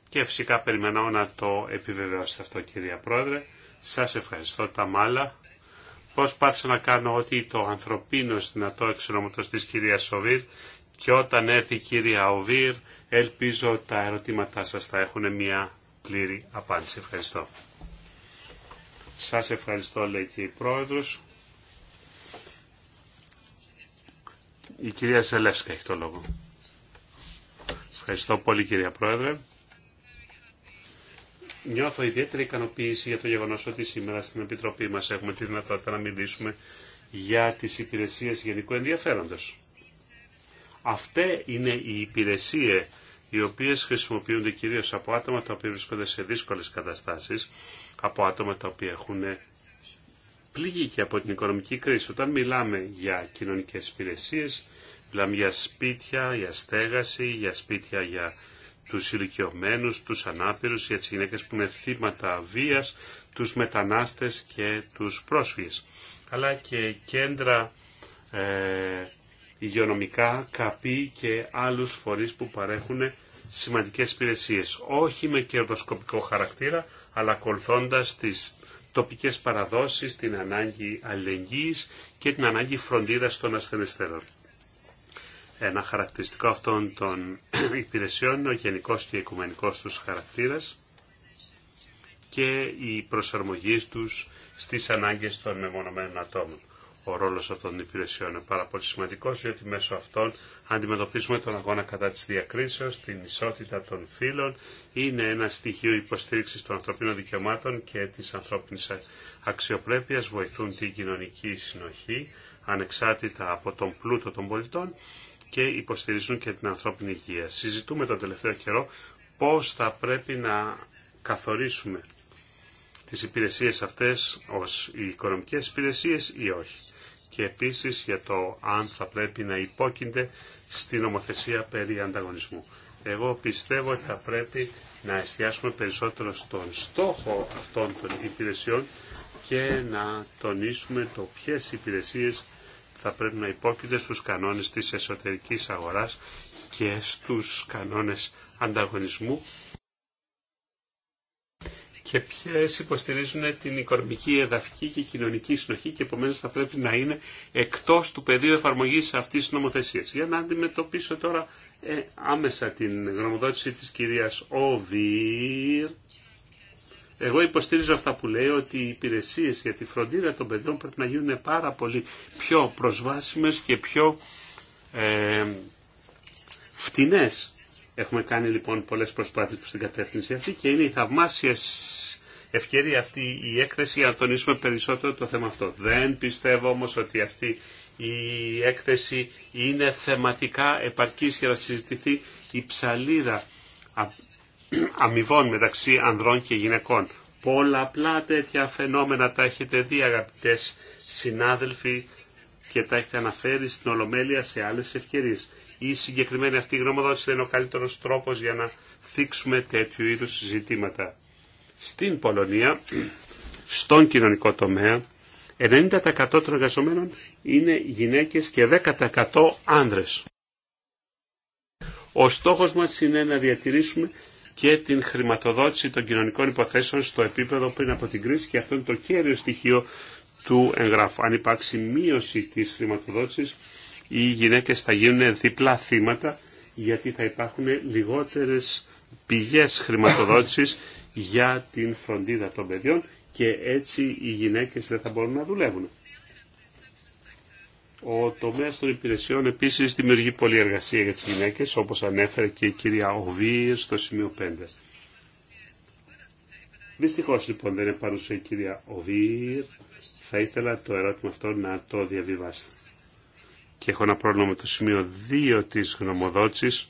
και φυσικά περιμένω να το επιβεβαιώσετε αυτό κυρία Πρόεδρε. Σας ευχαριστώ τα μάλα. Προσπάθησα να κάνω ό,τι το ανθρωπίνο δυνατό εξονόματος της Κυρία Σοβίρ και όταν έρθει η κυρία Οβίρ ελπίζω τα ερωτήματά σας θα έχουν μια πλήρη απάντηση. Ευχαριστώ. Σας ευχαριστώ λέει και η Πρόεδρος. Η κυρία Σελεύσκα έχει το λόγο. Ευχαριστώ πολύ κυρία Πρόεδρε. Νιώθω ιδιαίτερη ικανοποίηση για το γεγονός ότι σήμερα στην Επιτροπή μας έχουμε τη δυνατότητα να μιλήσουμε για τις υπηρεσίες γενικού ενδιαφέροντος. Αυτέ είναι οι υπηρεσίε οι οποίες χρησιμοποιούνται κυρίως από άτομα τα οποία βρίσκονται σε δύσκολες καταστάσεις, από άτομα τα οποία έχουν πληγεί και από την οικονομική κρίση. Όταν μιλάμε για κοινωνικές υπηρεσίες, μιλάμε για σπίτια, για στέγαση, για σπίτια για τους ηλικιωμένου, τους ανάπηρους, για τις γυναίκες που είναι θύματα βίας, τους μετανάστες και τους πρόσφυγες. Αλλά και κέντρα ε, υγειονομικά, καπή και άλλους φορείς που παρέχουν σημαντικές υπηρεσίες. Όχι με κερδοσκοπικό χαρακτήρα, αλλά ακολουθώντα τις τοπικές παραδόσεις, την ανάγκη αλληλεγγύης και την ανάγκη φροντίδας των ασθενεστέρων. Ένα χαρακτηριστικό αυτών των υπηρεσιών είναι ο γενικός και οικουμενικός τους χαρακτήρας και η προσαρμογή τους στις ανάγκες των μεμονωμένων ατόμων. Ο ρόλος αυτών των υπηρεσιών είναι πάρα πολύ σημαντικός, διότι μέσω αυτών αντιμετωπίζουμε τον αγώνα κατά της διακρίσεως, την ισότητα των φύλων, είναι ένα στοιχείο υποστήριξης των ανθρωπίνων δικαιωμάτων και της ανθρώπινης αξιοπρέπειας, βοηθούν την κοινωνική συνοχή, ανεξάρτητα από τον πλούτο των πολιτών και υποστηρίζουν και την ανθρώπινη υγεία. Συζητούμε τον τελευταίο καιρό πώς θα πρέπει να καθορίσουμε τις υπηρεσίες αυτές ως οι οικονομικές υπηρεσίες ή όχι. Και επίσης για το αν θα πρέπει να υπόκεινται στην νομοθεσία περί ανταγωνισμού. Εγώ πιστεύω ότι θα πρέπει να εστιάσουμε περισσότερο στον στόχο αυτών των υπηρεσιών και να τονίσουμε το ποιες υπηρεσίες θα πρέπει να υπόκειται στους κανόνες της εσωτερικής αγοράς και στους κανόνες ανταγωνισμού και ποιε υποστηρίζουν την οικονομική, εδαφική και κοινωνική συνοχή και επομένω θα πρέπει να είναι εκτό του πεδίου εφαρμογή αυτή τη νομοθεσία. Για να αντιμετωπίσω τώρα ε, άμεσα την γνωμοδότηση τη κυρία Οβίρ εγώ υποστήριζω αυτά που λέει ότι οι υπηρεσίε για τη φροντίδα των παιδιών πρέπει να γίνουν πάρα πολύ πιο προσβάσιμε και πιο ε, φτηνέ. Έχουμε κάνει λοιπόν πολλέ προσπάθειε προ την κατεύθυνση αυτή και είναι η θαυμάσια ευκαιρία αυτή η έκθεση για να τονίσουμε περισσότερο το θέμα αυτό. Δεν πιστεύω όμω ότι αυτή η έκθεση είναι θεματικά επαρκή για να συζητηθεί η ψαλίδα αμοιβών μεταξύ ανδρών και γυναικών. Πολλαπλά τέτοια φαινόμενα τα έχετε δει αγαπητές συνάδελφοι και τα έχετε αναφέρει στην Ολομέλεια σε άλλες ευκαιρίες. Η συγκεκριμένη αυτή δεν είναι ο καλύτερος τρόπος για να θίξουμε τέτοιου είδους συζητήματα. Στην Πολωνία, στον κοινωνικό τομέα, 90% των εργαζομένων είναι γυναίκες και 10% άνδρες. Ο στόχος μας είναι να διατηρήσουμε και την χρηματοδότηση των κοινωνικών υποθέσεων στο επίπεδο πριν από την κρίση και αυτό είναι το κέριο στοιχείο του εγγράφου. Αν υπάρξει μείωση της χρηματοδότησης, οι γυναίκες θα γίνουν διπλά θύματα γιατί θα υπάρχουν λιγότερες πηγές χρηματοδότησης για την φροντίδα των παιδιών και έτσι οι γυναίκες δεν θα μπορούν να δουλεύουν. Ο τομέα των υπηρεσιών επίση δημιουργεί πολλή εργασία για τι γυναίκε, όπω ανέφερε και η κυρία Οβίρ στο σημείο 5. Δυστυχώ λοιπόν δεν είναι παρούσα η κυρία Οβίρ. Θα ήθελα το ερώτημα αυτό να το διαβιβάσετε. Και έχω ένα πρόβλημα με το σημείο 2 της γνωμοδότησης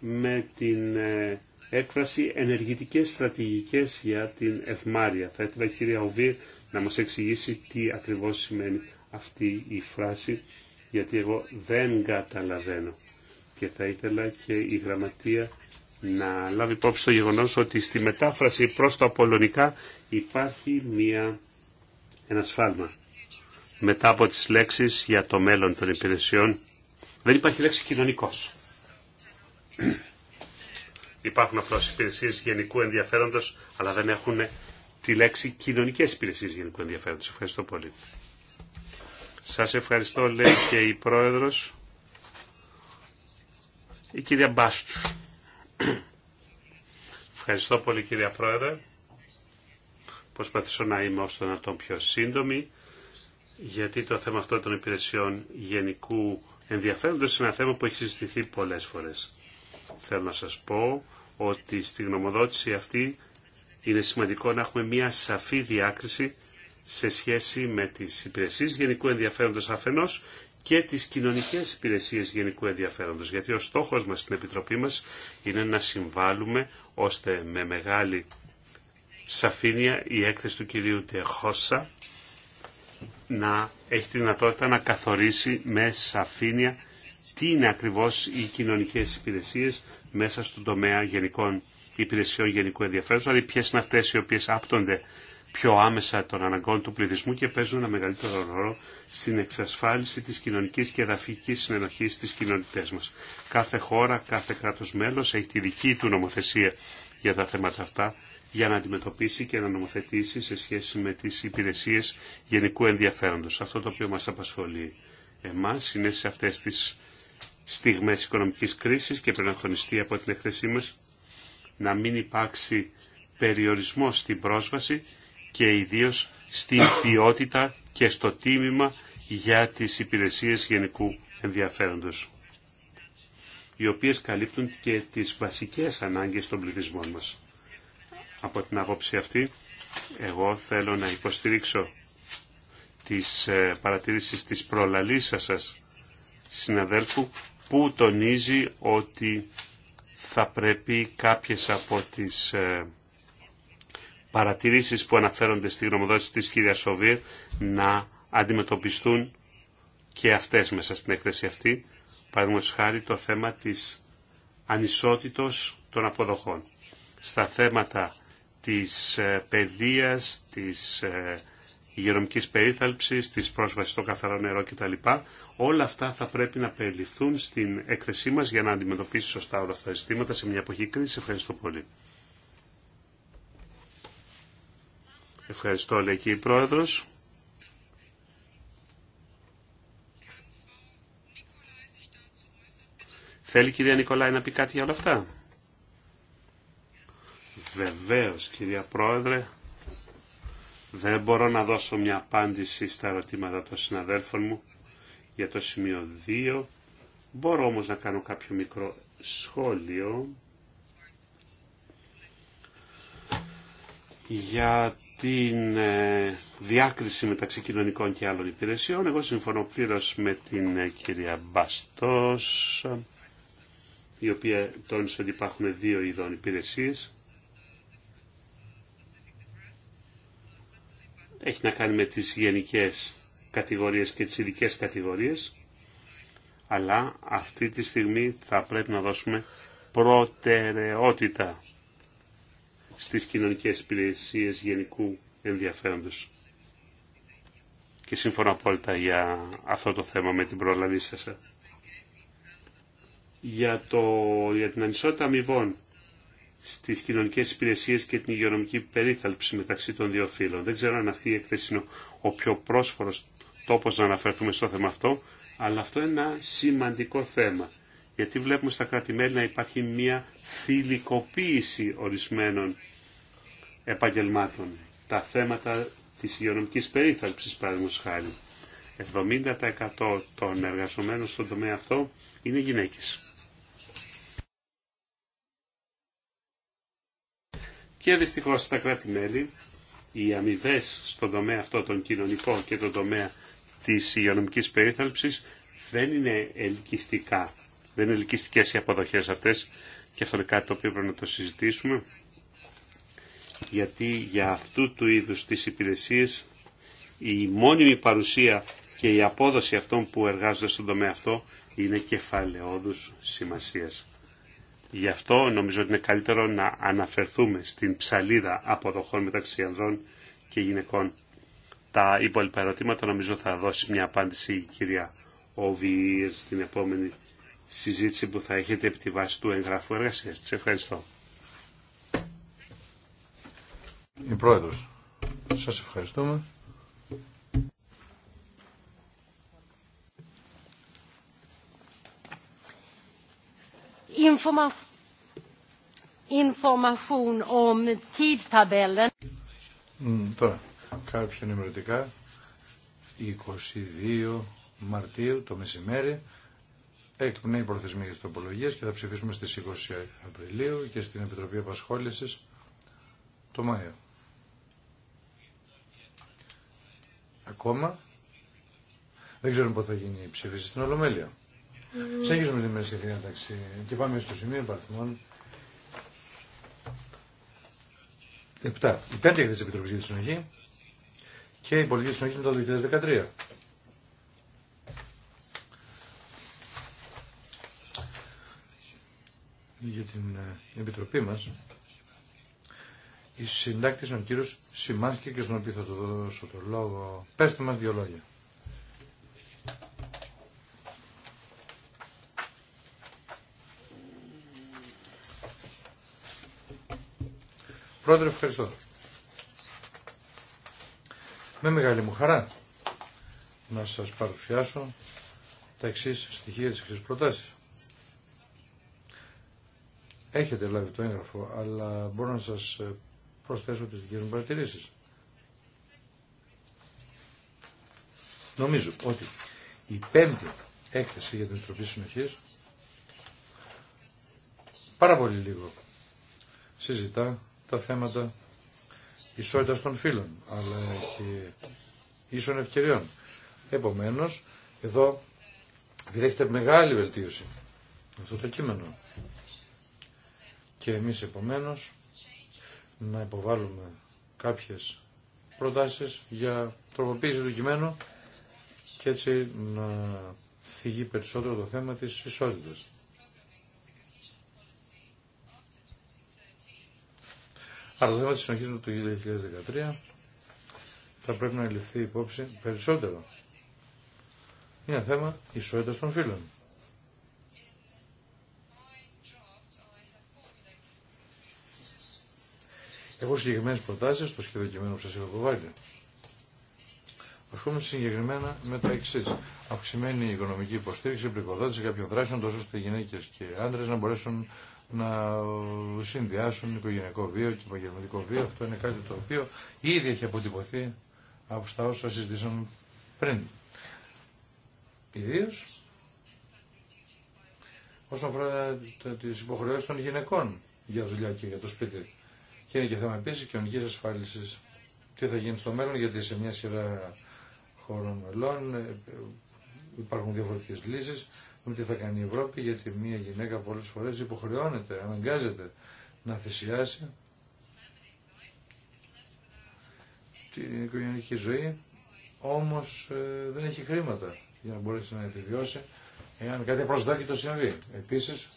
με την ε, έκφραση ενεργητικές στρατηγικές για την ευμάρεια. Θα ήθελα η κυρία Οβίρ να μας εξηγήσει τι ακριβώς σημαίνει αυτή η φράση γιατί εγώ δεν καταλαβαίνω και θα ήθελα και η γραμματεία να λάβει υπόψη το γεγονός ότι στη μετάφραση προς τα πολωνικά υπάρχει μια, ένα σφάλμα. Μετά από τις λέξεις για το μέλλον των υπηρεσιών δεν υπάρχει λέξη κοινωνικός. Υπάρχουν απλώς υπηρεσίες γενικού ενδιαφέροντος αλλά δεν έχουν τη λέξη κοινωνικές υπηρεσίες γενικού ενδιαφέροντος. Ευχαριστώ πολύ. Σας ευχαριστώ, λέει και η Πρόεδρος, η κυρία Μπάστου. Ευχαριστώ πολύ, κυρία Πρόεδρε. Προσπαθήσω να είμαι ως να τον πιο σύντομη, γιατί το θέμα αυτό των υπηρεσιών γενικού ενδιαφέροντος είναι ένα θέμα που έχει συζητηθεί πολλές φορές. Θέλω να σας πω ότι στη γνωμοδότηση αυτή είναι σημαντικό να έχουμε μια σαφή διάκριση σε σχέση με τις υπηρεσίες γενικού ενδιαφέροντος αφενός και τις κοινωνικές υπηρεσίες γενικού ενδιαφέροντος. Γιατί ο στόχος μας στην Επιτροπή μας είναι να συμβάλλουμε ώστε με μεγάλη σαφήνεια η έκθεση του κυρίου Τεχώσα να έχει τη δυνατότητα να καθορίσει με σαφήνεια τι είναι ακριβώς οι κοινωνικές υπηρεσίες μέσα στον τομέα γενικών υπηρεσιών γενικού ενδιαφέροντος, δηλαδή ποιες είναι αυτές οι οποίε άπτονται πιο άμεσα των αναγκών του πληθυσμού και παίζουν ένα μεγαλύτερο ρόλο στην εξασφάλιση της κοινωνικής και εδαφικής συνενοχής στις κοινωνιτές μας. Κάθε χώρα, κάθε κράτος μέλος έχει τη δική του νομοθεσία για τα θέματα αυτά για να αντιμετωπίσει και να νομοθετήσει σε σχέση με τις υπηρεσίες γενικού ενδιαφέροντος. Αυτό το οποίο μας απασχολεί εμάς είναι σε αυτές τις στιγμές οικονομικής κρίσης και πρέπει να από την εκθεσή μας να μην υπάρξει περιορισμό στην πρόσβαση και ιδίως στην ποιότητα και στο τίμημα για τις υπηρεσίες γενικού ενδιαφέροντος, οι οποίες καλύπτουν και τις βασικές ανάγκες των πληθυσμών μας. Από την άποψη αυτή, εγώ θέλω να υποστηρίξω τις ε, παρατηρήσεις της προλαλήσας σας, συναδέλφου, που τονίζει ότι θα πρέπει κάποιες από τις ε, παρατηρήσεις που αναφέρονται στη γνωμοδότηση της κυρίας Σοβίρ να αντιμετωπιστούν και αυτές μέσα στην έκθεση αυτή. Παραδείγματος χάρη το θέμα της ανισότητος των αποδοχών. Στα θέματα της ε, παιδείας, της ε, υγειονομικής περίθαλψης, της πρόσβασης στο καθαρό νερό κτλ. Όλα αυτά θα πρέπει να περιληφθούν στην έκθεσή μας για να αντιμετωπίσει σωστά όλα αυτά τα ζητήματα σε μια εποχή κρίση. Ευχαριστώ πολύ. Ευχαριστώ, λέει και η Πρόεδρος. Θέλει η κυρία Νικολάη να πει κάτι για όλα αυτά. Βεβαίως, κυρία Πρόεδρε, δεν μπορώ να δώσω μια απάντηση στα ερωτήματα των συναδέλφων μου για το σημείο 2. Μπορώ όμως να κάνω κάποιο μικρό σχόλιο για την ε, διάκριση μεταξύ κοινωνικών και άλλων υπηρεσιών. Εγώ συμφωνώ πλήρως με την ε, κυρία Μπαστός, η οποία τόνισε ότι υπάρχουν δύο ειδών υπηρεσίες. Έχει να κάνει με τις γενικές κατηγορίες και τις ειδικέ κατηγορίες, αλλά αυτή τη στιγμή θα πρέπει να δώσουμε προτεραιότητα στις κοινωνικές υπηρεσίε γενικού ενδιαφέροντος. Και σύμφωνα απόλυτα για αυτό το θέμα με την προλαβή σα. Για, το, για την ανισότητα αμοιβών στις κοινωνικές υπηρεσίες και την υγειονομική περίθαλψη μεταξύ των δύο φύλων. Δεν ξέρω αν αυτή η έκθεση είναι ο πιο πρόσφορος τόπος να αναφερθούμε στο θέμα αυτό, αλλά αυτό είναι ένα σημαντικό θέμα γιατί βλέπουμε στα κράτη-μέλη να υπάρχει μια θηλυκοποίηση ορισμένων επαγγελμάτων. Τα θέματα της υγειονομικής περίθαλψης, παραδείγματος χάρη. 70% των εργαζομένων στον τομέα αυτό είναι γυναίκες. Και δυστυχώς στα κράτη-μέλη οι αμοιβέ στον τομέα αυτό, τον κοινωνικό και τον τομέα της υγειονομικής περίθαλψης δεν είναι ελκυστικά δεν είναι ελκυστικέ οι αποδοχές αυτές και αυτό είναι κάτι το οποίο πρέπει να το συζητήσουμε γιατί για αυτού του είδους τι υπηρεσίες η μόνιμη παρουσία και η απόδοση αυτών που εργάζονται στον τομέα αυτό είναι κεφαλαιόδους σημασία. Γι' αυτό νομίζω ότι είναι καλύτερο να αναφερθούμε στην ψαλίδα αποδοχών μεταξύ ανδρών και γυναικών. Τα υπόλοιπα ερωτήματα νομίζω θα δώσει μια απάντηση η κυρία Οβίρ στην επόμενη συζήτηση που θα έχετε επί τη βάση του εγγραφού εργασίας. Σας ευχαριστώ. Η Πρόεδρος, σας ευχαριστούμε. information om tidtabellen. τώρα, κάποια ενημερωτικά. 22 Μαρτίου το μεσημέρι εκπνέει προθεσμία της τοπολογίας και θα ψηφίσουμε στι 20 Απριλίου και στην Επιτροπή Απασχόληση το Μάιο. Ακόμα δεν ξέρουμε πότε θα γίνει η ψήφιση στην Ολομέλεια. Mm. Συνεχίζουμε τη μέση διάταξη και πάμε στο σημείο υπαρθμών 7. Η πέμπτη έκθεση Επιτροπή για τη Συνοχή και η πολιτική συνοχή μετά το 2013. για την ε, Επιτροπή μας, η συντάκτης ο κύριος Σιμάνσκι και στον οποίο θα του δώσω το λόγο. Πέστε μας δύο λόγια. Πρόεδρε, ευχαριστώ. Με μεγάλη μου χαρά να σας παρουσιάσω τα εξής στοιχεία της εξής προτάσεις. Έχετε λάβει το έγγραφο, αλλά μπορώ να σας ε, προσθέσω τις δικές μου παρατηρήσεις. Νομίζω ότι η πέμπτη έκθεση για την Επιτροπή Συνοχής πάρα πολύ λίγο συζητά τα θέματα ισότητας των φύλων, αλλά και ίσων ευκαιριών. Επομένως, εδώ διδέχεται μεγάλη βελτίωση αυτό το κείμενο και εμείς επομένως να υποβάλουμε κάποιες προτάσεις για τροποποίηση του κειμένου και έτσι να φυγεί περισσότερο το θέμα της ισότητας. Αλλά το θέμα της συνοχής του 2013 θα πρέπει να ληφθεί υπόψη περισσότερο. Είναι θέμα ισότητας των φίλων. Έχω συγκεκριμένε προτάσει στο σχέδιο κειμένου που σα έχω βάλει. Ασχολούμαι συγκεκριμένα με τα εξή. Αυξημένη οικονομική υποστήριξη, πληκοδότηση κάποιων δράσεων, τόσο ώστε γυναίκε και οι άντρε να μπορέσουν να συνδυάσουν οικογενειακό βίο και επαγγελματικό βίο. Αυτό είναι κάτι το οποίο ήδη έχει αποτυπωθεί από τα όσα συζητήσαμε πριν. Ιδίω όσον αφορά τι υποχρεώσει των γυναικών για δουλειά και για το σπίτι. Και είναι και θέμα επίση κοινωνική ασφάλιση. Τι θα γίνει στο μέλλον, γιατί σε μια σειρά χωρών μελών ε, ε, υπάρχουν διαφορετικέ λύσει. τι θα κάνει η Ευρώπη, γιατί μια γυναίκα πολλέ φορέ υποχρεώνεται, αναγκάζεται να θυσιάσει την οικογενειακή ζωή, όμως ε, δεν έχει χρήματα για να μπορέσει να επιβιώσει εάν κάτι το συμβεί. Επίσης,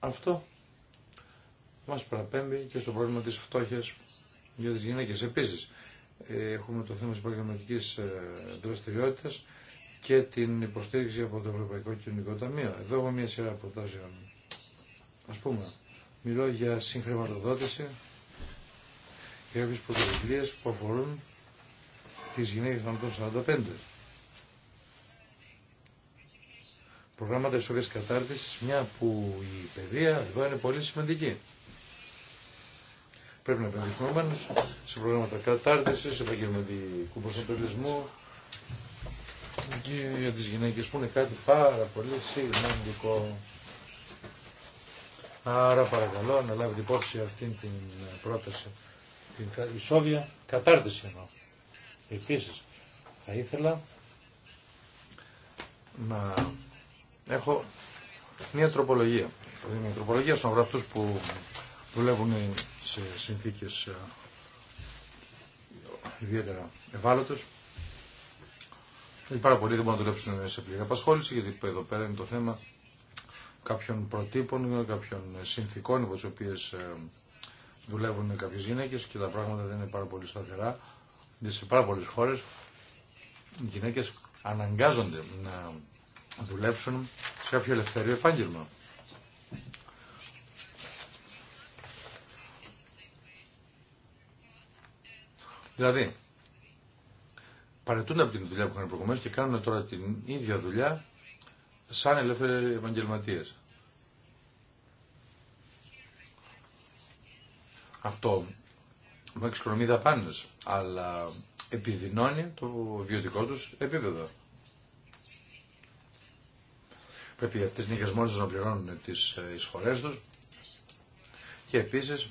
αυτό μας παραπέμπει και στο πρόβλημα της φτώχειας για τις γυναίκες. Επίσης, ε, έχουμε το θέμα της επαγγελματικής ε, δραστηριότητας και την υποστήριξη από το Ευρωπαϊκό Κοινωνικό Ταμείο. Εδώ έχω μια σειρά προτάσεων. Ας πούμε, μιλώ για συγχρηματοδότηση και κάποιε πρωτοβουλίες που αφορούν τις γυναίκες των 45. Προγράμματα ισοβίας κατάρτισης, μια που η παιδεία εδώ είναι πολύ σημαντική. Πρέπει να επενδύσουμε σε προγράμματα κατάρτιση, σε επαγγελματικού προσανατολισμού και για τι γυναίκε που είναι κάτι πάρα πολύ σημαντικό. Άρα παρακαλώ να λάβετε υπόψη αυτή την πρόταση, την ισόβια κατάρτιση εννοώ. Επίσης, θα ήθελα να έχω μια τροπολογία. Μια τροπολογία στον που δουλεύουν σε συνθήκες ε, ιδιαίτερα ευάλωτες. Πάρα πολλοί δεν μπορούν να δουλέψουν σε πλήρη απασχόληση, γιατί εδώ πέρα είναι το θέμα κάποιων προτύπων, κάποιων συνθήκων υπό τι οποίε ε, δουλεύουν κάποιε γυναίκε και τα πράγματα δεν είναι πάρα πολύ σταθερά. Σε πάρα πολλέ χώρε οι γυναίκε αναγκάζονται να δουλέψουν σε κάποιο ελευθερίο επάγγελμα. Δηλαδή, παρετούνται από την δουλειά που είχαν προηγουμένω και κάνουν τώρα την ίδια δουλειά σαν ελεύθεροι επαγγελματίε. Αυτό με εξοικονομεί δαπάνε, αλλά επιδεινώνει το βιωτικό του επίπεδο. Πρέπει αυτέ οι νίκε να πληρώνουν τι ε, εισφορέ του και επίση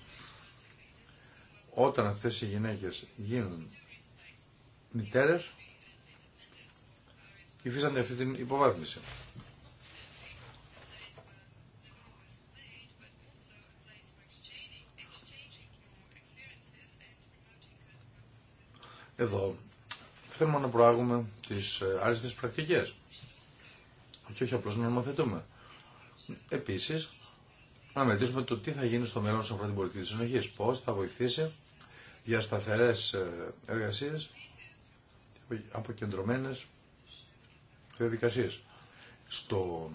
όταν αυτές οι γυναίκες γίνουν μητέρες, υφίστανται αυτή την υποβάθμιση. Εδώ θέλουμε να προάγουμε τις άριστες πρακτικές και όχι απλώς να νομοθετούμε. Επίσης, να μελετήσουμε το τι θα γίνει στο μέλλον σε αυτή την πολιτική της συνοχής, πώς θα βοηθήσει για σταθερές ε, εργασίες, αποκεντρωμένες διαδικασίες. Στο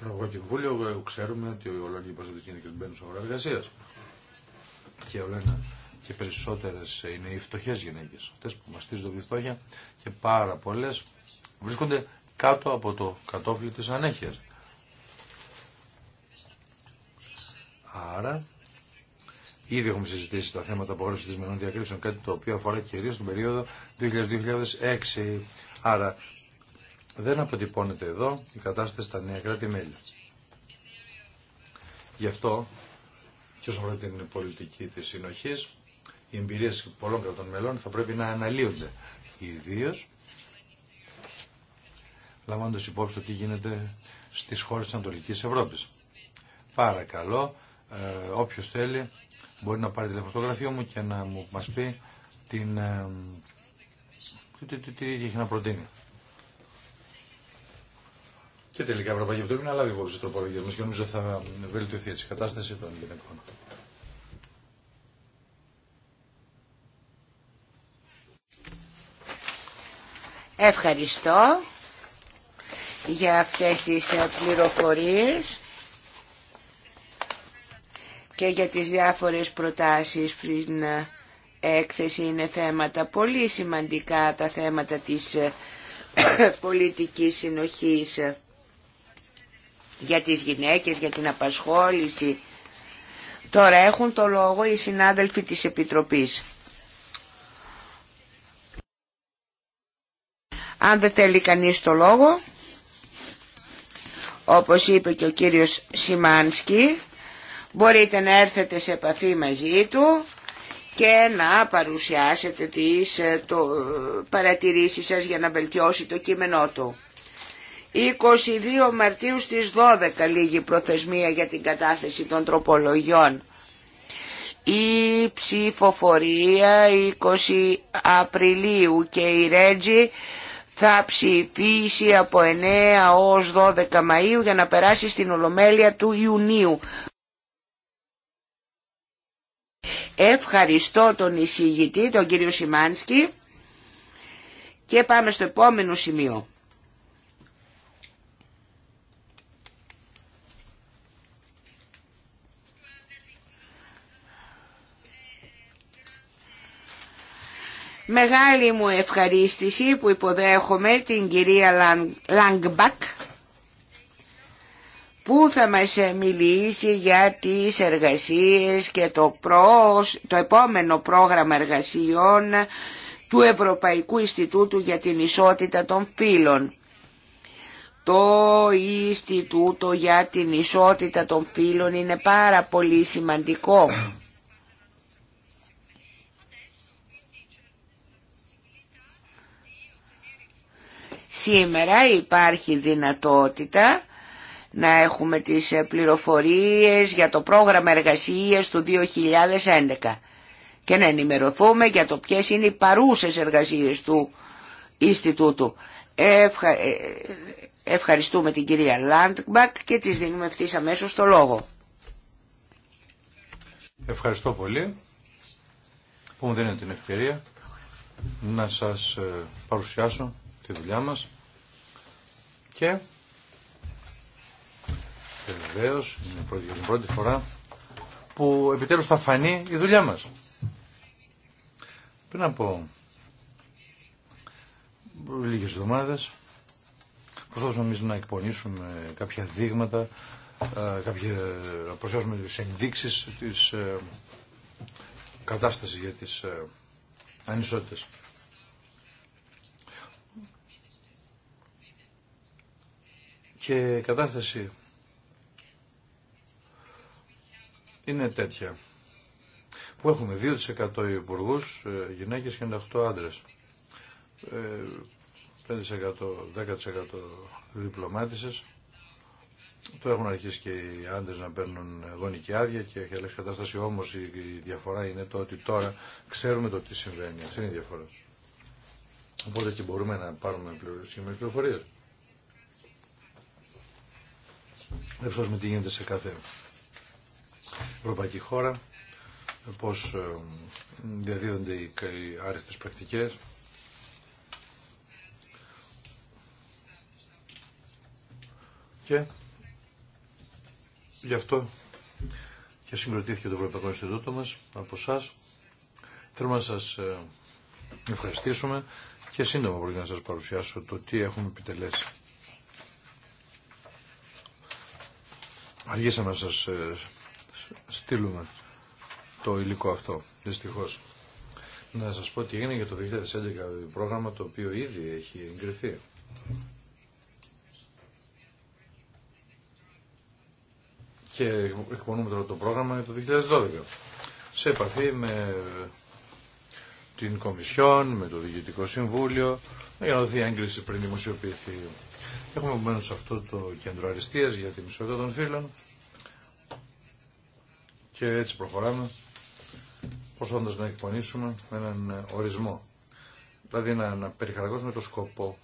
Ευρωπαϊκό Κοινοβούλιο ε, ξέρουμε ότι ο ολλανδοί Πασοτική είναι και μπαίνουν σε αγορά εργασίας. Και όλα και περισσότερες είναι οι φτωχέ γυναίκες, αυτέ που μαστίζονται τη φτώχεια και πάρα πολλέ βρίσκονται κάτω από το κατόφλι της ανέχειας. Άρα Ήδη έχουμε συζητήσει τα θέματα της μελών διακρίσεων, κάτι το οποίο αφορά κυρίω τον περιοδο 2000-2006. Άρα δεν αποτυπώνεται εδώ η κατάσταση στα νέα κράτη-μέλη. Γι' αυτό και όσον αφορά την πολιτική τη συνοχή, οι εμπειρίε πολλών κρατών μελών θα πρέπει να αναλύονται. Ιδίω λαμβάνοντα υπόψη το τι γίνεται στι χώρε τη Ανατολική Ευρώπη. Παρακαλώ, ε, όποιο θέλει μπορεί να πάρει τηλέφωνο στο μου και να μου μας πει την, ε, τι, τι, τι, έχει να προτείνει. Και τελικά η Ευρωπαϊκή Επιτροπή να λάβει υπόψη τροπολογία μας και νομίζω θα βελτιωθεί έτσι η κατάσταση των γυναικών. Ευχαριστώ για αυτές τις ε, πληροφορίες και για τις διάφορες προτάσεις πριν ε, έκθεση είναι θέματα πολύ σημαντικά τα θέματα της ε, πολιτικής συνοχής ε, για τις γυναίκες, για την απασχόληση. Τώρα έχουν το λόγο οι συνάδελφοι της Επιτροπής. Αν δεν θέλει κανείς το λόγο, όπως είπε και ο κύριος Σιμάνσκι, μπορείτε να έρθετε σε επαφή μαζί του και να παρουσιάσετε τις ε, το, παρατηρήσεις σας για να βελτιώσει το κείμενό του. 22 Μαρτίου στις 12 λίγη προθεσμία για την κατάθεση των τροπολογιών. Η ψηφοφορία 20 Απριλίου και η Ρέτζη θα ψηφίσει από 9 ως 12 Μαΐου για να περάσει στην Ολομέλεια του Ιουνίου. Ευχαριστώ τον εισηγητή, τον κύριο Σιμάνσκι και πάμε στο επόμενο σημείο. Μεγάλη μου ευχαρίστηση που υποδέχομαι την κυρία Λαγκμπακ που θα μας μιλήσει για τις εργασίες και το, προς, το επόμενο πρόγραμμα εργασιών του Ευρωπαϊκού Ινστιτούτου για την Ισότητα των Φύλων. Το Ινστιτούτο για την Ισότητα των Φύλων είναι πάρα πολύ σημαντικό. Σήμερα υπάρχει δυνατότητα να έχουμε τις ε, πληροφορίες για το πρόγραμμα εργασίας του 2011 και να ενημερωθούμε για το ποιες είναι οι παρούσες εργασίες του Ινστιτούτου. Ε, ευχαριστούμε την κυρία Λάντμπακ και της δίνουμε ευθύς αμέσως το λόγο. Ευχαριστώ πολύ που μου δίνετε την ευκαιρία να σας ε, παρουσιάσω τη δουλειά μας και και βεβαίω είναι για την πρώτη φορά που επιτέλους θα φανεί η δουλειά μας. Πριν από λίγες εβδομάδες προσπαθούσαμε εμείς να εκπονήσουμε κάποια δείγματα, κάποια, να προσφέρουμε τις ενδείξεις της ε, κατάστασης για τις ε, ανισότητες. Και κατάσταση είναι τέτοια που έχουμε 2% υπουργού ε, γυναίκες και 98 άντρες 5% ε, 10% διπλωμάτισες το έχουν αρχίσει και οι άντρε να παίρνουν γονική άδεια και έχει αλλάξει κατάσταση. Όμω η διαφορά είναι το ότι τώρα ξέρουμε το τι συμβαίνει. Αυτή είναι η διαφορά. Οπότε και μπορούμε να πάρουμε συγκεκριμένε πληροφορίε. Δεν ξέρω τι γίνεται σε κάθε ευρωπαϊκή χώρα, πώς ε, διαδίδονται οι άριστες πρακτικές. Και γι' αυτό και συγκροτήθηκε το Ευρωπαϊκό Ινστιτούτο μας από εσά. Θέλουμε να σας ε, ευχαριστήσουμε και σύντομα μπορεί να σας παρουσιάσω το τι έχουμε επιτελέσει. Αργήσαμε να σας ε, στείλουμε το υλικό αυτό, δυστυχώς. Να σας πω τι έγινε για το 2011 πρόγραμμα το οποίο ήδη έχει εγκριθεί. Και εκπονούμε τώρα το πρόγραμμα για το 2012. Σε επαφή με την Κομισιόν, με το Διοικητικό Συμβούλιο, για να δοθεί έγκριση πριν δημοσιοποιηθεί. Έχουμε επομένω αυτό το κέντρο αριστεία για την ισότητα των φύλων. Και έτσι προχωράμε, προσπαθώντας να εκπονήσουμε έναν ορισμό. Δηλαδή να, να περιχαρακώσουμε το σκοπό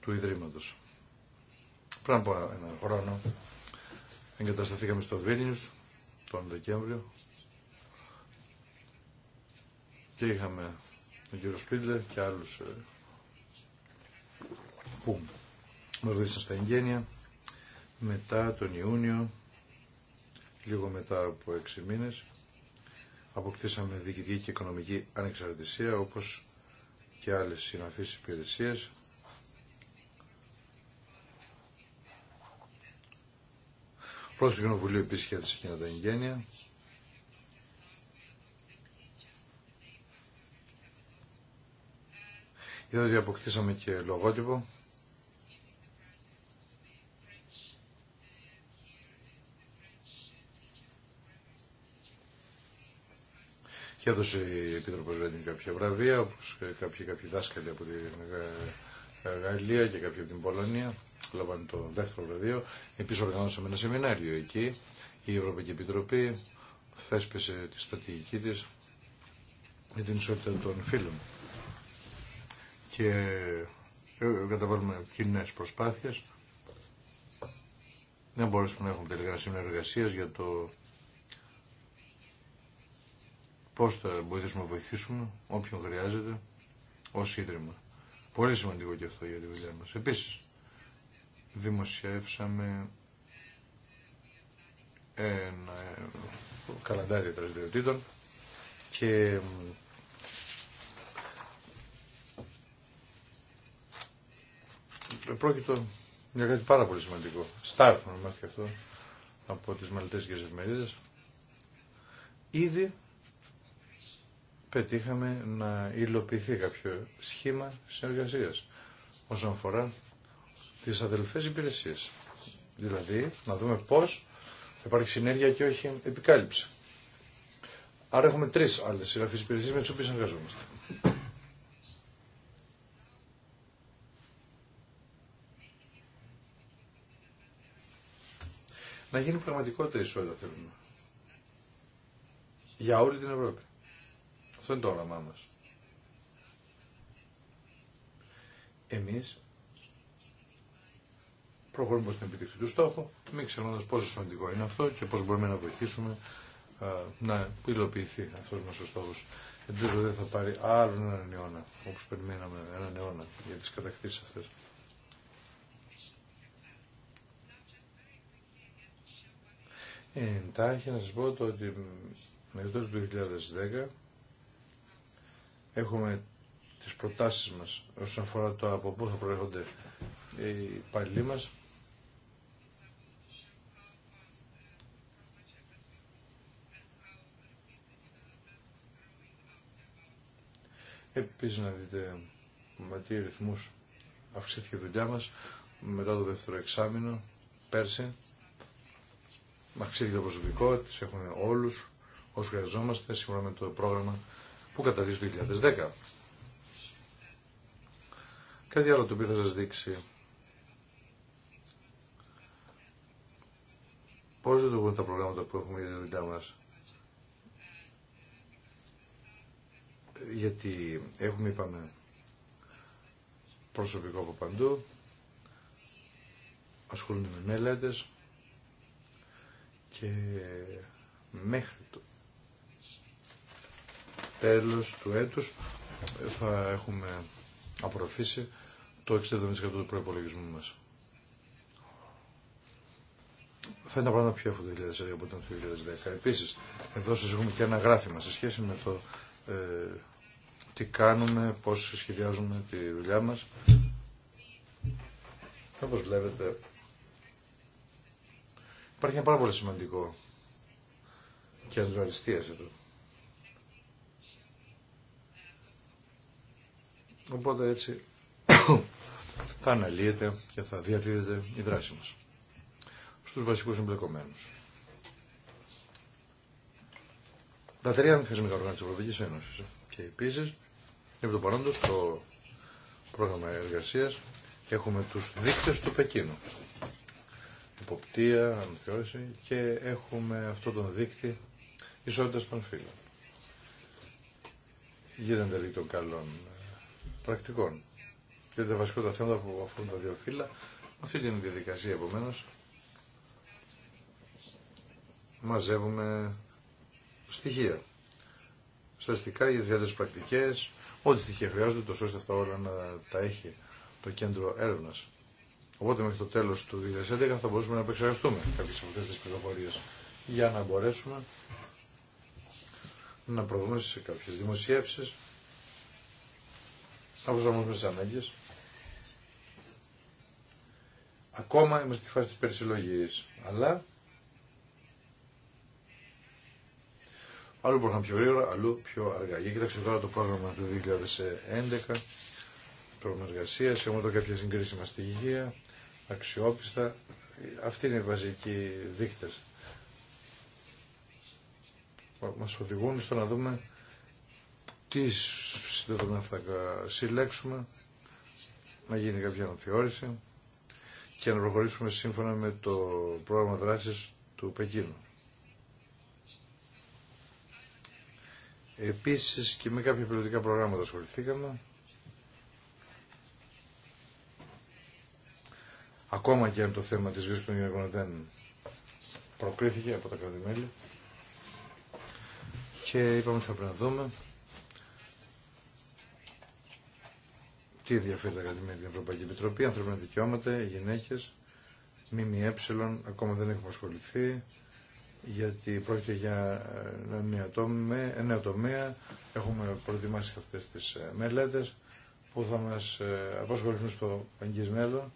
του Ιδρύματος. Πριν από έναν χρόνο εγκατασταθήκαμε στο Βίλνιους τον Δεκέμβριο και είχαμε τον κύριο Σπίτλερ και άλλους ε, που μας βοήθησαν στα εγγένεια μετά τον Ιούνιο λίγο μετά από έξι μήνες αποκτήσαμε διοικητική και οικονομική ανεξαρτησία όπως και άλλες συναφείς υπηρεσίες. Πρώτος του Κοινοβουλίου επίσης για και τα εγγένεια. Είδα ότι αποκτήσαμε και λογότυπο. και έδωσε η Επίτροπος Ρέντινγκ κάποια βραβεία, όπως κάποιοι, κάποιοι δάσκαλοι από την Γαλλία και κάποιοι από την Πολωνία, λάβανε το δεύτερο βραβείο. Επίσης οργανώσαμε ένα σεμινάριο εκεί, η Ευρωπαϊκή Επιτροπή θέσπισε τη στρατηγική της για την ισότητα των φίλων. Και ε, ε, καταβάλουμε κοινέ προσπάθειες. Δεν μπορέσουμε να έχουμε τελικά ένα για το πώς θα μπορέσουμε να βοηθήσουμε όποιον χρειάζεται ως ίδρυμα. Πολύ σημαντικό και αυτό για τη δουλειά μας. Επίσης, δημοσιεύσαμε ένα καλαντάριο δραστηριοτήτων και πρόκειτο για κάτι πάρα πολύ σημαντικό. Σταρ, και αυτό, από τις Μαλτές και τις Εφημερίδες. Ήδη πετύχαμε να υλοποιηθεί κάποιο σχήμα συνεργασίας όσον αφορά τις αδελφές υπηρεσίες. Δηλαδή, να δούμε πώς υπάρχει συνέργεια και όχι επικάλυψη. Άρα έχουμε τρεις άλλες συγγραφείς υπηρεσίες με τις οποίες εργαζόμαστε. Να γίνει πραγματικότητα η ισότητα θέλουμε. Για όλη την Ευρώπη. Αυτό είναι το όραμά μας. Εμείς προχωρούμε στην επιτυχία του στόχου, μην ξεχνώντας πόσο σημαντικό είναι αυτό και πώς μπορούμε να βοηθήσουμε να υλοποιηθεί αυτός μας ο στόχος. Ελπίζω δεν θα πάρει άλλον έναν αιώνα, όπως περιμέναμε έναν αιώνα για τις κατακτήσεις αυτές. Ε, εντάχει να σας πω το ότι μετά το 2010 έχουμε τις προτάσεις μας όσον αφορά το από πού θα προέρχονται οι υπαλληλοί μας. Επίσης να δείτε με τι ρυθμούς αυξήθηκε η δουλειά μας μετά το δεύτερο εξάμεινο πέρσι. Αυξήθηκε το προσωπικό, τις έχουμε όλους όσους χρειαζόμαστε σύμφωνα με το πρόγραμμα που καταδείξει το 2010. Κάτι άλλο το οποίο θα σας δείξει πώς λειτουργούν τα προγράμματα που έχουμε για τη δουλειά μας. Γιατί έχουμε, είπαμε, προσωπικό από παντού, ασχολούνται με μελέτες και μέχρι το τέλος του έτους θα έχουμε απορροφήσει το 60% του προϋπολογισμού μας. Θα είναι τα πράγματα πιο εύκολα το 2010 από το 2010. Επίσης, εδώ σας έχουμε και ένα γράφημα σε σχέση με το ε, τι κάνουμε, πώς σχεδιάζουμε τη δουλειά μας. Όπως βλέπετε, υπάρχει ένα πάρα πολύ σημαντικό κέντρο αριστείας εδώ. Οπότε έτσι θα αναλύεται και θα διαδίδεται η δράση μας στους βασικούς εμπλεκομένους. Τα τρία θεσμικά οργάνα της Ευρωπαϊκής Ένωσης ε, και επίση επί το παρόντος, το πρόγραμμα εργασίας έχουμε τους δείκτες του Πεκίνου. Υποπτία, ανθιώρηση και έχουμε αυτό τον δείκτη ισότητας των φύλων. Γίνεται δηλαδή των καλών πρακτικών. Και τα βασικότερα θέματα που αφορούν τα δύο φύλλα, αυτή η διαδικασία επομένω. Μαζεύουμε στοιχεία. Στατιστικά για διάφορε πρακτικέ, ό,τι στοιχεία χρειάζονται, τόσο ώστε αυτά όλα να τα έχει το κέντρο έρευνα. Οπότε μέχρι το τέλο του 2011 θα μπορούσαμε να επεξεργαστούμε κάποιε από αυτέ τι πληροφορίε για να μπορέσουμε να προβούμε σε κάποιε δημοσιεύσει όμως με ανάγκες. Ακόμα είμαστε στη φάση της περισυλλογής, αλλά αλλού πούμε πιο γρήγορα, αλλού πιο αργά. Για κοιτάξτε τώρα το πρόγραμμα του 2011, πρόγραμμα εργασία, έχουμε εδώ κάποια συγκρίσιμα υγεία αξιόπιστα. Αυτή είναι η βασική δείκτες μας οδηγούν στο να δούμε τι συνδεδομένα θα συλλέξουμε, να γίνει κάποια αναθεώρηση και να προχωρήσουμε σύμφωνα με το πρόγραμμα δράσης του Πεκίνου. Επίσης και με κάποια πιλωτικά προγράμματα ασχοληθήκαμε. Ακόμα και αν το θέμα της βίας των γυναικών δεν προκρίθηκε από τα κράτη-μέλη Και είπαμε ότι θα πρέπει να δούμε Τι ενδιαφέρει τα με την Ευρωπαϊκή Επιτροπή, ανθρώπινα δικαιώματα, γυναίκε, ΜΜΕ, ακόμα δεν έχουμε ασχοληθεί, γιατί πρόκειται για ε, ένα ε, νέο τομέα, έχουμε προετοιμάσει αυτέ τι ε, μελέτε που θα μα απασχοληθούν στο εγγύς μέλλον.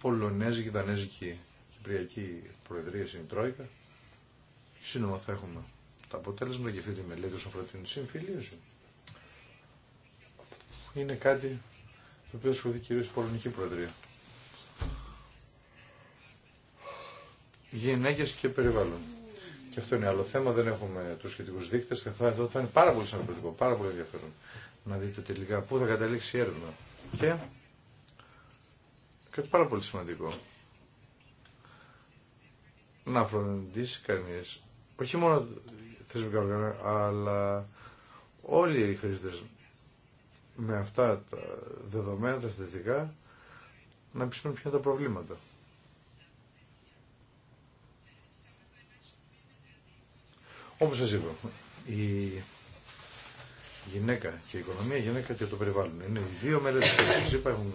Πολωνέζικη, Δανέζικη Κυπριακή Προεδρία στην Τρόικα. Σύνομα θα έχουμε τα αποτέλεσμα και αυτή τη μελέτη όσον αφορά την συμφιλίωση. Είναι κάτι το οποίο ασχολείται κυρίως η Πολωνική Προεδρία. Γυναίκες και περιβάλλον. Και αυτό είναι άλλο θέμα, δεν έχουμε τους σχετικούς δείκτες και θα, εδώ θα είναι πάρα πολύ σημαντικό πάρα πολύ ενδιαφέρον να δείτε τελικά πού θα καταλήξει η έρευνα. Και κάτι πάρα πολύ σημαντικό να φροντίσει κανείς όχι μόνο θεσμικά οργάνωση, αλλά όλοι οι χρήστες με αυτά τα δεδομένα, τα στατιστικά, να πιστεύουν ποια είναι τα προβλήματα. Όπως σας είπα, η γυναίκα και η οικονομία, η γυναίκα και το περιβάλλον. Είναι οι δύο μέρες που σας είπα έχουν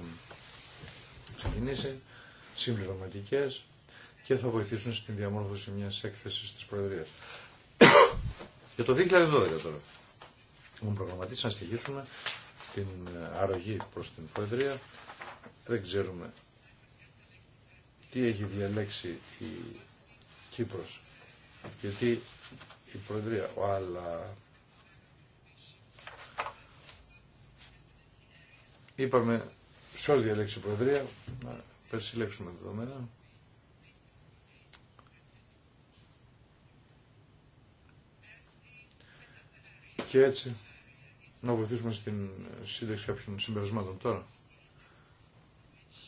ξεκινήσει, συμπληρωματικές, και θα βοηθήσουν στην διαμόρφωση μιας έκθεσης της Προεδρίας. Για το 2012 τώρα. Μου προγραμματίσει να στοιχήσουμε την ε, αρρωγή προς την Προεδρία. Δεν ξέρουμε τι έχει διαλέξει η Κύπρος και τι η Προεδρία, αλλά είπαμε σε όλη διαλέξη η Προεδρία να περισυλλέξουμε δεδομένα και έτσι να βοηθήσουμε στην σύνταξη κάποιων συμπερισμάτων τώρα.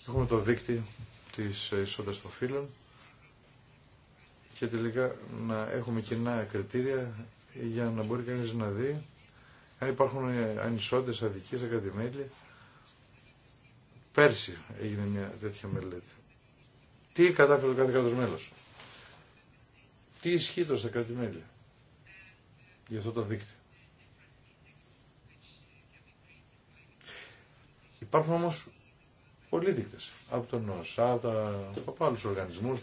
Έχουμε το δίκτυο της ισότητας των φύλων και τελικά να έχουμε κοινά κριτήρια για να μπορεί κανείς να δει αν υπάρχουν ανισότητες αδικίες στα Πέρσι έγινε μια τέτοια μελέτη. Τι κατάφερε κάθε κράτος μέλος. Τι ισχύει το στα μέλη για αυτό το δίκτυο. Υπάρχουν όμως πολλοί δείκτες από τον ΩΣΑ, από, από άλλους οργανισμούς,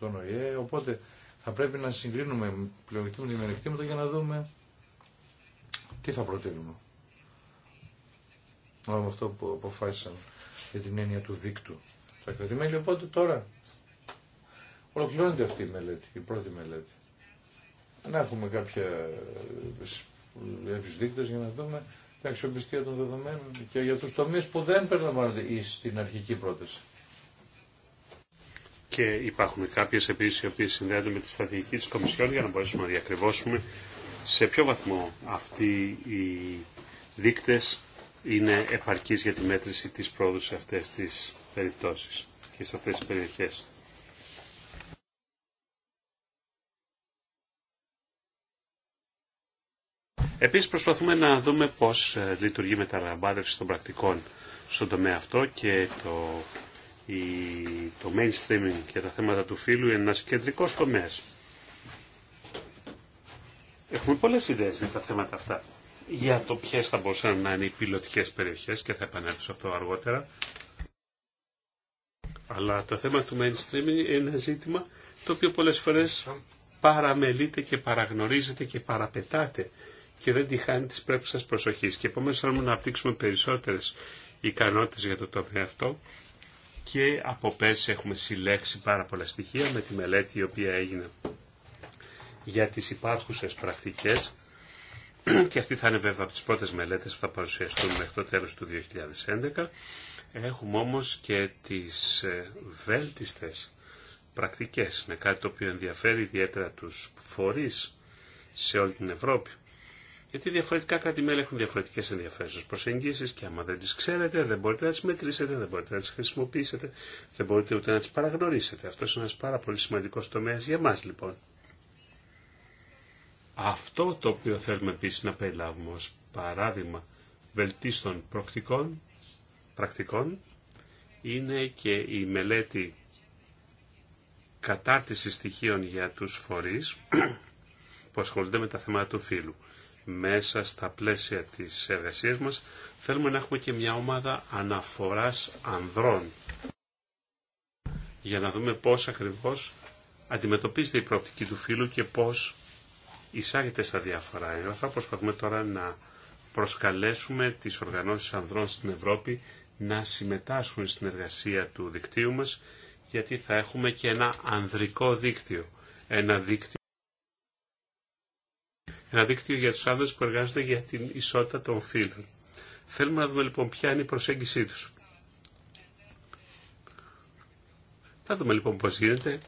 τον ΟΗΕ, οπότε θα πρέπει να συγκρίνουμε πλεονεκτήματα και μειονεκτήματα για να δούμε τι θα προτείνουμε. Με αυτό που αποφάσισαν για την έννοια του δίκτου Τα κρατημέλη, οπότε τώρα ολοκληρώνεται αυτή η μελέτη, η πρώτη μελέτη. Να έχουμε κάποια κάποιους ε, ε, ε, για να δούμε την αξιοπιστία των δεδομένων και για τους τομείς που δεν περιλαμβάνονται την αρχική πρόταση. Και υπάρχουν κάποιες επίσης οι οποίες συνδέονται με τη στρατηγική της Κομισιόν για να μπορέσουμε να διακριβώσουμε σε ποιο βαθμό αυτοί οι δείκτες είναι επαρκείς για τη μέτρηση της πρόοδου σε αυτές τις περιπτώσει και σε αυτές τις περιοχές. Επίσης προσπαθούμε να δούμε πώς ε, λειτουργεί μεταλαμπάδευση των πρακτικών στον τομέα αυτό και το, η, το mainstreaming και τα θέματα του φύλου είναι ένας κεντρικός τομέας. Έχουμε πολλές ιδέες για τα θέματα αυτά. Για το ποιε θα μπορούσαν να είναι οι πιλωτικές περιοχές και θα επανέλθω σε αυτό αργότερα. Αλλά το θέμα του mainstreaming είναι ένα ζήτημα το οποίο πολλές φορές παραμελείται και παραγνωρίζεται και παραπετάται και δεν τη χάνει τη πρέπουσα προσοχή. Και επομένω θέλουμε να απτύξουμε περισσότερε ικανότητε για το τομέα αυτό. Και από πέρσι έχουμε συλλέξει πάρα πολλά στοιχεία με τη μελέτη η οποία έγινε για τις υπάρχουσες πρακτικές και αυτή θα είναι βέβαια από τις πρώτες μελέτες που θα παρουσιαστούν μέχρι το τέλος του 2011. Έχουμε όμως και τις ε, βέλτιστες πρακτικές. με κάτι το οποίο ενδιαφέρει ιδιαίτερα τους φορείς σε όλη την Ευρώπη. Γιατί διαφορετικά κράτη-μέλη έχουν διαφορετικέ ενδιαφέρουσε προσεγγίσει και άμα δεν τι ξέρετε, δεν μπορείτε να τι μετρήσετε, δεν μπορείτε να τι χρησιμοποιήσετε, δεν μπορείτε ούτε να τι παραγνωρίσετε. Αυτό είναι ένα πάρα πολύ σημαντικό τομέα για μας λοιπόν. Αυτό το οποίο θέλουμε επίση να περιλάβουμε ω παράδειγμα βελτίστων προκτικών, πρακτικών είναι και η μελέτη κατάρτιση στοιχείων για τους φορείς που ασχολούνται με τα θέματα του φύλου μέσα στα πλαίσια της εργασίας μας θέλουμε να έχουμε και μια ομάδα αναφοράς ανδρών για να δούμε πώς ακριβώς αντιμετωπίζεται η προοπτική του φίλου και πώς εισάγεται στα διάφορα θα Προσπαθούμε τώρα να προσκαλέσουμε τις οργανώσεις ανδρών στην Ευρώπη να συμμετάσχουν στην εργασία του δικτύου μας γιατί θα έχουμε και ένα ανδρικό δίκτυο. Ένα δίκτυο ένα δίκτυο για τους άνδρες που εργάζονται για την ισότητα των φύλων. Θέλουμε να δούμε λοιπόν ποια είναι η προσέγγισή τους. Θα δούμε λοιπόν πώς γίνεται.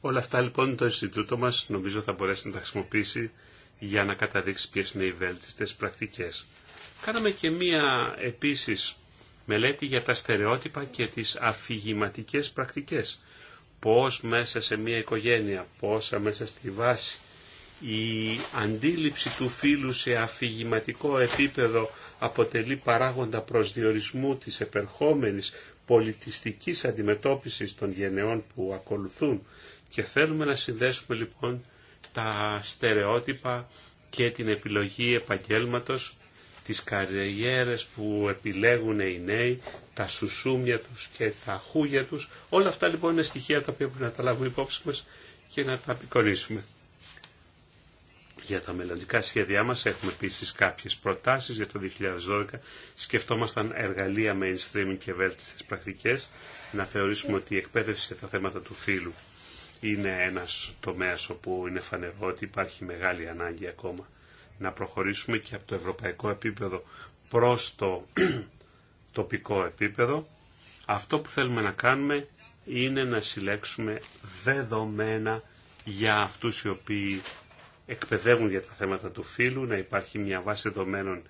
Όλα αυτά λοιπόν το Ινστιτούτο μας νομίζω θα μπορέσει να τα χρησιμοποιήσει για να καταδείξει ποιες είναι οι βέλτιστες πρακτικές. Κάναμε και μία επίσης μελέτη για τα στερεότυπα και τις αφηγηματικές πρακτικές πώς μέσα σε μια οικογένεια, πόσα μέσα στη βάση, η αντίληψη του φίλου σε αφηγηματικό επίπεδο αποτελεί παράγοντα προσδιορισμού της επερχόμενης πολιτιστικής αντιμετώπισης των γενεών που ακολουθούν και θέλουμε να συνδέσουμε λοιπόν τα στερεότυπα και την επιλογή επαγγέλματος τις καριέρες που επιλέγουν οι νέοι, τα σουσούμια τους και τα χούγια τους. Όλα αυτά λοιπόν είναι στοιχεία τα οποία πρέπει να τα λάβουμε υπόψη μας και να τα απεικονίσουμε. Για τα μελλοντικά σχέδιά μας έχουμε επίσης κάποιες προτάσεις για το 2012. Σκεφτόμασταν εργαλεία mainstream και βέλτιστες πρακτικές να θεωρήσουμε ότι η εκπαίδευση για τα θέματα του φύλου είναι ένας τομέας όπου είναι φανερό ότι υπάρχει μεγάλη ανάγκη ακόμα να προχωρήσουμε και από το ευρωπαϊκό επίπεδο προς το τοπικό επίπεδο. Αυτό που θέλουμε να κάνουμε είναι να συλλέξουμε δεδομένα για αυτούς οι οποίοι εκπαιδεύουν για τα θέματα του φύλου, να υπάρχει μια βάση δεδομένων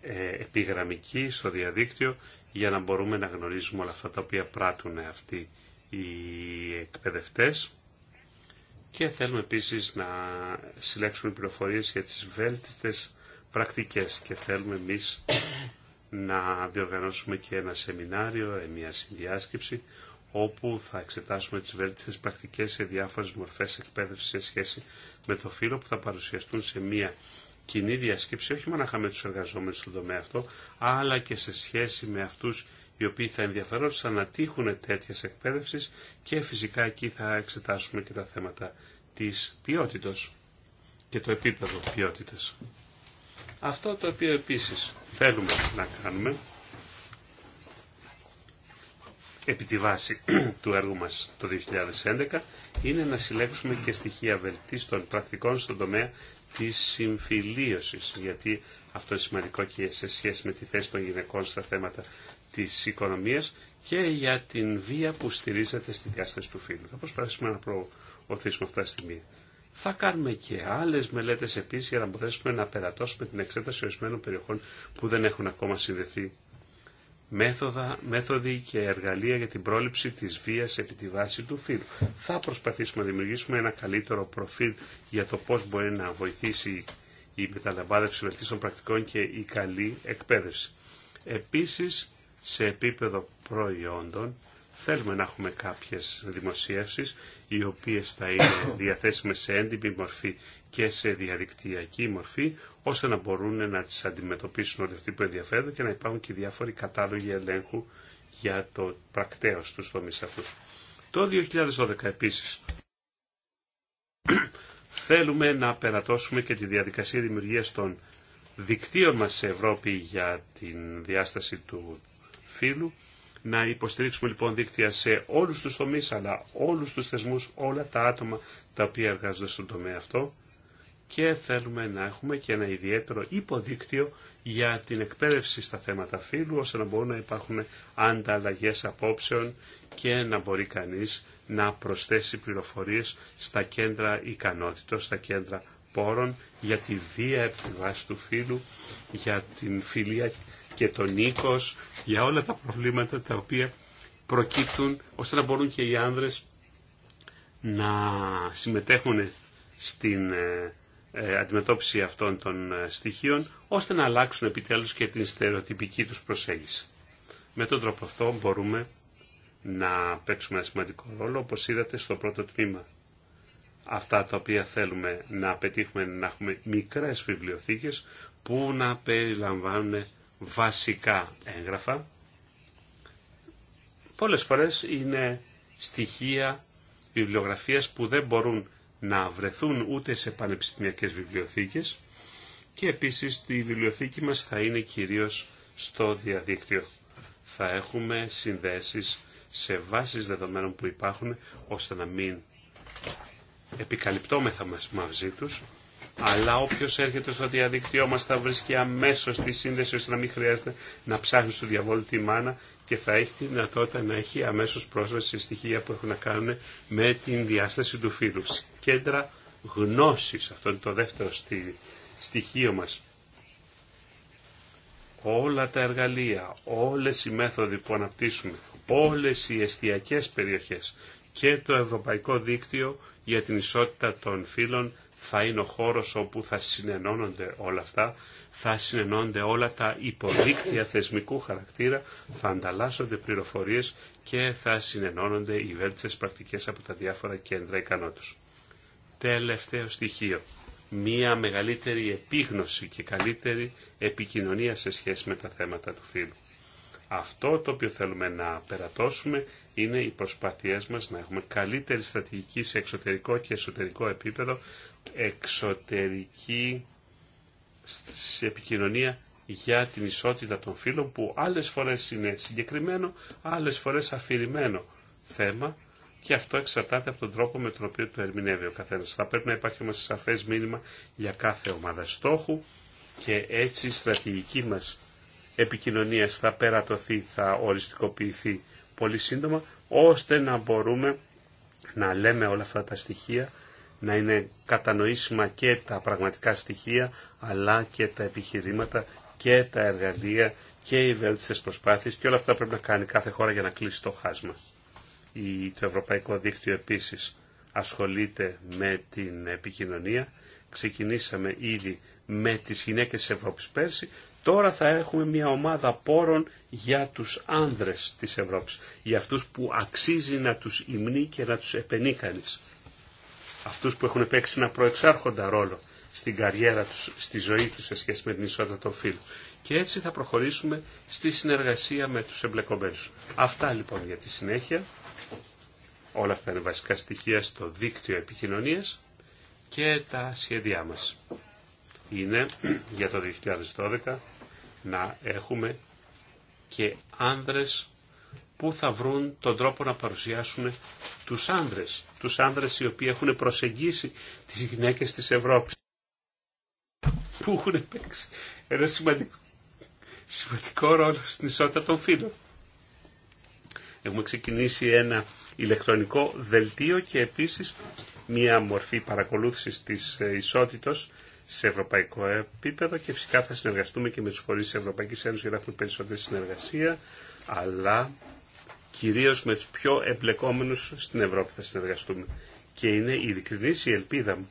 ε, επιγραμμική στο διαδίκτυο για να μπορούμε να γνωρίζουμε όλα αυτά τα οποία πράττουν αυτοί οι εκπαιδευτές και θέλουμε επίσης να συλλέξουμε πληροφορίες για τις βέλτιστες πρακτικές και θέλουμε εμείς να διοργανώσουμε και ένα σεμινάριο, μια συνδιάσκεψη, όπου θα εξετάσουμε τις βέλτιστες πρακτικές σε διάφορες μορφές εκπαίδευσης σε σχέση με το φύλλο που θα παρουσιαστούν σε μια κοινή διασκέψη, όχι μόνο με τους εργαζόμενους στον τομέα αυτό, αλλά και σε σχέση με αυτούς οι οποίοι θα ενδιαφερόντουσαν να τύχουν τέτοια εκπαίδευση και φυσικά εκεί θα εξετάσουμε και τα θέματα της ποιότητα και το επίπεδο ποιότητα. Αυτό το οποίο επίσης θέλουμε να κάνουμε επί τη βάση του έργου μας το 2011 είναι να συλλέξουμε και στοιχεία βελτίστων πρακτικών στον τομέα της συμφιλίωσης γιατί αυτό είναι σημαντικό και σε σχέση με τη θέση των γυναικών στα θέματα της οικονομίας και για την βία που στηρίζεται στη διάσταση του φύλου. Θα προσπαθήσουμε να προωθήσουμε αυτά τη στιγμή. Θα κάνουμε και άλλες μελέτες επίσης για να μπορέσουμε να περατώσουμε την εξέταση ορισμένων περιοχών που δεν έχουν ακόμα συνδεθεί μέθοδα, μέθοδοι και εργαλεία για την πρόληψη της βίας επί τη βάση του φύλου. Θα προσπαθήσουμε να δημιουργήσουμε ένα καλύτερο προφίλ για το πώς μπορεί να βοηθήσει η μεταλαμβάνευση βελτίστων πρακτικών και η καλή εκπαίδευση. Επίσης, σε επίπεδο προϊόντων θέλουμε να έχουμε κάποιες δημοσίευσεις οι οποίες θα είναι διαθέσιμες σε έντυπη μορφή και σε διαδικτυακή μορφή ώστε να μπορούν να τις αντιμετωπίσουν όλοι αυτοί που ενδιαφέρονται και να υπάρχουν και διάφοροι κατάλογοι ελέγχου για το πρακτέο τους τομείς αυτούς. Το 2012 επίσης θέλουμε να περατώσουμε και τη διαδικασία δημιουργίας των δικτύων μας σε Ευρώπη για την διάσταση του φίλου να υποστηρίξουμε λοιπόν δίκτυα σε όλους του τομείς, αλλά όλους του θεσμούς, όλα τα άτομα τα οποία εργάζονται στον τομέα αυτό και θέλουμε να έχουμε και ένα ιδιαίτερο υποδίκτυο για την εκπαίδευση στα θέματα φύλου, ώστε να μπορούν να υπάρχουν ανταλλαγέ απόψεων και να μπορεί κανείς να προσθέσει πληροφορίε στα κέντρα ικανότητων, στα κέντρα πόρων για τη βία επιβάση του φύλου, για την φιλία και τον οίκο για όλα τα προβλήματα τα οποία προκύπτουν ώστε να μπορούν και οι άνδρες να συμμετέχουν στην ε, ε, αντιμετώπιση αυτών των ε, στοιχείων ώστε να αλλάξουν επιτέλους και την στερεοτυπική τους προσέγγιση. Με τον τρόπο αυτό μπορούμε να παίξουμε ένα σημαντικό ρόλο όπως είδατε στο πρώτο τμήμα. Αυτά τα οποία θέλουμε να πετύχουμε να έχουμε μικρές βιβλιοθήκες που να περιλαμβάνουν βασικά έγγραφα πολλές φορές είναι στοιχεία βιβλιογραφίας που δεν μπορούν να βρεθούν ούτε σε πανεπιστημιακές βιβλιοθήκες και επίσης η βιβλιοθήκη μας θα είναι κυρίως στο διαδίκτυο. Θα έχουμε συνδέσεις σε βάσεις δεδομένων που υπάρχουν ώστε να μην επικαλυπτόμεθα μαζί τους αλλά όποιο έρχεται στο διαδικτυό μα θα βρίσκει αμέσω τη σύνδεση ώστε να μην χρειάζεται να ψάχνει στο διαβόλου τη μάνα και θα έχει τη δυνατότητα να έχει αμέσω πρόσβαση σε στοιχεία που έχουν να κάνουν με την διάσταση του φύλου. Κέντρα γνώσης, αυτό είναι το δεύτερο στοιχείο μα. Όλα τα εργαλεία, όλες οι μέθοδοι που αναπτύσσουμε, όλες οι εστιακές περιοχές και το Ευρωπαϊκό Δίκτυο για την Ισότητα των Φύλων θα είναι ο χώρος όπου θα συνενώνονται όλα αυτά, θα συνενώνονται όλα τα υποδίκτυα θεσμικού χαρακτήρα, θα ανταλλάσσονται πληροφορίες και θα συνενώνονται οι βέλτιστες πρακτικές από τα διάφορα κέντρα ικανότητας. Τελευταίο στοιχείο. Μία μεγαλύτερη επίγνωση και καλύτερη επικοινωνία σε σχέση με τα θέματα του φύλου. Αυτό το οποίο θέλουμε να περατώσουμε είναι οι προσπάθειές μας να έχουμε καλύτερη στρατηγική σε εξωτερικό και εσωτερικό επίπεδο, εξωτερική επικοινωνία για την ισότητα των φύλων που άλλες φορές είναι συγκεκριμένο, άλλες φορές αφηρημένο θέμα και αυτό εξαρτάται από τον τρόπο με τον οποίο το ερμηνεύει ο καθένα. Θα πρέπει να υπάρχει όμως σαφέ μήνυμα για κάθε ομάδα στόχου και έτσι η στρατηγική μας επικοινωνίας θα περατωθεί, θα οριστικοποιηθεί πολύ σύντομα, ώστε να μπορούμε να λέμε όλα αυτά τα στοιχεία, να είναι κατανοήσιμα και τα πραγματικά στοιχεία, αλλά και τα επιχειρήματα και τα εργαλεία και οι βέλτιστες προσπάθειες και όλα αυτά πρέπει να κάνει κάθε χώρα για να κλείσει το χάσμα. Το Ευρωπαϊκό Δίκτυο επίσης ασχολείται με την επικοινωνία. Ξεκινήσαμε ήδη με τις γυναίκες της Ευρώπης πέρσι. Τώρα θα έχουμε μια ομάδα πόρων για τους άνδρες της Ευρώπης, για αυτούς που αξίζει να τους υμνεί και να τους επενεί κανείς. Αυτούς που έχουν παίξει ένα προεξάρχοντα ρόλο στην καριέρα τους, στη ζωή τους σε σχέση με την ισότητα των φίλων. Και έτσι θα προχωρήσουμε στη συνεργασία με τους εμπλεκομένους. Αυτά λοιπόν για τη συνέχεια. Όλα αυτά είναι βασικά στοιχεία στο δίκτυο επικοινωνίας και τα σχέδιά μας είναι για το 2012 να έχουμε και άνδρες που θα βρουν τον τρόπο να παρουσιάσουν τους άνδρες, τους άνδρες οι οποίοι έχουν προσεγγίσει τις γυναίκες της Ευρώπης που έχουν παίξει ένα σημαντικό, ρόλο στην ισότητα των φίλων. Έχουμε ξεκινήσει ένα ηλεκτρονικό δελτίο και επίσης μια μορφή παρακολούθησης της ε, ισότητος σε ευρωπαϊκό επίπεδο και φυσικά θα συνεργαστούμε και με τους φορείς της Ευρωπαϊκής Ένωσης για να έχουμε περισσότερη συνεργασία, αλλά κυρίως με τους πιο εμπλεκόμενους στην Ευρώπη θα συνεργαστούμε. Και είναι ειλικρινής η ελπίδα μου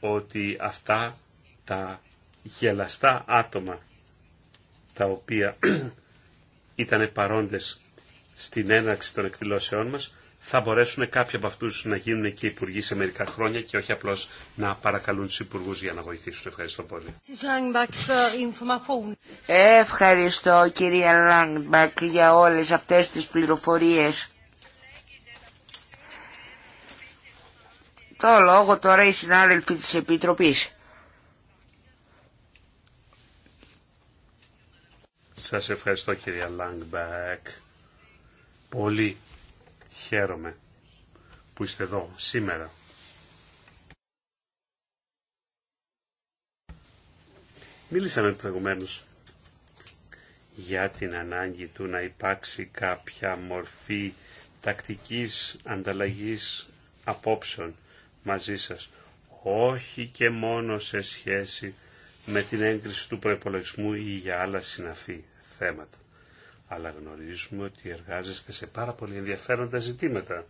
ότι αυτά τα γελαστά άτομα τα οποία ήταν παρόντες στην έναρξη των εκδηλώσεών μας θα μπορέσουν κάποιοι από αυτούς να γίνουν και υπουργοί σε μερικά χρόνια και όχι απλώς να παρακαλούν τους υπουργούς για να βοηθήσουν. Ευχαριστώ πολύ. Ευχαριστώ κυρία Λάγκμπακ για όλες αυτές τις πληροφορίες. Το λόγο τώρα οι συνάδελφοι της Επιτροπής. Σας ευχαριστώ κυρία Λάγκμπακ. Πολύ Χαίρομαι που είστε εδώ σήμερα. Μίλησαμε προηγουμένως για την ανάγκη του να υπάρξει κάποια μορφή τακτικής ανταλλαγής απόψεων μαζί σας. Όχι και μόνο σε σχέση με την έγκριση του προϋπολογισμού ή για άλλα συναφή θέματα αλλά γνωρίζουμε ότι εργάζεστε σε πάρα πολύ ενδιαφέροντα ζητήματα.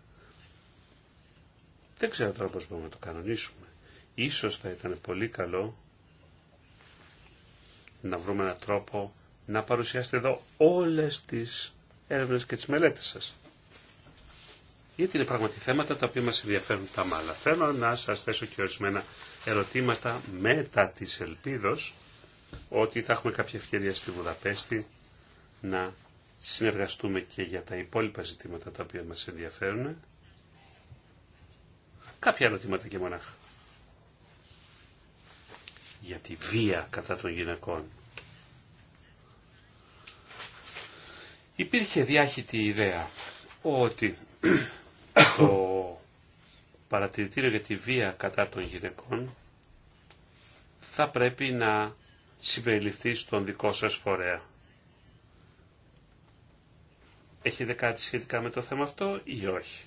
Δεν ξέρω τώρα πώς μπορούμε να το κανονίσουμε. Ίσως θα ήταν πολύ καλό να βρούμε έναν τρόπο να παρουσιάσετε εδώ όλες τις έρευνες και τις μελέτες σας. Γιατί είναι πραγματικά θέματα τα οποία μας ενδιαφέρουν τα μάλλα. Θέλω να σας θέσω και ορισμένα ερωτήματα μετά της ελπίδος ότι θα έχουμε κάποια ευκαιρία στη Βουδαπέστη να συνεργαστούμε και για τα υπόλοιπα ζητήματα τα οποία μας ενδιαφέρουν. Κάποια ερωτήματα και μονάχα. Για τη βία κατά των γυναικών. Υπήρχε διάχυτη ιδέα ότι το παρατηρητήριο για τη βία κατά των γυναικών θα πρέπει να συμπεριληφθεί στον δικό σας φορέα. Έχετε κάτι σχετικά με το θέμα αυτό ή όχι.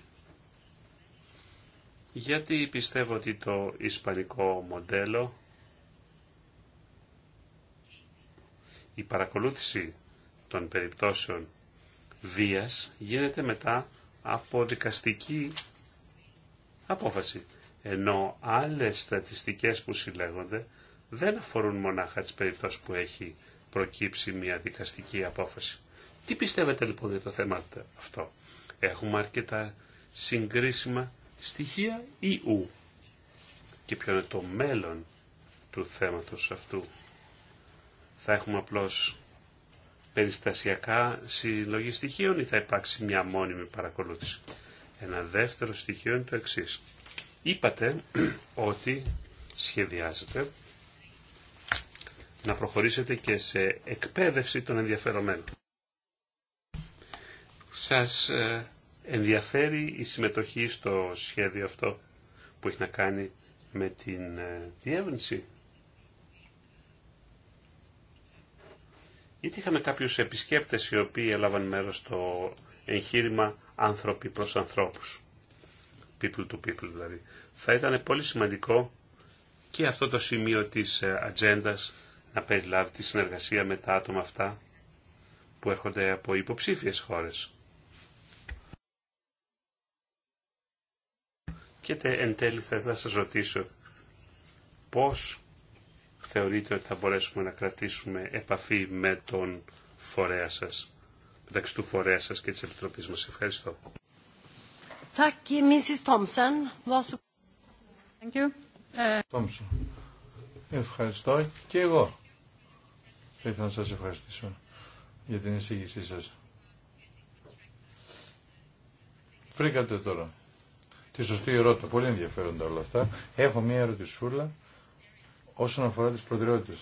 Γιατί πιστεύω ότι το ισπανικό μοντέλο, η παρακολούθηση των περιπτώσεων βίας γίνεται μετά από δικαστική απόφαση. Ενώ άλλες στατιστικές που συλλέγονται δεν αφορούν μονάχα τις περιπτώσεις που έχει προκύψει μια δικαστική απόφαση. Τι πιστεύετε λοιπόν για το θέμα αυτό. Έχουμε αρκετά συγκρίσιμα στοιχεία ή ου. Και ποιο είναι το μέλλον του θέματος αυτού. Θα έχουμε απλώς περιστασιακά συλλογή στοιχείων ή θα υπάρξει μια μόνιμη παρακολούθηση. Ένα δεύτερο στοιχείο είναι το εξής. Είπατε ότι σχεδιάζετε να προχωρήσετε και σε εκπαίδευση των ενδιαφερομένων. Σας ε, ενδιαφέρει η συμμετοχή στο σχέδιο αυτό που έχει να κάνει με την ε, διεύρυνση. Γιατί είχαμε κάποιους επισκέπτες οι οποίοι έλαβαν μέρος στο εγχείρημα άνθρωποι προς ανθρώπους. People to people δηλαδή. Θα ήταν πολύ σημαντικό και αυτό το σημείο της ε, ατζέντα να περιλάβει τη συνεργασία με τα άτομα αυτά που έρχονται από υποψήφιες χώρες. Και τε, εν τέλει θα, θα σας ρωτήσω πώς θεωρείτε ότι θα μπορέσουμε να κρατήσουμε επαφή με τον φορέα σας, μεταξύ του φορέα σας και της Επιτροπής μας. Ευχαριστώ. Ε, Ευχαριστώ και εγώ. Θα ήθελα να σας ευχαριστήσω για την εισήγησή σας. Βρήκατε τώρα τη σωστή ερώτηση. Πολύ ενδιαφέροντα όλα αυτά. Έχω μία ερωτησούλα όσον αφορά τις προτεραιότητες.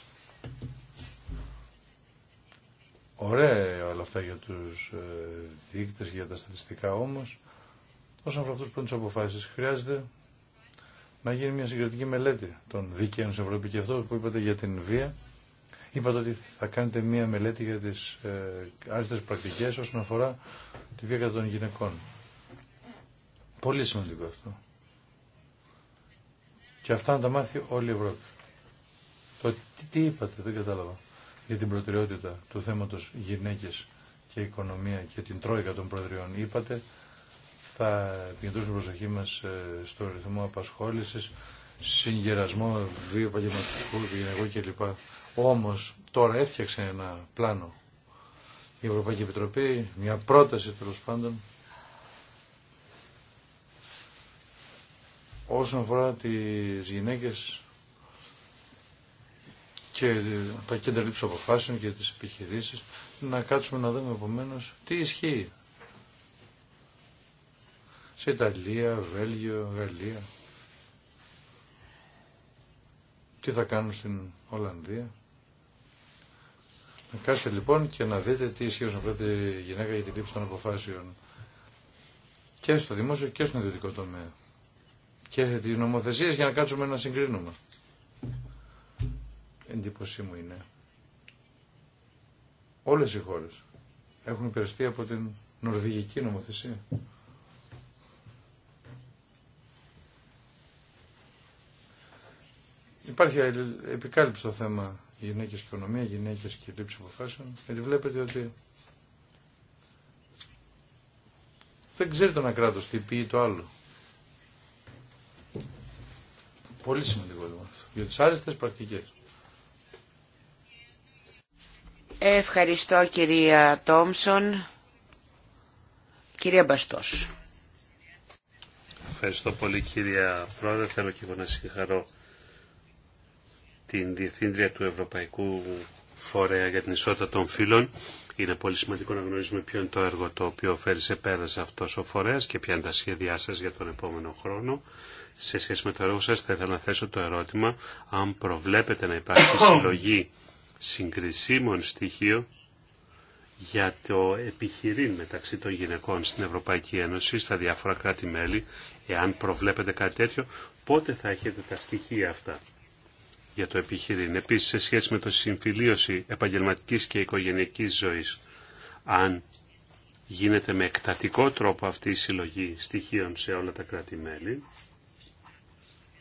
Ωραία όλα αυτά για τους ε, δείκτες και για τα στατιστικά όμως. Όσον αφορά αυτούς που τις αποφάσεις, χρειάζεται να γίνει μια συγκριτική μελέτη των δικαίων στην Ευρώπη. Και αυτό που είπατε για την βία, είπατε ότι θα κάνετε μια μελέτη για τις ε, πρακτικέ πρακτικές όσον αφορά τη βία κατά των γυναικών. Πολύ σημαντικό αυτό. Και αυτά να τα μάθει όλη η Ευρώπη. Το τι, είπατε, δεν κατάλαβα. Για την προτεραιότητα του θέματος γυναίκες και οικονομία και την τρόικα των προεδριών. Είπατε θα επικεντρώσουμε την προσοχή μας ε, στο ρυθμό απασχόλησης, συγκερασμό δύο επαγγελματικού γυναικών κλπ. Όμως τώρα έφτιαξε ένα πλάνο η Ευρωπαϊκή Επιτροπή, μια πρόταση τέλο πάντων όσον αφορά τις γυναίκες και τα κέντρα λήψη αποφάσεων και τις επιχειρήσεις, να κάτσουμε να δούμε επομένω τι ισχύει. Σε Ιταλία, Βέλγιο, Γαλλία. Τι θα κάνουν στην Ολλανδία. Να κάτσετε λοιπόν και να δείτε τι ισχύει όσον αφορά τη γυναίκα για τη λήψη των αποφάσεων και στο δημόσιο και στον ιδιωτικό τομέα και τι νομοθεσίε για να κάτσουμε να συγκρίνουμε. Εντύπωσή μου είναι. Όλες οι χώρες έχουν υπηρεστεί από την νορβηγική νομοθεσία. Υπάρχει επικάλυψη το θέμα γυναίκες και οικονομία, γυναίκες και λήψη αποφάσεων, γιατί βλέπετε ότι δεν ξέρει το ένα κράτος τι πει το άλλο. Πολύ σημαντικό λοιπόν αυτό. Για τις άρεστες πρακτικές. Ευχαριστώ κυρία Τόμσον. Κυρία Μπαστός. Ευχαριστώ πολύ κυρία Πρόεδρε. Θέλω και εγώ να συγχαρώ την Διευθύντρια του Ευρωπαϊκού Φορέα για την Ισότητα των Φύλων. Είναι πολύ σημαντικό να γνωρίζουμε ποιο είναι το έργο το οποίο φέρει σε πέρα αυτός ο φορέας και ποια είναι τα σχέδιά σας για τον επόμενο χρόνο σε σχέση με το έργο σας, θα ήθελα να θέσω το ερώτημα αν προβλέπετε να υπάρχει συλλογή συγκρισίμων στοιχείων για το επιχειρήν μεταξύ των γυναικών στην Ευρωπαϊκή Ένωση, στα διάφορα κράτη-μέλη, εάν προβλέπετε κάτι τέτοιο, πότε θα έχετε τα στοιχεία αυτά για το επιχειρήν. Επίσης, σε σχέση με το συμφιλίωση επαγγελματικής και οικογενειακής ζωής, αν γίνεται με εκτατικό τρόπο αυτή η συλλογή στοιχείων σε όλα τα κράτη-μέλη,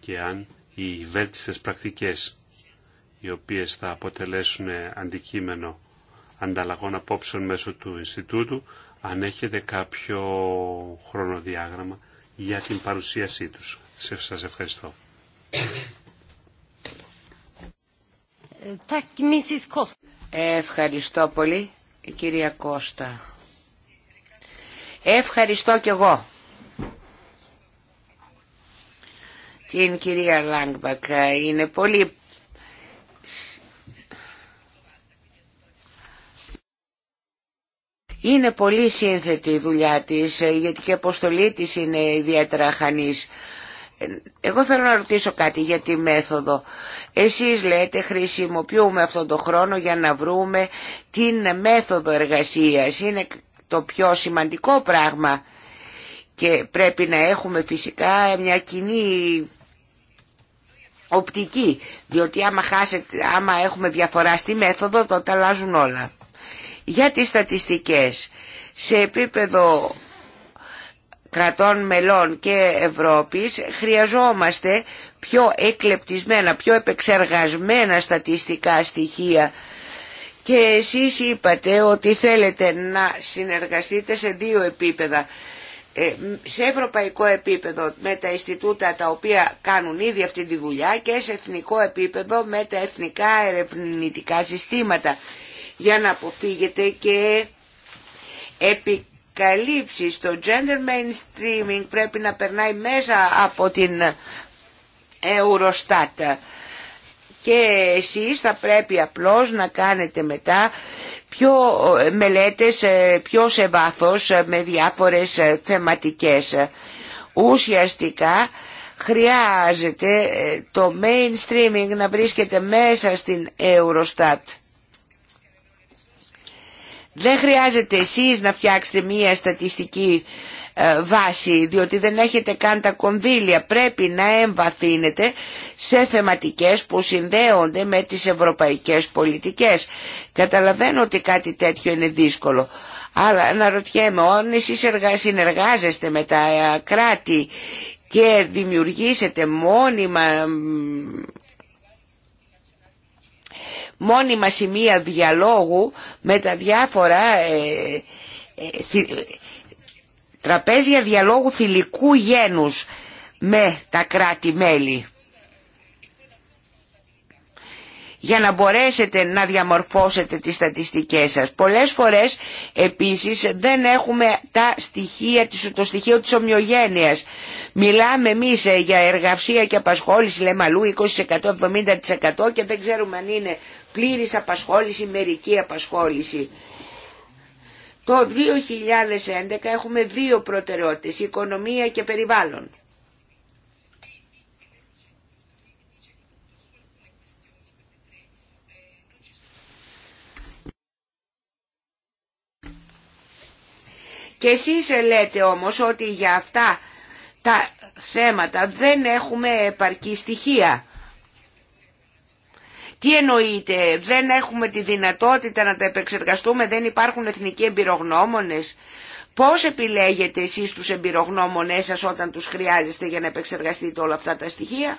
και αν οι βέλτιστες πρακτικές οι οποίες θα αποτελέσουν αντικείμενο ανταλλαγών απόψεων μέσω του Ινστιτούτου αν έχετε κάποιο χρονοδιάγραμμα για την παρουσίασή τους. Σας ευχαριστώ. Ευχαριστώ πολύ κυρία Κώστα. Ευχαριστώ κι εγώ. την κυρία ε, Είναι πολύ Είναι πολύ σύνθετη η δουλειά της, ε, γιατί και η αποστολή της είναι ιδιαίτερα χανής. Ε, εγώ θέλω να ρωτήσω κάτι για τη μέθοδο. Εσείς λέτε χρησιμοποιούμε αυτόν τον χρόνο για να βρούμε την μέθοδο εργασίας. Είναι το πιο σημαντικό πράγμα και πρέπει να έχουμε φυσικά μια κοινή οπτική, διότι άμα, χάσετε, άμα έχουμε διαφορά στη μέθοδο τότε αλλάζουν όλα. Για τις στατιστικές, σε επίπεδο κρατών μελών και Ευρώπης χρειαζόμαστε πιο εκλεπτισμένα, πιο επεξεργασμένα στατιστικά στοιχεία και εσείς είπατε ότι θέλετε να συνεργαστείτε σε δύο επίπεδα ε, σε ευρωπαϊκό επίπεδο με τα Ινστιτούτα τα οποία κάνουν ήδη αυτή τη δουλειά και σε εθνικό επίπεδο με τα εθνικά ερευνητικά συστήματα για να αποφύγετε και επικαλύψεις. Το gender mainstreaming πρέπει να περνάει μέσα από την Eurostat και εσείς θα πρέπει απλώς να κάνετε μετά πιο ε, μελέτες ε, πιο σε βάθος ε, με διάφορες θεματικές. Ουσιαστικά χρειάζεται το mainstreaming να βρίσκεται μέσα στην Eurostat. Δεν χρειάζεται εσείς να φτιάξετε μία στατιστική ε, βάση, διότι δεν έχετε καν τα κονδύλια. Πρέπει να εμβαθύνετε σε θεματικές που συνδέονται με τις ευρωπαϊκές πολιτικές. Καταλαβαίνω ότι κάτι τέτοιο είναι δύσκολο. Αλλά να ρωτιέμαι, αν εσείς συνεργάζεστε με τα ε, κράτη και δημιουργήσετε μόνιμα μόνιμα σημεία διαλόγου με τα διάφορα ε, τραπέζια διαλόγου θηλυκού γένους με τα κράτη-μέλη για να μπορέσετε να διαμορφώσετε τις στατιστικές σας. Πολλές φορές επίσης δεν έχουμε τα στοιχεία, το στοιχείο της ομοιογένειας. Μιλάμε εμείς ε, για εργασία και απασχόληση, λέμε αλλού 20%, 70% και δεν ξέρουμε αν είναι πλήρης απασχόληση, μερική απασχόληση. Το 2011 έχουμε δύο προτεραιότητες, οικονομία και περιβάλλον. Και εσείς λέτε όμως ότι για αυτά τα θέματα δεν έχουμε επαρκή στοιχεία. Τι εννοείται, δεν έχουμε τη δυνατότητα να τα επεξεργαστούμε, δεν υπάρχουν εθνικοί εμπειρογνώμονες. Πώς επιλέγετε εσείς τους εμπειρογνώμονές σας όταν τους χρειάζεστε για να επεξεργαστείτε όλα αυτά τα στοιχεία.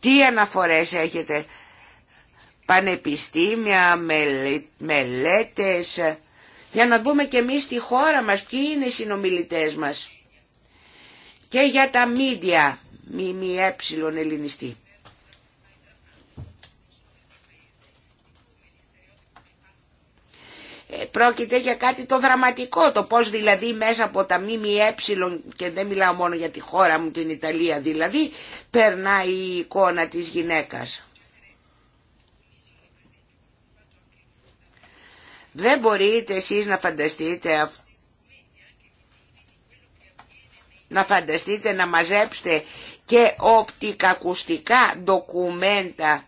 Τι αναφορές έχετε, πανεπιστήμια, μελέτες, για να δούμε και εμείς τη χώρα μας ποιοι είναι οι συνομιλητές μας. Και για τα μίντια, μη ε, ελληνιστή. πρόκειται για κάτι το δραματικό, το πώς δηλαδή μέσα από τα ΜΜΕ και δεν μιλάω μόνο για τη χώρα μου, την Ιταλία δηλαδή, περνάει η εικόνα της γυναίκας. Δεν μπορείτε εσείς να φανταστείτε να φανταστείτε να μαζέψετε και οπτικακουστικά ντοκουμέντα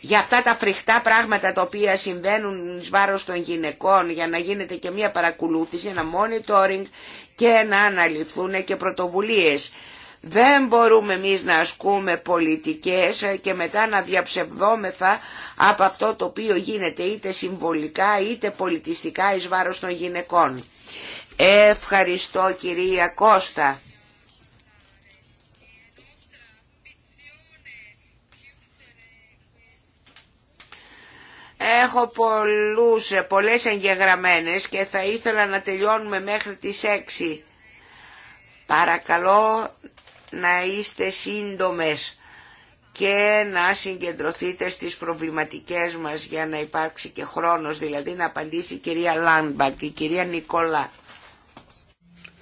για αυτά τα φρικτά πράγματα τα οποία συμβαίνουν εις βάρος των γυναικών για να γίνεται και μια παρακολούθηση, ένα monitoring και να αναλυθούν και πρωτοβουλίες. Δεν μπορούμε εμείς να ασκούμε πολιτικές και μετά να διαψευδόμεθα από αυτό το οποίο γίνεται είτε συμβολικά είτε πολιτιστικά εις βάρος των γυναικών. Ευχαριστώ κυρία Κώστα. Έχω πολλούς, πολλές εγγεγραμμένες και θα ήθελα να τελειώνουμε μέχρι τις 6. Παρακαλώ να είστε σύντομες και να συγκεντρωθείτε στις προβληματικές μας για να υπάρξει και χρόνος, δηλαδή να απαντήσει η κυρία Λάνμπακ, η κυρία Νικόλα.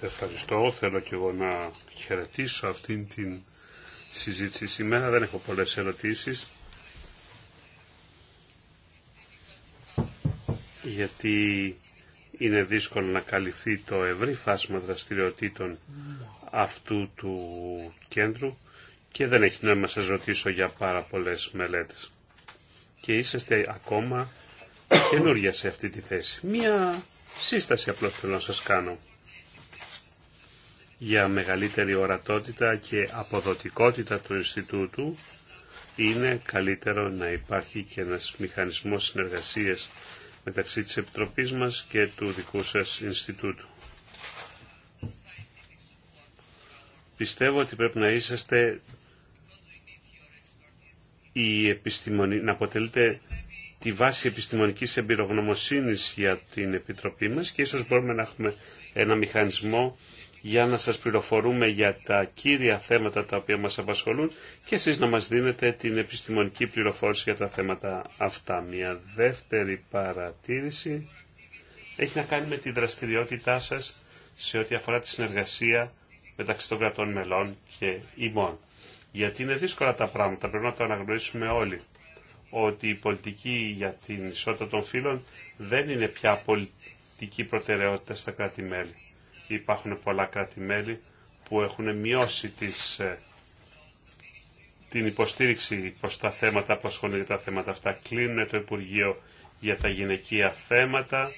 Ευχαριστώ. Θέλω και εγώ να χαιρετήσω αυτήν την συζήτηση σήμερα. Δεν έχω πολλές ερωτήσεις. γιατί είναι δύσκολο να καλυφθεί το ευρύ φάσμα δραστηριοτήτων αυτού του κέντρου και δεν έχει νόημα να σας ρωτήσω για πάρα πολλές μελέτες. Και είσαστε ακόμα καινούργια σε αυτή τη θέση. Μία σύσταση απλώς θέλω να σας κάνω για μεγαλύτερη ορατότητα και αποδοτικότητα του Ινστιτούτου είναι καλύτερο να υπάρχει και ένας μηχανισμός συνεργασίας μεταξύ της Επιτροπής μας και του δικού σας Ινστιτούτου. Πιστεύω ότι πρέπει να είσαστε η επιστημονική, να αποτελείτε τη βάση επιστημονικής εμπειρογνωμοσύνης για την Επιτροπή μας και ίσως μπορούμε να έχουμε ένα μηχανισμό για να σας πληροφορούμε για τα κύρια θέματα τα οποία μας απασχολούν και εσείς να μας δίνετε την επιστημονική πληροφόρηση για τα θέματα αυτά. Μια δεύτερη παρατήρηση έχει να κάνει με τη δραστηριότητά σας σε ό,τι αφορά τη συνεργασία μεταξύ των κρατών μελών και ημών. Γιατί είναι δύσκολα τα πράγματα, πρέπει να το αναγνωρίσουμε όλοι ότι η πολιτική για την ισότητα των φύλων δεν είναι πια πολιτική προτεραιότητα στα κράτη-μέλη. Υπάρχουν πολλά κράτη-μέλη που έχουν μειώσει τις, ε, την υποστήριξη προς τα θέματα που ασχολούνται τα θέματα αυτά. Κλείνουν το Υπουργείο για τα γυναικεία θέματα,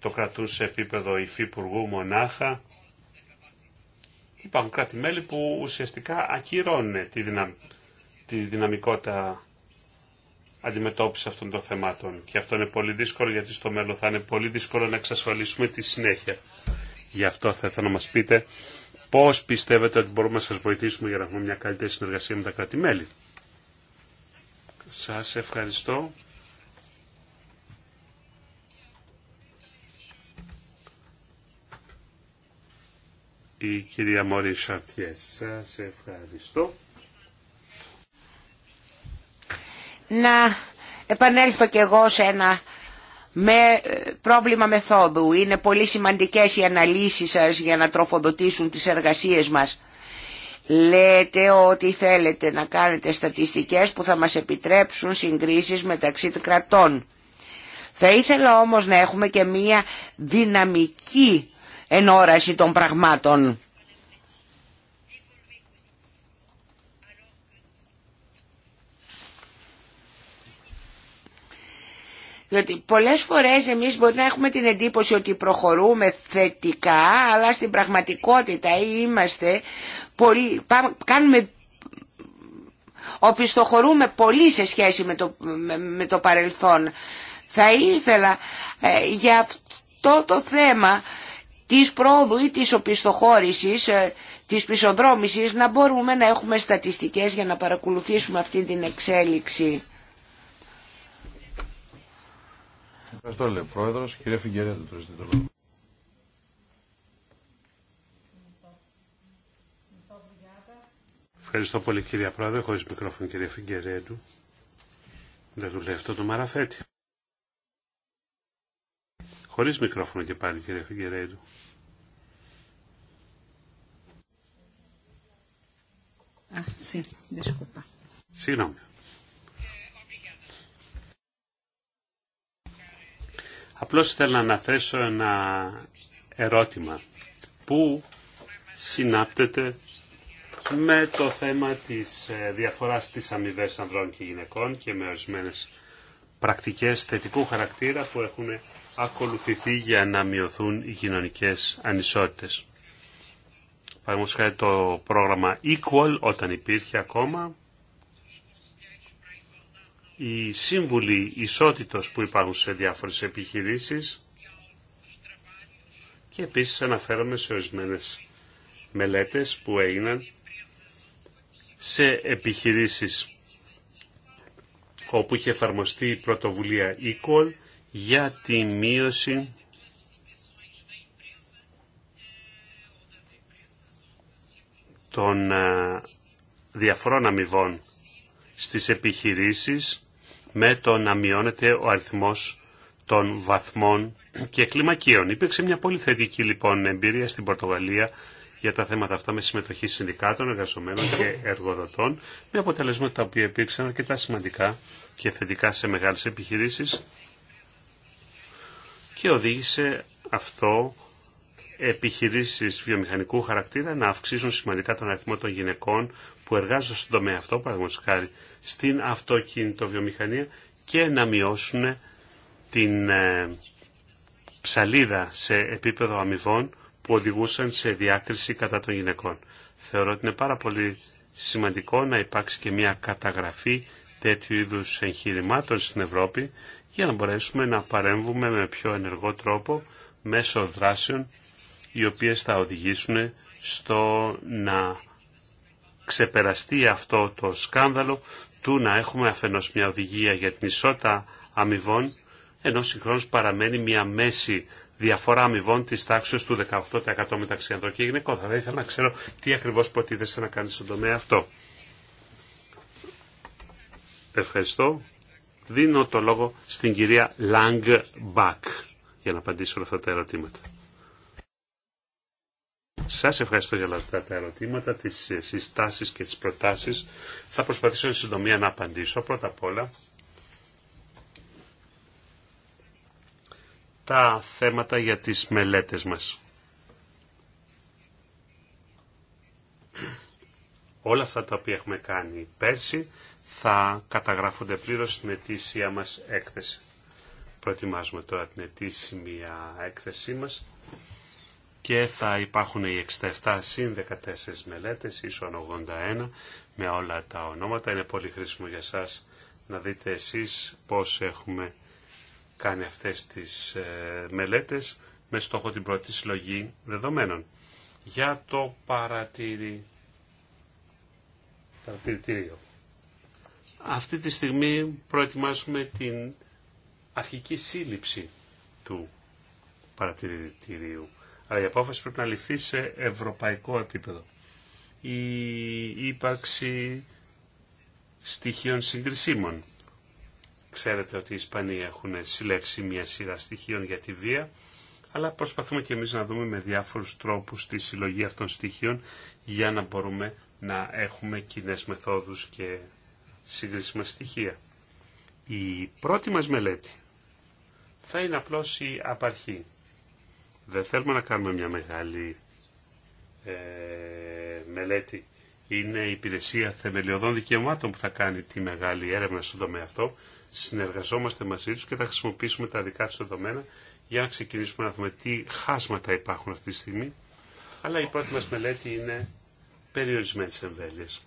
το κρατούν σε επίπεδο υφυπουργού μονάχα. Υπάρχουν κράτη-μέλη που ουσιαστικά ακυρώνουν τη, τη δυναμικότητα αντιμετώπιση αυτών των θεμάτων. Και αυτό είναι πολύ δύσκολο γιατί στο μέλλον θα είναι πολύ δύσκολο να εξασφαλίσουμε τη συνέχεια. Γι' αυτό θα ήθελα να μας πείτε πώς πιστεύετε ότι μπορούμε να σας βοηθήσουμε για να έχουμε μια καλύτερη συνεργασία με τα κράτη-μέλη. Σας ευχαριστώ. Η κυρία Μωρή Σαρτιέ, σας ευχαριστώ. Να επανέλθω κι εγώ σε ένα με ε, πρόβλημα μεθόδου. Είναι πολύ σημαντικές οι αναλύσεις σας για να τροφοδοτήσουν τις εργασίες μας. Λέτε ότι θέλετε να κάνετε στατιστικές που θα μας επιτρέψουν συγκρίσεις μεταξύ των κρατών. Θα ήθελα όμως να έχουμε και μία δυναμική ενόραση των πραγμάτων. Διότι πολλές φορές εμείς μπορεί να έχουμε την εντύπωση ότι προχωρούμε θετικά, αλλά στην πραγματικότητα είμαστε πολύ, κάνουμε, οπισθοχωρούμε πολύ σε σχέση με το, με, το παρελθόν. Θα ήθελα ε, για αυτό το θέμα της πρόοδου ή της οπισθοχώρησης, ε, της πισοδρόμησης, να μπορούμε να έχουμε στατιστικές για να παρακολουθήσουμε αυτή την εξέλιξη. Ευχαριστώ, λέει Πρόεδρος. Κύριε Πρόεδρο. το το λόγο. Ευχαριστώ πολύ κυρία Πρόεδρε, χωρίς μικρόφωνο κυρία Φιγκερέντου. Δεν δουλεύει αυτό το μαραφέτη. Χωρίς μικρόφωνο και πάλι κυρία Φιγκερέντου. Α, sí, Συγγνώμη. Απλώς θέλω να θέσω ένα ερώτημα που συνάπτεται με το θέμα της ε, διαφοράς της αμοιβέ ανδρών και γυναικών και με ορισμένε πρακτικές θετικού χαρακτήρα που έχουν ακολουθηθεί για να μειωθούν οι κοινωνικές ανισότητες. Παραδείγματος το πρόγραμμα Equal όταν υπήρχε ακόμα οι σύμβουλοι ισότητος που υπάρχουν σε διάφορες επιχειρήσεις και επίσης αναφέρομαι σε ορισμένε μελέτες που έγιναν σε επιχειρήσεις όπου είχε εφαρμοστεί η πρωτοβουλία Equal για τη μείωση των ε, διαφορών αμοιβών στις επιχειρήσεις με το να μειώνεται ο αριθμός των βαθμών και κλιμακίων. Υπήρξε μια πολύ θετική λοιπόν εμπειρία στην Πορτογαλία για τα θέματα αυτά με συμμετοχή συνδικάτων, εργαζομένων και εργοδοτών, με αποτελέσματα τα οποία υπήρξαν αρκετά σημαντικά και θετικά σε μεγάλες επιχειρήσεις και οδήγησε αυτό επιχειρήσεις βιομηχανικού χαρακτήρα να αυξήσουν σημαντικά τον αριθμό των γυναικών που εργάζονται στον τομέα αυτό, παραδείγματος χάρη στην αυτοκινητοβιομηχανία και να μειώσουν την ε, ψαλίδα σε επίπεδο αμοιβών που οδηγούσαν σε διάκριση κατά των γυναικών. Θεωρώ ότι είναι πάρα πολύ σημαντικό να υπάρξει και μια καταγραφή τέτοιου είδους εγχειρημάτων στην Ευρώπη για να μπορέσουμε να παρέμβουμε με πιο ενεργό τρόπο μέσω δράσεων οι οποίες θα οδηγήσουν στο να ξεπεραστεί αυτό το σκάνδαλο του να έχουμε αφενός μια οδηγία για την ισότητα αμοιβών, ενώ συγχρόνως παραμένει μια μέση διαφορά αμοιβών της τάξη του 18% μεταξύ ανδρών και γυναικών. Θα ήθελα να ξέρω τι ακριβώς προτίθεσαι να κάνεις στον τομέα αυτό. Ευχαριστώ. Δίνω το λόγο στην κυρία Λάγκ Μπακ για να απαντήσει όλα αυτά τα ερωτήματα. Σα ευχαριστώ για όλα τα ερωτήματα, τι ε, συστάσεις και τι προτάσει. Θα προσπαθήσω στη συντομία να απαντήσω πρώτα απ' όλα. Τα θέματα για τις μελέτες μας. Όλα αυτά τα οποία έχουμε κάνει πέρσι θα καταγράφονται πλήρως στην ετήσια μας έκθεση. Προετοιμάζουμε τώρα την ετήσιμη έκθεσή μας και θα υπάρχουν οι 67 συν 14 μελέτες, ίσον 81 με όλα τα ονόματα. Είναι πολύ χρήσιμο για σας να δείτε εσείς πώς έχουμε κάνει αυτές τις ε, μελέτες με στόχο την πρώτη συλλογή δεδομένων. Για το παρατηρητήριο. Αυτή τη στιγμή προετοιμάζουμε την αρχική σύλληψη του παρατηρητηρίου η απόφαση πρέπει να ληφθεί σε ευρωπαϊκό επίπεδο. Η ύπαρξη στοιχείων συγκρισίμων. Ξέρετε ότι οι Ισπανοί έχουν συλλέξει μια σειρά στοιχείων για τη βία, αλλά προσπαθούμε και εμείς να δούμε με διάφορους τρόπους τη συλλογή αυτών στοιχείων για να μπορούμε να έχουμε κοινέ μεθόδους και συγκρίσιμα στοιχεία. Η πρώτη μας μελέτη θα είναι απλώς η απαρχή. Δεν θέλουμε να κάνουμε μια μεγάλη ε, μελέτη. Είναι η υπηρεσία θεμελιωδών δικαιωμάτων που θα κάνει τη μεγάλη έρευνα στον τομέα αυτό. Συνεργαζόμαστε μαζί τους και θα χρησιμοποιήσουμε τα δικά τους δεδομένα για να ξεκινήσουμε να δούμε τι χάσματα υπάρχουν αυτή τη στιγμή. Αλλά η πρώτη μας μελέτη είναι περιορισμένης εμβέλειας.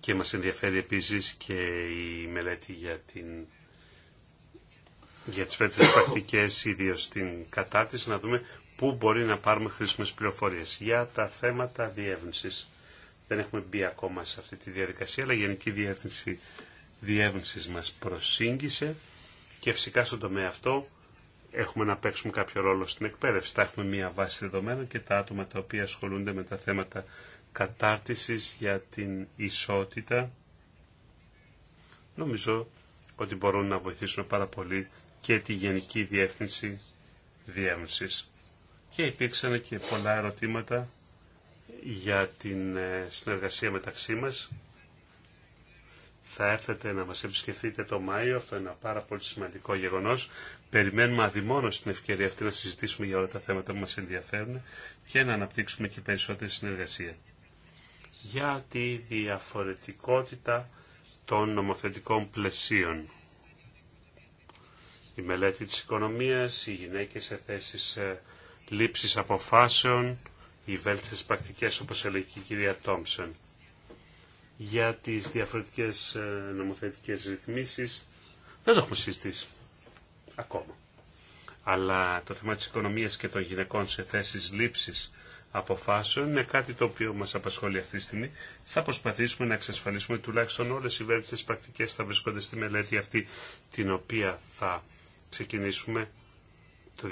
Και μας ενδιαφέρει επίσης και η μελέτη για την για τις φέτες πρακτικές, ιδίως στην κατάρτιση, να δούμε πού μπορεί να πάρουμε χρήσιμες πληροφορίες για τα θέματα διεύνησης. Δεν έχουμε μπει ακόμα σε αυτή τη διαδικασία, αλλά η Γενική Διεύθυνση Διεύνησης μας προσήγγισε και φυσικά στον τομέα αυτό έχουμε να παίξουμε κάποιο ρόλο στην εκπαίδευση. Θα έχουμε μία βάση δεδομένων και τα άτομα τα οποία ασχολούνται με τα θέματα κατάρτισης για την ισότητα νομίζω ότι μπορούν να βοηθήσουν πάρα πολύ και τη Γενική Διεύθυνση Διεύθυνσης. Και υπήρξαν και πολλά ερωτήματα για την ε, συνεργασία μεταξύ μας. Θα έρθετε να μας επισκεφθείτε το Μάιο, αυτό είναι ένα πάρα πολύ σημαντικό γεγονός. Περιμένουμε αδειμόνως την ευκαιρία αυτή να συζητήσουμε για όλα τα θέματα που μας ενδιαφέρουν και να αναπτύξουμε και περισσότερη συνεργασία. Για τη διαφορετικότητα των νομοθετικών πλαισίων η μελέτη της οικονομίας, οι γυναίκες σε θέσεις ε, λήψης αποφάσεων, οι βέλτιστες πρακτικές όπως έλεγε η κυρία Τόμψεν για τις διαφορετικές ε, νομοθετικές ρυθμίσεις. Δεν το έχουμε συζητήσει ακόμα. Αλλά το θέμα της οικονομίας και των γυναικών σε θέσεις λήψης αποφάσεων είναι κάτι το οποίο μας απασχολεί αυτή τη στιγμή. Θα προσπαθήσουμε να εξασφαλίσουμε τουλάχιστον όλες οι βέλτιστες πρακτικές θα βρίσκονται στη μελέτη αυτή την οποία θα ξεκινήσουμε το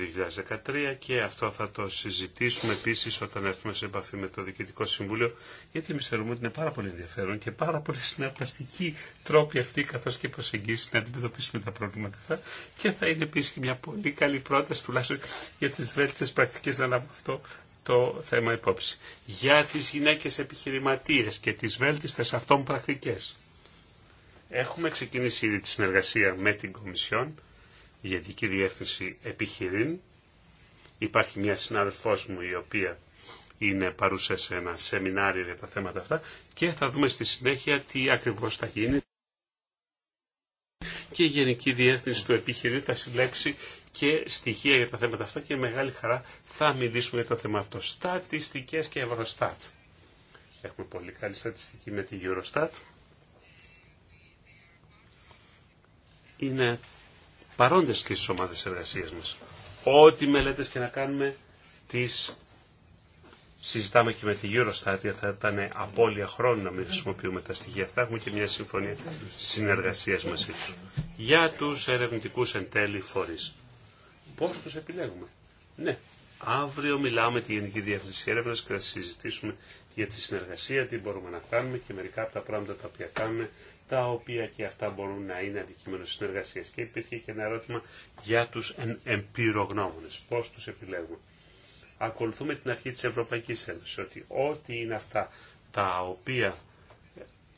2013 και αυτό θα το συζητήσουμε επίση όταν έρθουμε σε επαφή με το Διοικητικό Συμβούλιο γιατί εμεί θεωρούμε ότι είναι πάρα πολύ ενδιαφέρον και πάρα πολύ συναρπαστική τρόποι αυτή, καθώ και προσέγγιση να αντιμετωπίσουμε τα προβλήματα αυτά και θα είναι επίση και μια πολύ καλή πρόταση τουλάχιστον για τι βέλτιστε πρακτικέ. να λάβουμε αυτό το θέμα υπόψη. Για τι γυναίκε επιχειρηματίε και τι βέλτιστε αυτών πρακτικέ. Έχουμε ξεκινήσει ήδη τη συνεργασία με την Κομισιόν Γενική Διεύθυνση Επιχειρήν. Υπάρχει μια συνάδελφός μου η οποία είναι παρούσα σε ένα σεμινάριο για τα θέματα αυτά και θα δούμε στη συνέχεια τι ακριβώς θα γίνει. Και η Γενική Διεύθυνση του Επιχειρήν θα συλλέξει και στοιχεία για τα θέματα αυτά και μεγάλη χαρά θα μιλήσουμε για το θέμα αυτό. Στατιστικές και Ευρωστάτ. Έχουμε πολύ καλή στατιστική με τη Eurostat. Είναι παρόντες και στις ομάδες εργασίας μας. Ό,τι μελέτες και να κάνουμε, τις συζητάμε και με τη Eurostat, θα ήταν απώλεια χρόνου να μην χρησιμοποιούμε τα στοιχεία αυτά. Έχουμε και μια συμφωνία συνεργασίας μαζί τους. Για τους ερευνητικούς εν τέλει φορείς. Πώς τους επιλέγουμε. Ναι, αύριο μιλάμε τη Γενική Διεύθυνση Έρευνα και θα συζητήσουμε για τη συνεργασία, τι μπορούμε να κάνουμε και μερικά από τα πράγματα τα οποία κάνουμε, τα οποία και αυτά μπορούν να είναι αντικείμενο συνεργασίας. Και υπήρχε και ένα ερώτημα για τους εμπειρογνώμονες, πώς τους επιλέγουμε. Ακολουθούμε την αρχή της Ευρωπαϊκής Ένωσης, ότι ό,τι είναι αυτά τα οποία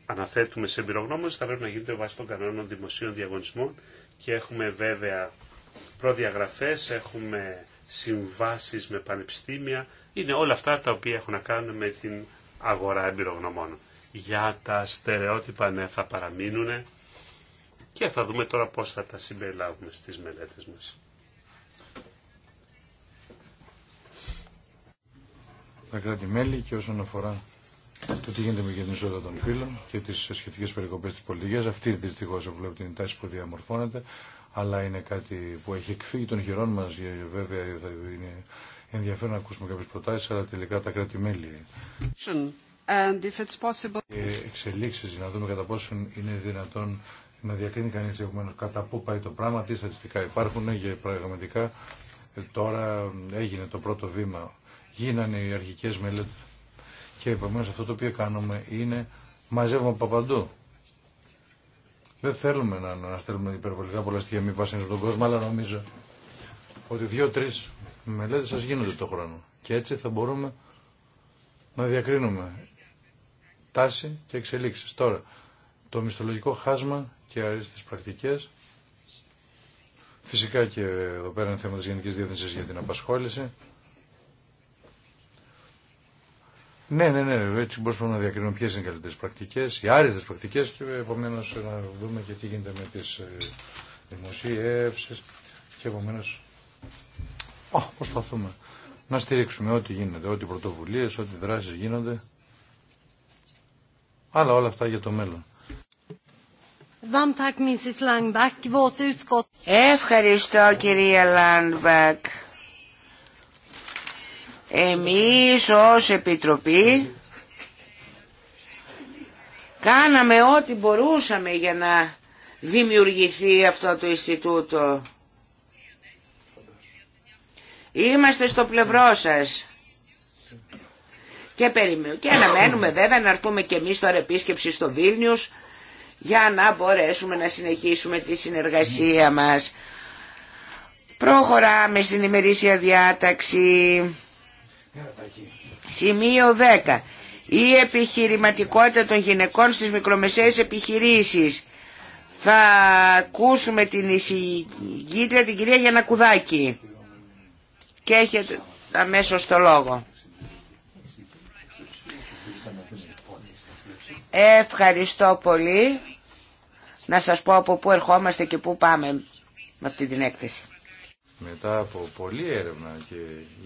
αναθέτουμε σε εμπειρογνώμονες θα πρέπει να γίνονται βάσει των κανόνων δημοσίων διαγωνισμών και έχουμε βέβαια προδιαγραφές, έχουμε συμβάσεις με πανεπιστήμια, είναι όλα αυτά τα οποία έχουν να κάνουν με την αγορά εμπειρογνωμών. Για τα στερεότυπα ναι, θα παραμείνουν και θα δούμε τώρα πώς θα τα συμπεριλάβουμε στις μελέτες μας. Τα κράτη-μέλη και όσον αφορά το τι γίνεται με την ισότητα των φύλων και τις σχετικές περικοπές της πολιτικής. Αυτή δυστυχώ βλέπετε είναι η τάση που διαμορφώνεται, αλλά είναι κάτι που έχει εκφύγει των χειρών μα. Ε, βέβαια, θα είναι ενδιαφέρον να ακούσουμε κάποιες προτάσεις, αλλά τελικά τα κράτη-μέλη possible... εξελίξεις, να δούμε κατά πόσο είναι δυνατόν να διακρίνει κανείς κατά πού πάει το πράγμα, τι στατιστικά υπάρχουν και πραγματικά ε, τώρα έγινε το πρώτο βήμα. Γίνανε οι αρχικές μελέτες και επομένως αυτό το οποίο κάνουμε είναι μαζεύουμε από παντού. Δεν θέλουμε να, να στέλνουμε υπερβολικά πολλά στοιχεία μη στον κόσμο, αλλά νομίζω ότι δύο-τρεις οι μελέτες σας γίνονται το χρόνο και έτσι θα μπορούμε να διακρίνουμε τάση και εξελίξεις. Τώρα, το μισθολογικό χάσμα και αρίστες πρακτικές. Φυσικά και εδώ πέρα είναι θέμα της Γενικής Διεύθυνσης για την απασχόληση. Ναι, ναι, ναι, έτσι μπορούμε να διακρίνουμε ποιες είναι οι καλύτερε πρακτικέ, οι άριστε πρακτικέ και επομένω να δούμε και τι γίνεται με τις ε, δημοσίευσει και επομένω προσπαθούμε να στηρίξουμε ό,τι γίνεται, ό,τι πρωτοβουλίες, ό,τι δράσεις γίνονται. Αλλά όλα αυτά για το μέλλον. Ευχαριστώ κυρία Λάνμπακ. Εμείς ως Επιτροπή κάναμε ό,τι μπορούσαμε για να δημιουργηθεί αυτό το Ινστιτούτο. Είμαστε στο πλευρό σας. Και, περιμένουμε. και αναμένουμε βέβαια να έρθουμε και εμείς τώρα επίσκεψη στο Βίλνιους για να μπορέσουμε να συνεχίσουμε τη συνεργασία μας. Προχωράμε στην ημερήσια διάταξη. Σημείο 10. Η επιχειρηματικότητα των γυναικών στις μικρομεσαίες επιχειρήσεις. Θα ακούσουμε την εισηγήτρια την κυρία Γιανακουδάκη και έχετε αμέσως το λόγο. Ευχαριστώ πολύ να σας πω από πού ερχόμαστε και πού πάμε με αυτή την έκθεση. Μετά από πολλή έρευνα και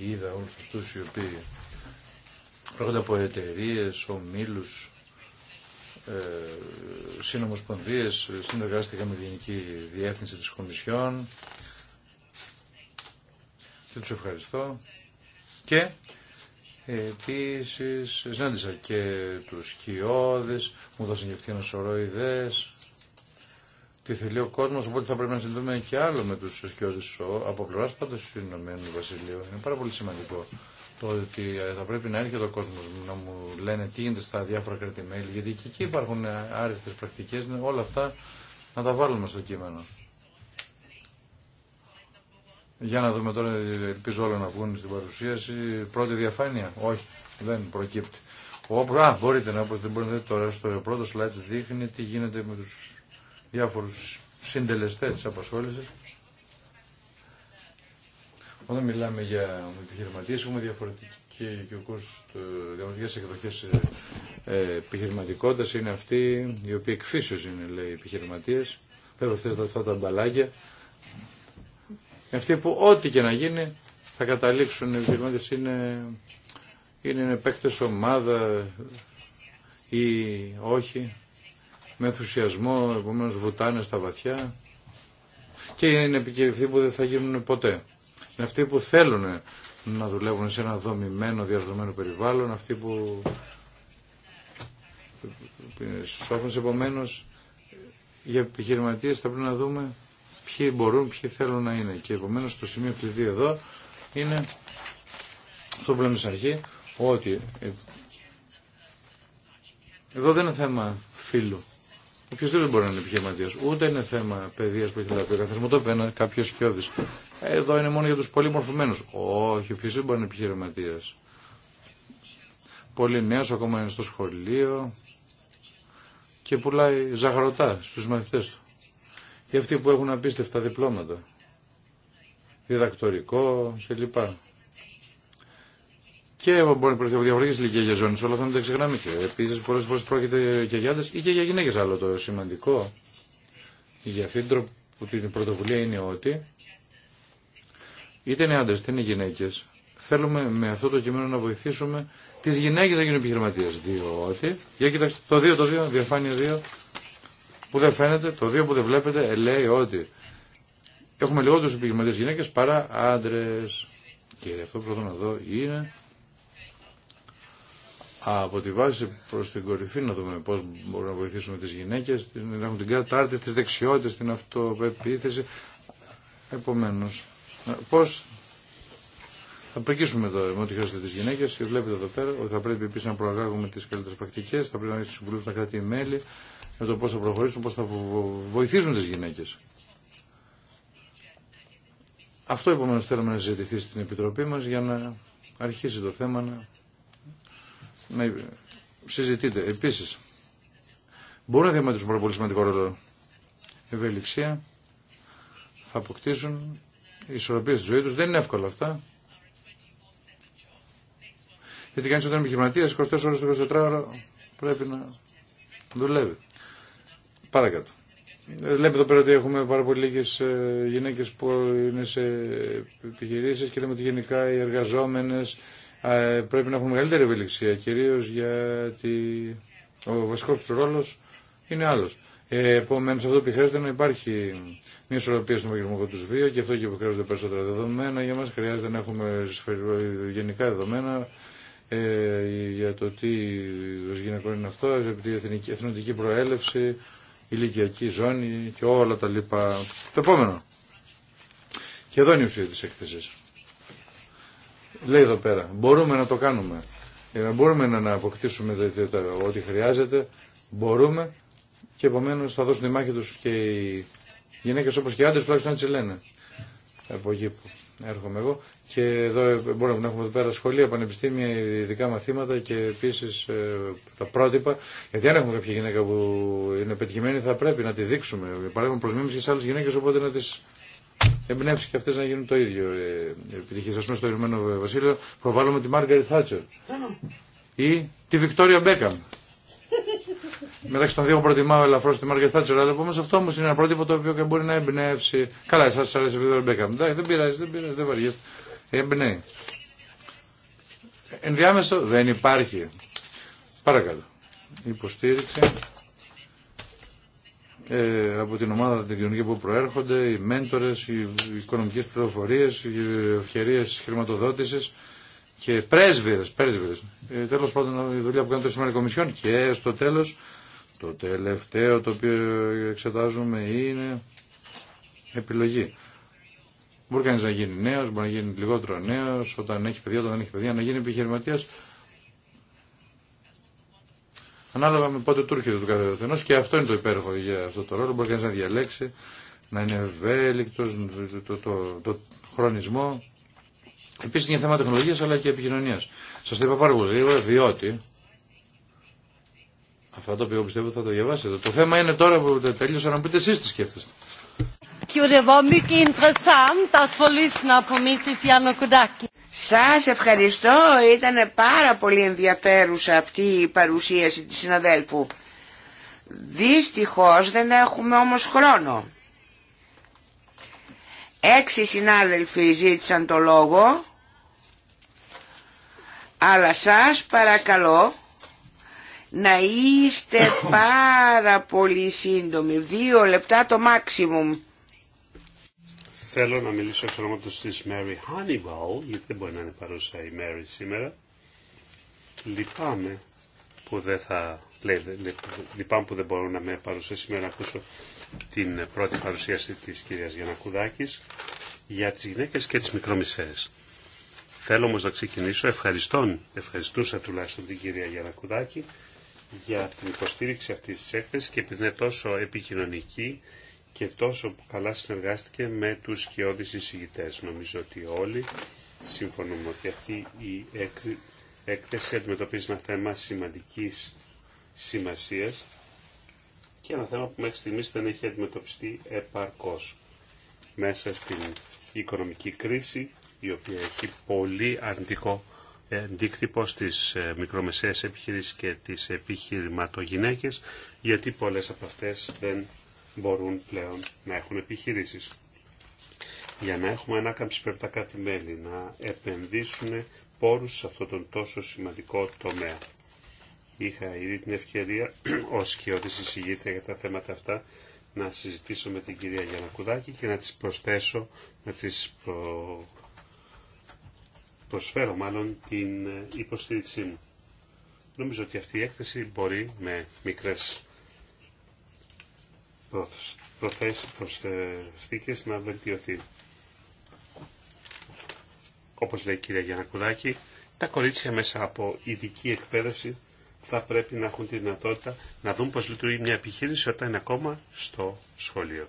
είδα όλους αυτούς οι οποίοι πρόκειται από εταιρείε, ομίλους, ε, συνομοσπονδίες, συνεργάστηκα με την Γενική Διεύθυνση της Κομισιόν, και τους ευχαριστώ και επίσης συνάντησα και τους σκιώδες, μου δώσαν και αυτοί ένα σωρό τι θέλει ο κόσμος, οπότε θα πρέπει να συνδούμε και άλλο με τους σκιώδες από πλευράς πάντως του Ηνωμένου Βασιλείου. Είναι πάρα πολύ σημαντικό το ότι ε, θα πρέπει να έρχεται ο κόσμος να μου λένε τι γίνεται στα διαφορα κρατημέλη γιατί και εκεί υπάρχουν άριστες πρακτικές, όλα αυτά να τα βάλουμε στο κείμενο. Για να δούμε τώρα, ελπίζω όλα να βγουν στην παρουσίαση. Πρώτη διαφάνεια. Όχι, δεν προκύπτει. Όπου, α, μπορείτε να μπορείτε τώρα στο πρώτο slide δείχνει τι γίνεται με τους διάφορους συντελεστές τη απασχόλησης. Όταν μιλάμε για επιχειρηματίε, έχουμε ε, διαφορετικέ εκδοχές ε, ε, επιχειρηματικότητας. Είναι αυτοί οι οποίοι εκφύσεως είναι, λέει, επιχειρηματίες. Βέβαια αυτά τα μπαλάκια αυτοί που ό,τι και να γίνει θα καταλήξουν. Οι επιχειρηματίε είναι, είναι παίκτε ομάδα ή όχι. Με ενθουσιασμό, επομένω βουτάνε στα βαθιά. Και είναι και που δεν θα γίνουν ποτέ. Είναι αυτοί που θέλουν να δουλεύουν σε ένα δομημένο, διαδομένο περιβάλλον, αυτοί που σώφουν επομένω για επιχειρηματίες θα πρέπει να δούμε ποιοι μπορούν, ποιοι θέλουν να είναι. Και επομένω το σημείο κλειδί εδώ είναι αυτό που λέμε στην αρχή, ότι ε, εδώ δεν είναι θέμα φίλου. δεν μπορεί να είναι επιχειρηματία. Ούτε είναι θέμα παιδεία που έχει λάβει ο καθένα. Μου το είπε κάποιο σκιώδη. Εδώ είναι μόνο για του πολύ μορφωμένου. Όχι, δεν μπορεί να είναι επιχειρηματία. Πολύ νέο, ακόμα είναι στο σχολείο και πουλάει ζαχαρωτά στου μαθητέ του και αυτοί που έχουν απίστευτα διπλώματα, διδακτορικό κλπ. Και μπορεί να υπάρχει από διαφορετικέ για ζώνε, όλα αυτά δεν τα ξεχνάμε και. Επίση, πολλέ φορέ πρόκειται και για άντρε ή και για γυναίκε. Άλλο το σημαντικό για αυτήν την πρωτοβουλία είναι ότι είτε είναι άντρε είτε είναι γυναίκε, θέλουμε με αυτό το κείμενο να βοηθήσουμε τι γυναίκε να γίνουν επιχειρηματίε. Διότι, για κοιτάξτε, το 2, το 2, διαφάνεια 2, που δεν φαίνεται, το δύο που δεν βλέπετε ε, λέει ότι έχουμε λιγότερους επιχειρηματίες γυναίκες παρά άντρες. Και αυτό που προσπαθώ να δω είναι από τη βάση προς την κορυφή να δούμε πώς μπορούμε να βοηθήσουμε τις γυναίκες να έχουν την κατάρτιση, τις δεξιότητες, την αυτοπεποίθηση. Επομένως, πώς θα προκύσουμε εδώ με ό,τι χρειάζεται τι γυναίκε. Και βλέπετε εδώ πέρα ότι θα πρέπει επίση να προαγάγουμε τι καλύτερε πρακτικέ, θα πρέπει να συμβουλεύουμε τα κρατεί μελη με το πώς θα προχωρήσουν, πώς θα βοηθήσουν τις γυναίκες. Αυτό επομένως θέλουμε να ζητηθεί στην Επιτροπή μας για να αρχίσει το θέμα να, να συζητείτε. Επίσης, μπορούν να διαμετρήσουν πάρα πολύ σημαντικό ρόλο ευελιξία, θα αποκτήσουν ισορροπία στη ζωή τους. Δεν είναι εύκολα αυτά. Γιατί κανείς όταν είναι επιχειρηματίας, 24 ώρες 24 ώρο πρέπει να δουλεύει. Παρακάτω. Ε, λέμε εδώ πέρα ότι έχουμε πάρα πολύ λίγε γυναίκε που είναι σε επιχειρήσει και λέμε ότι γενικά οι εργαζόμενε ε, πρέπει να έχουν μεγαλύτερη ευελιξία. Κυρίω γιατί ο βασικό του ρόλο είναι άλλο. Ε, Επομένω, αυτό που χρειάζεται να υπάρχει μια ισορροπία στον επαγγελματικό του βίο και αυτό και που χρειάζονται περισσότερα δεδομένα. Για μα χρειάζεται να έχουμε γενικά δεδομένα για το τι γυναικών είναι αυτό, την εθνική προέλευση ηλικιακή ζώνη και όλα τα λοιπά. Το επόμενο. Και εδώ είναι η ουσία της έκθεσης. Λέει εδώ πέρα, μπορούμε να το κάνουμε. μπορούμε να αποκτήσουμε ό,τι χρειάζεται, μπορούμε και επομένω θα δώσουν τη μάχη τους και οι γυναίκες όπως και οι άντρες τουλάχιστον έτσι λένε. Από εκεί που έρχομαι εγώ και εδώ ε, μπορούμε να έχουμε εδώ πέρα σχολεία, πανεπιστήμια, ειδικά μαθήματα και επίσης ε, τα πρότυπα. Γιατί αν έχουμε κάποια γυναίκα που είναι πετυχημένη θα πρέπει να τη δείξουμε. Παρέχουμε προσμήμεις και σε άλλες γυναίκες οπότε να τι εμπνεύσει και αυτέ να γίνουν το ίδιο. Ε, επιτυχίε, α πούμε στο Ηνωμένο Βασίλειο προβάλλουμε τη Μάργαρη Θάτσερ ή τη Βικτόρια Μπέκαμ μεταξύ των δύο προτιμάω ελαφρώ τη Μάργερ Θάτσερ, αλλά επομένω αυτό όμω είναι ένα πρότυπο το οποίο μπορεί να εμπνεύσει. Καλά, σα αρέσει δεν μπέκαμε. Μπέκαμ. Δεν πειράζει, δεν πειράζει, δεν βαριέστε. Εμπνέει. Ενδιάμεσο δεν υπάρχει. Παρακαλώ. Υποστήριξη ε, από την ομάδα την κοινωνική που προέρχονται, οι μέντορες, οι οικονομικές πληροφορίες, οι ευκαιρίες χρηματοδότησης και πρέσβυρες, πρέσβυρες. Ε, τέλος πάντων η δουλειά που κάνει το η Κομισιόν και στο τέλος το τελευταίο το οποίο εξετάζουμε είναι επιλογή. Μπορεί κανεί να γίνει νέο, μπορεί να γίνει λιγότερο νέο, όταν έχει παιδιά, όταν δεν έχει παιδιά, να γίνει επιχειρηματία. Ανάλογα με πότε του έρχεται του και αυτό είναι το υπέροχο για αυτό το ρόλο. Μπορεί κανεί να διαλέξει, να είναι ευέλικτο, το, το, το, χρονισμό. Επίση είναι θέμα τεχνολογία αλλά και επικοινωνία. Σα το είπα πάρα πολύ γρήγορα διότι αυτό το οποίο πιστεύω θα το διαβάσετε. Το θέμα είναι τώρα που τελείωσα να πείτε εσεί τι σκέφτεστε. Σας ευχαριστώ. Ήταν πάρα πολύ ενδιαφέρουσα αυτή η παρουσίαση τη συναδέλφου. Δυστυχώ δεν έχουμε όμω χρόνο. Έξι συνάδελφοι ζήτησαν το λόγο, αλλά σας παρακαλώ να είστε πάρα πολύ σύντομοι, δύο λεπτά το maximum. Θέλω να μιλήσω εξ ονόματος της Mary Χάνιβαου, γιατί δεν μπορεί να είναι παρούσα η Mary σήμερα. Λυπάμαι που δεν θα... Λυπάμαι που δεν μπορώ να με παρουσία σήμερα να ακούσω την πρώτη παρουσίαση της κυρίας Γιανακουδάκης για τις γυναίκες και τις μικρομισές. Θέλω όμως να ξεκινήσω ευχαριστών, ευχαριστούσα τουλάχιστον την κυρία Γιανακουδάκη για την υποστήριξη αυτής της έκθεσης και επειδή είναι τόσο επικοινωνική και τόσο καλά συνεργάστηκε με τους σκιώδεις εισηγητές. Νομίζω ότι όλοι συμφωνούμε ότι αυτή η έκθεση αντιμετωπίζει ένα θέμα σημαντικής σημασίας και ένα θέμα που μέχρι στιγμής δεν έχει αντιμετωπιστεί επαρκώς μέσα στην οικονομική κρίση η οποία έχει πολύ αρνητικό αντίκτυπο στις ε, μικρομεσαίες επιχειρήσεις και τις επιχειρηματογυναίκες, γιατί πολλές από αυτές δεν μπορούν πλέον να έχουν επιχειρήσεις. Για να έχουμε ανάκαμψη πρέπει τα κάτι μέλη να επενδύσουν πόρους σε αυτόν τον τόσο σημαντικό τομέα. Είχα ήδη την ευκαιρία ως και ότι για τα θέματα αυτά να συζητήσω με την κυρία Γιανακουδάκη και να της προσθέσω, να της προ προσφέρω μάλλον την ε, υποστήριξή μου. Νομίζω ότι αυτή η έκθεση μπορεί με μικρές προθέσεις προσθήκες να βελτιωθεί. Όπως λέει η κυρία Γιανακουδάκη, τα κορίτσια μέσα από ειδική εκπαίδευση θα πρέπει να έχουν τη δυνατότητα να δουν πώς λειτουργεί μια επιχείρηση όταν είναι ακόμα στο σχολείο.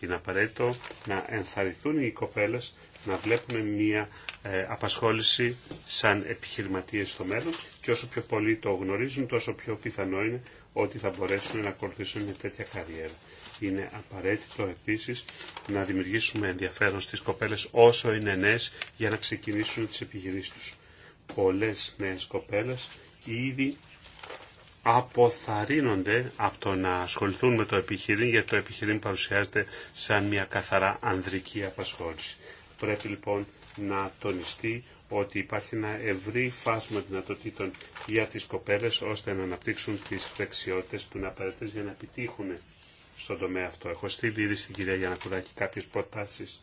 Είναι απαραίτητο να ενθαρρυνθούν οι κοπέλες να βλέπουν μια ε, απασχόληση σαν επιχειρηματίες στο μέλλον και όσο πιο πολλοί το γνωρίζουν τόσο πιο πιθανό είναι ότι θα μπορέσουν να ακολουθήσουν μια τέτοια καριέρα. Είναι απαραίτητο επίσης να δημιουργήσουμε ενδιαφέρον στις κοπέλες όσο είναι νέες για να ξεκινήσουν τις επιχειρήσεις τους. Πολλές νέες κοπέλες ήδη αποθαρρύνονται από το να ασχοληθούν με το επιχειρήν γιατί το επιχειρήν παρουσιάζεται σαν μια καθαρά ανδρική απασχόληση. Πρέπει λοιπόν να τονιστεί ότι υπάρχει ένα ευρύ φάσμα δυνατοτήτων για τις κοπέλες ώστε να αναπτύξουν τις δεξιότητες που είναι απαραίτητε για να επιτύχουν στον τομέα αυτό. Έχω στείλει ήδη στην κυρία Γιανακουράκη κάποιες προτάσεις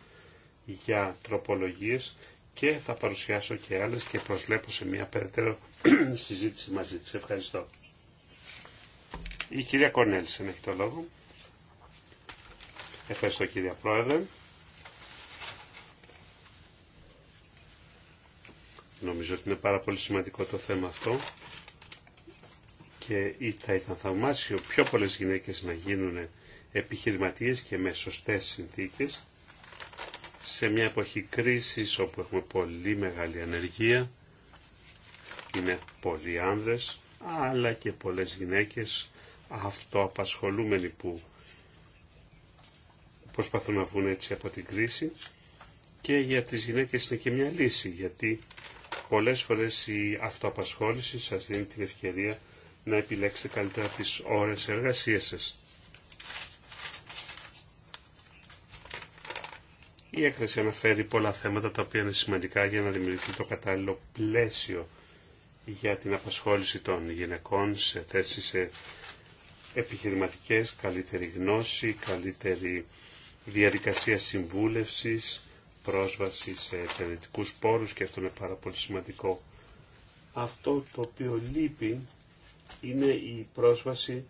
για τροπολογίες και θα παρουσιάσω και άλλες και προσλέπω σε μια περαιτέρω συζήτηση μαζί της. Ευχαριστώ. Η κυρία Κορνέλσεν έχει το λόγο. Ευχαριστώ κυρία Πρόεδρε. Νομίζω ότι είναι πάρα πολύ σημαντικό το θέμα αυτό και θα ήταν θαυμάσιο πιο πολλές γυναίκες να γίνουν επιχειρηματίες και με σωστέ συνθήκες σε μια εποχή κρίσης όπου έχουμε πολύ μεγάλη ανεργία είναι πολλοί άνδρες αλλά και πολλές γυναίκες αυτοαπασχολούμενοι που προσπαθούν να βγουν έτσι από την κρίση και για τις γυναίκες είναι και μια λύση γιατί πολλές φορές η αυτοαπασχόληση σας δίνει την ευκαιρία να επιλέξετε καλύτερα τις ώρες εργασίας σας. Η έκθεση αναφέρει πολλά θέματα τα οποία είναι σημαντικά για να δημιουργηθεί το κατάλληλο πλαίσιο για την απασχόληση των γυναικών σε θέσεις επιχειρηματικές, καλύτερη γνώση, καλύτερη διαδικασία συμβούλευσης, πρόσβαση σε επενδυτικούς πόρους και αυτό είναι πάρα πολύ σημαντικό. Αυτό το οποίο λείπει είναι η πρόσβαση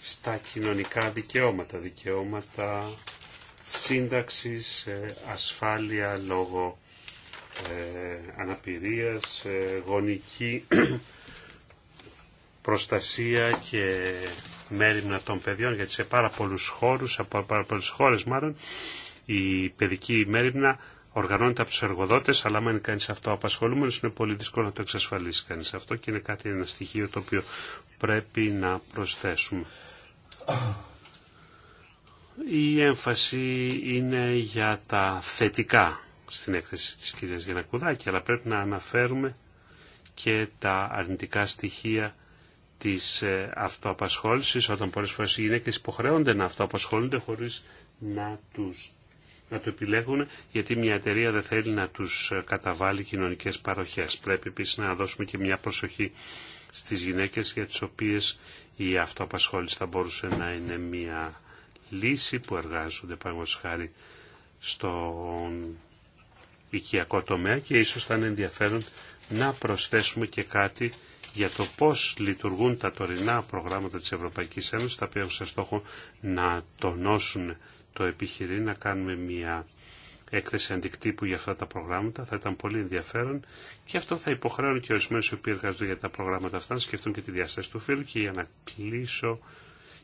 στα κοινωνικά δικαιώματα, δικαιώματα σύνταξης, ε, ασφάλεια λόγω ε, αναπηρίας, ε, γονική προστασία και μέρημνα των παιδιών, γιατί σε πάρα πολλού χώρου. από πάρα πολλέ χώρε, μάλλον, η παιδική μέρημνα οργανώνεται από του εργοδότε, αλλά αν είναι κανεί αυτό απασχολούμενο, είναι πολύ δύσκολο να το εξασφαλίσει κανεί αυτό και είναι κάτι, ένα στοιχείο το οποίο πρέπει να προσθέσουμε. Η έμφαση είναι για τα θετικά στην έκθεση της κυρίας Γιανακουδάκη, αλλά πρέπει να αναφέρουμε και τα αρνητικά στοιχεία της ε, αυτοαπασχόλησης, όταν πολλές φορές οι γυναίκες υποχρεώνται να αυτοαπασχολούνται χωρίς να, τους, να το επιλέγουν, γιατί μια εταιρεία δεν θέλει να τους ε, καταβάλει κοινωνικές παροχές. Πρέπει επίσης να δώσουμε και μια προσοχή στις γυναίκες για τις οποίες η αυτοαπασχόληση θα μπορούσε να είναι μια λύση που εργάζονται παραγωγός χάρη στον οικιακό τομέα και ίσως θα είναι ενδιαφέρον να προσθέσουμε και κάτι για το πώς λειτουργούν τα τωρινά προγράμματα της Ευρωπαϊκής Ένωσης, τα οποία έχουν σε στόχο να τονώσουν το επιχειρήν, να κάνουμε μια έκθεση αντικτύπου για αυτά τα προγράμματα. Θα ήταν πολύ ενδιαφέρον και αυτό θα υποχρέωνε και ορισμένου οι οποίοι εργάζονται για τα προγράμματα αυτά να σκεφτούν και τη διάσταση του φίλου. Και για να κλείσω,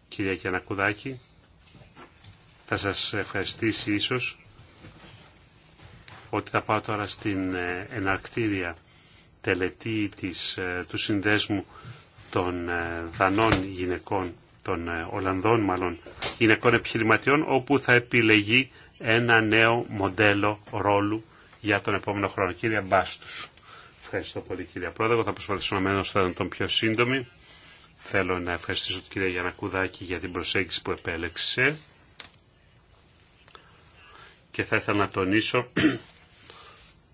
κυρία Κιανακουδάκη, θα σας ευχαριστήσει ίσως ότι θα πάω τώρα στην ε, εναρκτήρια τελετή της, ε, του συνδέσμου των ε, δανών γυναικών, των ε, Ολλανδών μάλλον, γυναικών επιχειρηματιών, όπου θα επιλεγεί ένα νέο μοντέλο ρόλου για τον επόμενο χρόνο. Κύριε Μπάστους. Ευχαριστώ πολύ κύριε Πρόεδρε. Θα προσπαθήσω να μένω στον τον πιο σύντομη. Θέλω να ευχαριστήσω την κυρία Γιανακουδάκη για την προσέγγιση που επέλεξε. Και θα ήθελα να τονίσω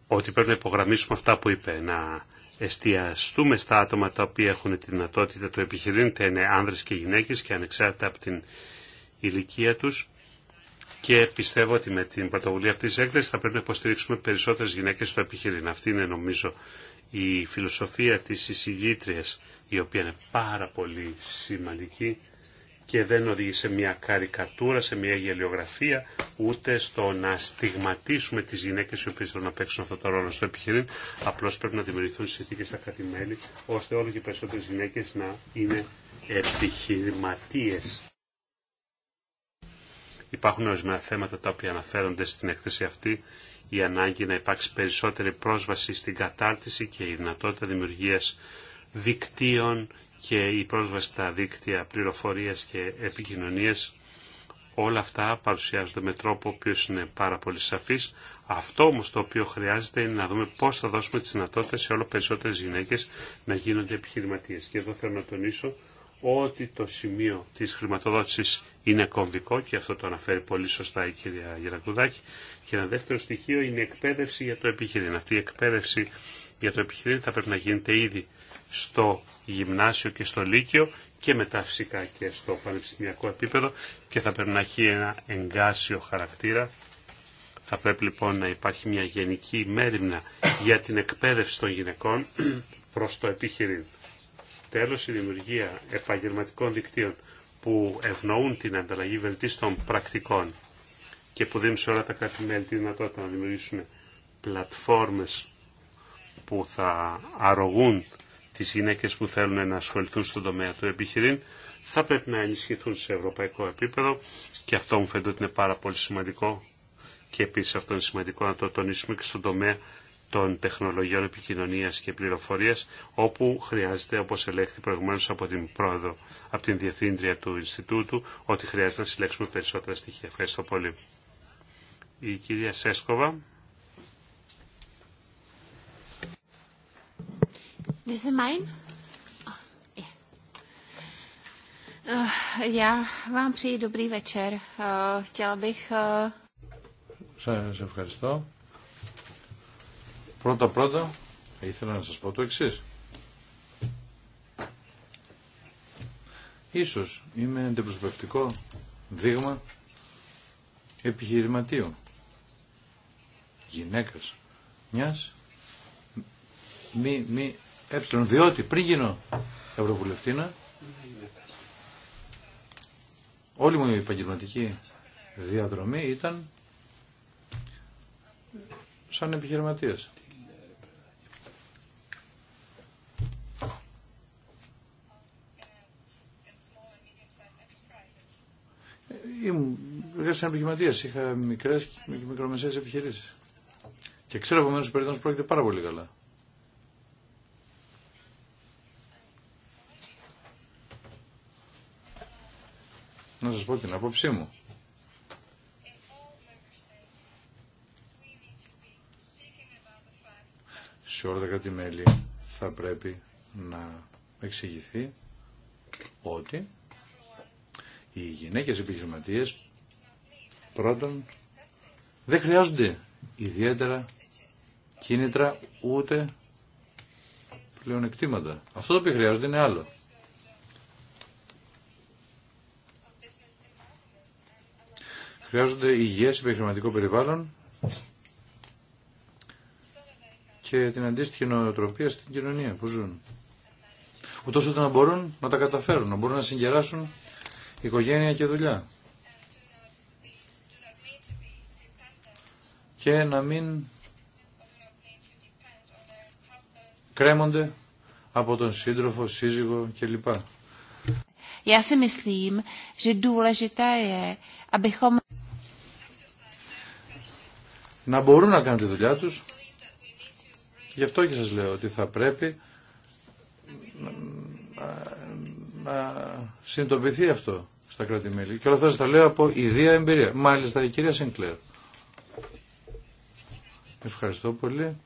ότι πρέπει να υπογραμμίσουμε αυτά που είπε, να εστιαστούμε στα άτομα τα οποία έχουν τη δυνατότητα του επιχειρήν, είναι άνδρες και γυναίκες και ανεξάρτητα από την ηλικία τους. Και πιστεύω ότι με την πρωτοβουλία αυτής της έκθεσης θα πρέπει να υποστηρίξουμε περισσότερες γυναίκες στο επιχειρήν. Αυτή είναι νομίζω η φιλοσοφία της εισηγήτριας, η οποία είναι πάρα πολύ σημαντική και δεν οδηγεί σε μια καρικατούρα, σε μια γελιογραφία, ούτε στο να στιγματίσουμε τις γυναίκες οι οποίες θέλουν να παίξουν αυτό το ρόλο στο επιχειρήν. Απλώς πρέπει να δημιουργηθούν συνθήκε στα κατημέλη, ώστε όλο και περισσότερες γυναίκες να είναι επιχειρηματίες. Υπάρχουν ορισμένα θέματα τα οποία αναφέρονται στην έκθεση αυτή, η ανάγκη να υπάρξει περισσότερη πρόσβαση στην κατάρτιση και η δυνατότητα δημιουργίας δικτύων και η πρόσβαση στα δίκτυα πληροφορίας και επικοινωνίας, όλα αυτά παρουσιάζονται με τρόπο ο οποίο είναι πάρα πολύ σαφής. Αυτό όμως το οποίο χρειάζεται είναι να δούμε πώς θα δώσουμε τις δυνατότητες σε όλο περισσότερες γυναίκες να γίνονται επιχειρηματίες. Και εδώ θέλω να τονίσω ότι το σημείο της χρηματοδότησης είναι κομβικό και αυτό το αναφέρει πολύ σωστά η κυρία Γερακουδάκη. Και ένα δεύτερο στοιχείο είναι η εκπαίδευση για το επιχειρήν. Αυτή η εκπαίδευση για το επιχειρήν θα πρέπει να γίνεται ήδη στο γυμνάσιο και στο λύκειο και μετά φυσικά και στο πανεπιστημιακό επίπεδο και θα πρέπει να έχει ένα εγκάσιο χαρακτήρα. Θα πρέπει λοιπόν να υπάρχει μια γενική μέρημνα για την εκπαίδευση των γυναικών προς το επιχειρήν. Τέλος, η δημιουργία επαγγελματικών δικτύων που ευνοούν την ανταλλαγή βελτίστων πρακτικών και που δίνουν σε όλα τα κράτη-μέλη τη δυνατότητα να δημιουργήσουν πλατφόρμες που θα αρρωγούν τις γυναίκες που θέλουν να ασχοληθούν στον τομέα του επιχειρήν θα πρέπει να ενισχυθούν σε ευρωπαϊκό επίπεδο και αυτό μου φαίνεται ότι είναι πάρα πολύ σημαντικό και επίσης αυτό είναι σημαντικό να το τονίσουμε και στον τομέα των τεχνολογιών επικοινωνίας και πληροφορίας όπου χρειάζεται όπως ελέγχθη προηγουμένως από την πρόεδρο, από την διευθύντρια του Ινστιτούτου ότι χρειάζεται να συλλέξουμε περισσότερα στοιχεία. Ευχαριστώ πολύ. Η κυρία Σέσκοβα. This is mine? Já Σας ευχαριστώ. Πρώτα πρώτα ήθελα να σας πω το εξή. Ίσως είμαι αντιπροσωπευτικό δείγμα επιχειρηματίου, γυναίκας, μιας μη, μη ε, διότι πριν γίνω ευρωβουλευτήνα, όλη μου η επαγγελματική διαδρομή ήταν σαν επιχειρηματίας. Ήμουν σαν επιχειρηματίας, είχα μικρές και μικρομεσαίες επιχειρήσεις. Και ξέρω από μένους ότι πρόκειται πάρα πολύ καλά. να σας πω την απόψή μου. Σε όλα τα κράτη-μέλη θα πρέπει να εξηγηθεί ότι οι γυναίκες επιχειρηματίες πρώτον δεν χρειάζονται ιδιαίτερα κίνητρα ούτε πλεονεκτήματα. Αυτό το οποίο χρειάζονται είναι άλλο. Χρειάζονται σε επιχειρηματικό περιβάλλον και την αντίστοιχη νοοτροπία στην κοινωνία που ζουν. Ούτω ώστε να μπορούν να τα καταφέρουν, να μπορούν να συγκεράσουν οικογένεια και δουλειά. Και να μην κρέμονται από τον σύντροφο, σύζυγο κλπ. Já si myslím, že důležité je, abychom να μπορούν να κάνουν τη δουλειά τους. Γι' αυτό και σας λέω ότι θα πρέπει να συνειδητοποιηθεί αυτό στα κράτη-μέλη. Και όλα αυτά σας τα λέω από ιδία εμπειρία. Μάλιστα η κυρία Σινκλέρ. Ευχαριστώ πολύ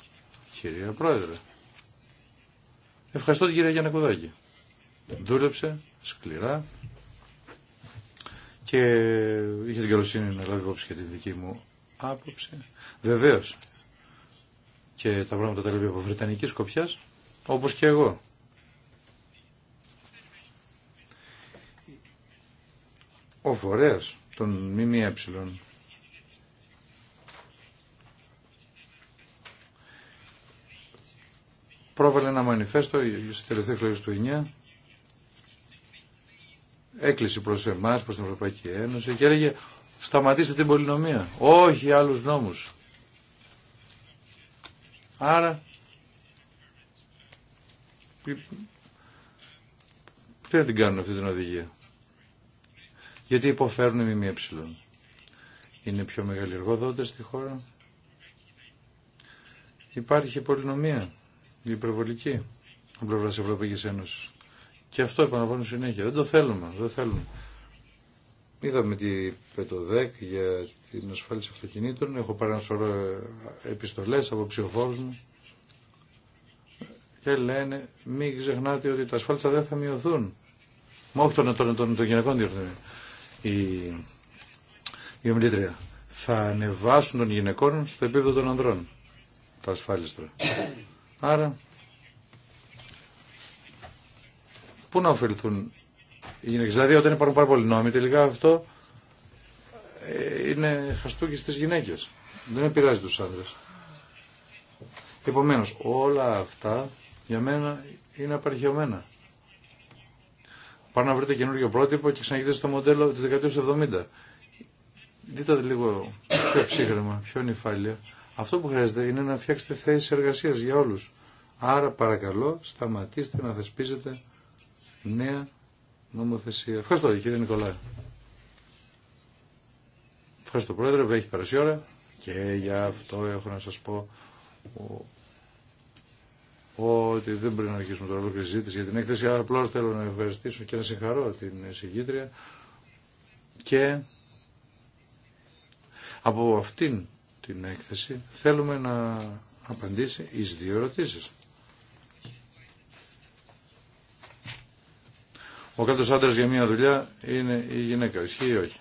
κυρία Πρόεδρε. Ευχαριστώ την κυρία Γιανακουδάκη. Δούλεψε σκληρά και είχε την καλοσύνη να λάβει υπόψη και τη δική μου άποψη. Βεβαίω. Και τα πράγματα τα λέει από βρετανική σκοπιά, όπω και εγώ. Ο φορέα των ΜΜΕ πρόβαλε ένα μανιφέστο στις τελευταίες εκλογές του 9 Έκλεισε προς εμάς, προς την Ευρωπαϊκή Ένωση και έλεγε σταματήστε την πολυνομία. Όχι άλλους νόμους. Άρα, τι να την κάνουν αυτή την οδηγία. Γιατί υποφέρουν οι ΜΜΕ. Είναι πιο μεγάλη εργοδότες στη χώρα. Υπάρχει πολυνομία, η υπερβολική, από πλευρά Ευρωπαϊκή Ένωση. Και αυτό επαναλαμβάνω συνέχεια. Δεν το θέλουμε, δεν το θέλουμε. Είδαμε τη ΠΕΤΟΔΕΚ για την ασφάλιση αυτοκινήτων. Έχω πάρει ένα σωρό επιστολές από ψηφοφόρους μου και λένε μην ξεχνάτε ότι τα ασφάλιστα δεν θα μειωθούν. Μα όχι των, γυναικών Η, ομιλήτρια. Θα ανεβάσουν των γυναικών στο επίπεδο των ανδρών τα ασφάλιστρα. Άρα, πού να ωφεληθούν Δηλαδή όταν υπάρχουν πάρα πολλοί νόμοι τελικά αυτό ε, είναι χαστούκι στι γυναίκε. Δεν επηρεάζει του άντρε. Επομένω, όλα αυτά για μένα είναι απαρχαιωμένα. Πάνω να βρείτε καινούργιο πρότυπο και ξαναγείτε στο μοντέλο τη δεκαετία του 70. Δείτε λίγο πιο ψύχρεμα, πιο νυφάλια. Αυτό που χρειάζεται είναι να φτιάξετε θέσει εργασία για όλου. Άρα παρακαλώ σταματήστε να θεσπίζετε νέα νομοθεσία. Ευχαριστώ κύριε Νικολάη. Ευχαριστώ πρόεδρε που έχει περάσει ώρα και για αυτό έχω να σας πω ότι δεν πρέπει να αρχίσουμε τώρα ολόκληρη συζήτηση για την έκθεση, αλλά απλώ θέλω να ευχαριστήσω και να συγχαρώ την συγκίτρια και από αυτήν την έκθεση θέλουμε να απαντήσει εις δύο ερωτήσεις. Ο κάτω άντρα για μια δουλειά είναι η γυναίκα. Ισχύει ή όχι.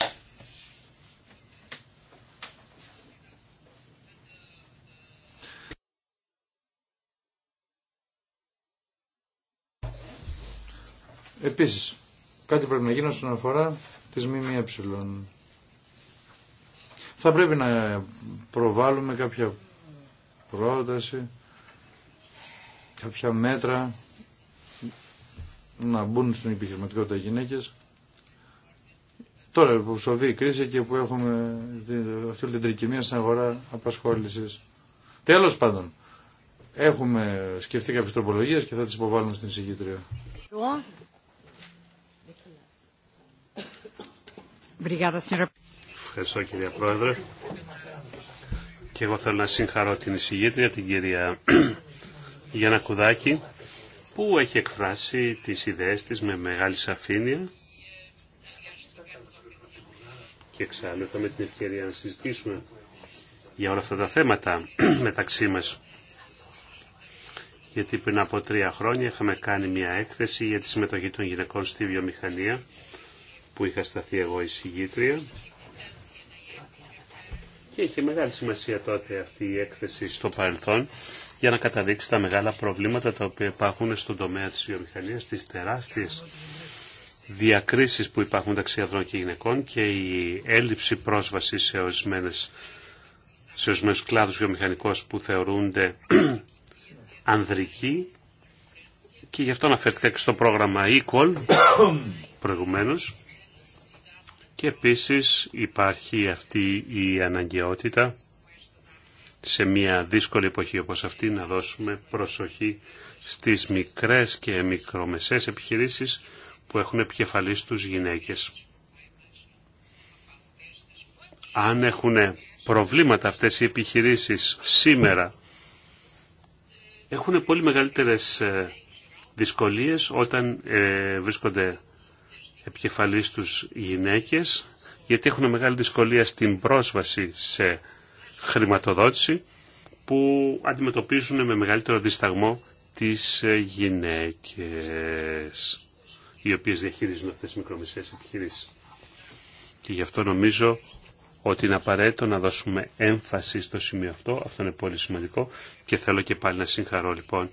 Επίσης, κάτι πρέπει να γίνει όσον αφορά τις ΜΜΕ. Θα πρέπει να προβάλλουμε κάποια πρόταση, κάποια μέτρα να μπουν στην επιχειρηματικότητα οι γυναίκες. Τώρα που σοβεί η κρίση και που έχουμε αυτή την τρικυμία στην αγορά απασχόλησης. Τέλος πάντων, έχουμε σκεφτεί κάποιες τροπολογίες και θα τις υποβάλουμε στην συγκήτρια. Ευχαριστώ κυρία Πρόεδρε. Και εγώ θέλω να συγχαρώ την εισηγήτρια, την κυρία Γιάννα Κουδάκη που έχει εκφράσει τις ιδέες της με μεγάλη σαφήνεια και εξάλλου με την ευκαιρία να συζητήσουμε για όλα αυτά τα θέματα μεταξύ μας. Γιατί πριν από τρία χρόνια είχαμε κάνει μια έκθεση για τη συμμετοχή των γυναικών στη βιομηχανία που είχα σταθεί εγώ εισηγήτρια. Και είχε μεγάλη σημασία τότε αυτή η έκθεση στο παρελθόν για να καταδείξει τα μεγάλα προβλήματα τα οποία υπάρχουν στον τομέα της βιομηχανίας, τις τεράστιες διακρίσεις που υπάρχουν μεταξύ και γυναικών και η έλλειψη πρόσβαση σε ορισμένες σε ορισμένους κλάδους βιομηχανικούς που θεωρούνται ανδρικοί και γι' αυτό αναφέρθηκα και στο πρόγραμμα Equal προηγουμένως και επίσης υπάρχει αυτή η αναγκαιότητα σε μια δύσκολη εποχή όπως αυτή να δώσουμε προσοχή στις μικρές και μικρομεσαίες επιχειρήσεις που έχουν επικεφαλής τους γυναίκες. Αν έχουν προβλήματα αυτές οι επιχειρήσεις σήμερα, έχουν πολύ μεγαλύτερες ε, δυσκολίες όταν ε, βρίσκονται επικεφαλής τους γυναίκες, γιατί έχουν μεγάλη δυσκολία στην πρόσβαση σε χρηματοδότηση που αντιμετωπίζουν με μεγαλύτερο δισταγμό τις ε, γυναίκες οι οποίες διαχειρίζουν αυτές τις μικρομεσαίες επιχειρήσεις. Και γι' αυτό νομίζω ότι είναι απαραίτητο να δώσουμε έμφαση στο σημείο αυτό. Αυτό είναι πολύ σημαντικό και θέλω και πάλι να συγχαρώ λοιπόν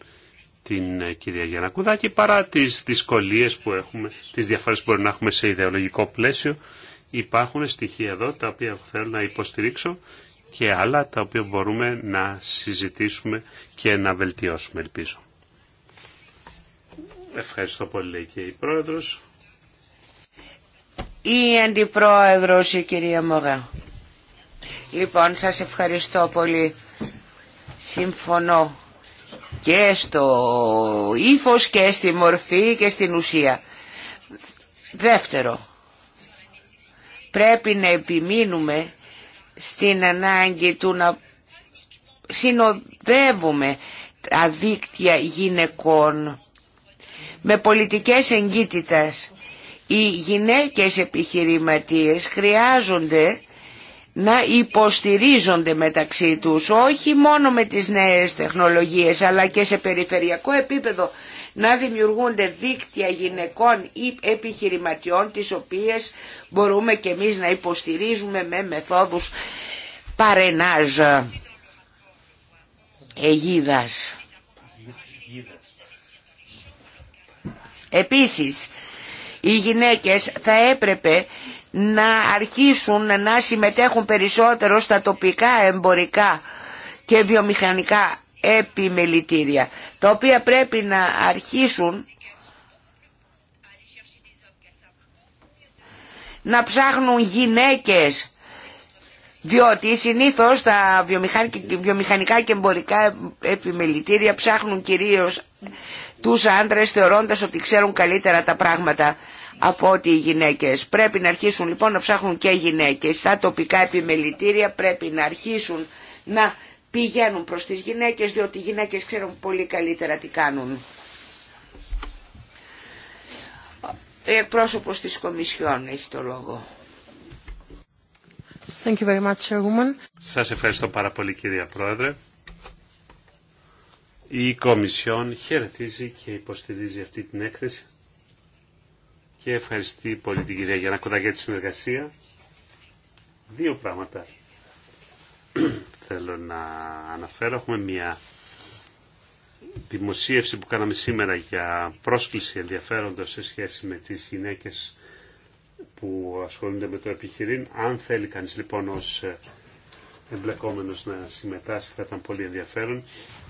την ε, κυρία Γιάννα Κουδάκη παρά τις δυσκολίες που έχουμε, τις διαφορές που μπορεί να έχουμε σε ιδεολογικό πλαίσιο υπάρχουν στοιχεία εδώ τα οποία θέλω να υποστηρίξω και άλλα τα οποία μπορούμε να συζητήσουμε και να βελτιώσουμε, ελπίζω. Ευχαριστώ πολύ, και η Πρόεδρος. Η Αντιπρόεδρος, η κυρία Μογά. Λοιπόν, σας ευχαριστώ πολύ. Συμφωνώ και στο ύφος και στη μορφή και στην ουσία. Δεύτερο, πρέπει να επιμείνουμε στην ανάγκη του να συνοδεύουμε τα δίκτυα γυναικών με πολιτικές εγκύτητας. Οι γυναίκες επιχειρηματίες χρειάζονται να υποστηρίζονται μεταξύ τους, όχι μόνο με τις νέες τεχνολογίες, αλλά και σε περιφερειακό επίπεδο να δημιουργούνται δίκτυα γυναικών ή επιχειρηματιών τις οποίες μπορούμε και εμείς να υποστηρίζουμε με μεθόδους παρενάζ αιγίδας. Επίσης, οι γυναίκες θα έπρεπε να αρχίσουν να συμμετέχουν περισσότερο στα τοπικά εμπορικά και βιομηχανικά επιμελητήρια, τα οποία πρέπει να αρχίσουν να ψάχνουν γυναίκες διότι συνήθως τα βιομηχανικά και εμπορικά επιμελητήρια ψάχνουν κυρίως τους άντρες θεωρώντας ότι ξέρουν καλύτερα τα πράγματα από ότι οι γυναίκες. Πρέπει να αρχίσουν λοιπόν να ψάχνουν και γυναίκες. Τα τοπικά επιμελητήρια πρέπει να αρχίσουν να πηγαίνουν προς τις γυναίκες διότι οι γυναίκες ξέρουν πολύ καλύτερα τι κάνουν. Εκπρόσωπος της Κομισιόν έχει το λόγο. Thank you very much, Σας ευχαριστώ πάρα πολύ κυρία Πρόεδρε. Η Κομισιόν χαιρετίζει και υποστηρίζει αυτή την έκθεση και ευχαριστεί πολύ την κυρία Γιάννα για τη συνεργασία. Δύο πράγματα θέλω να αναφέρω. Έχουμε μια δημοσίευση που κάναμε σήμερα για πρόσκληση ενδιαφέροντος σε σχέση με τις γυναίκες που ασχολούνται με το επιχειρήν. Αν θέλει κανείς λοιπόν ως εμπλεκόμενος να συμμετάσχει θα ήταν πολύ ενδιαφέρον.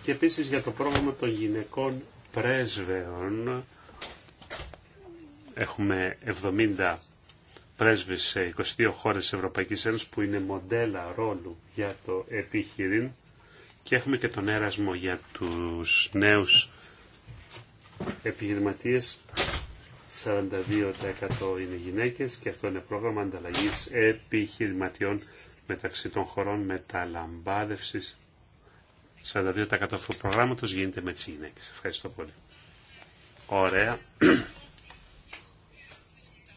Και επίσης για το πρόγραμμα των γυναικών πρέσβεων έχουμε 70 πρέσβης σε 22 χώρες της Ευρωπαϊκής Ένωσης που είναι μοντέλα ρόλου για το επιχειρήν και έχουμε και τον έρασμο για τους νέους επιχειρηματίες 42% είναι γυναίκες και αυτό είναι πρόγραμμα ανταλλαγής επιχειρηματιών μεταξύ των χωρών μεταλαμπάδευσης 42% του προγράμματος γίνεται με τις γυναίκες. Ευχαριστώ πολύ. Ωραία.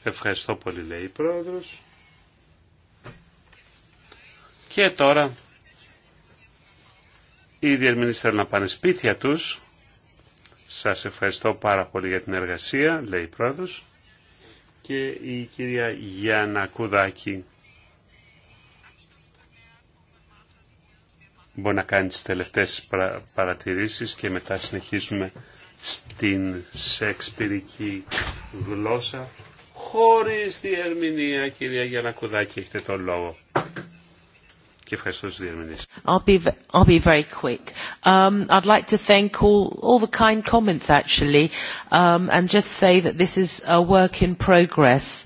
Ευχαριστώ πολύ, λέει η πρόεδρος. Και τώρα οι διερμηνείς θέλουν να πάνε σπίτια τους. Σας ευχαριστώ πάρα πολύ για την εργασία, λέει η πρόεδρος. Και η κυρία Γιάννα Κουδάκη μπορεί να κάνει τις τελευταίες παρατηρήσεις και μετά συνεχίζουμε στην σεξπυρική γλώσσα χωρίς διερμηνία. Κυρία Γιανακουδάκη, έχετε τον λόγο. Και ευχαριστώ τους διερμηνείς. I'll be, I'll be very quick. Um, I'd like to thank all, all the kind comments actually um, and just say that this is a work in progress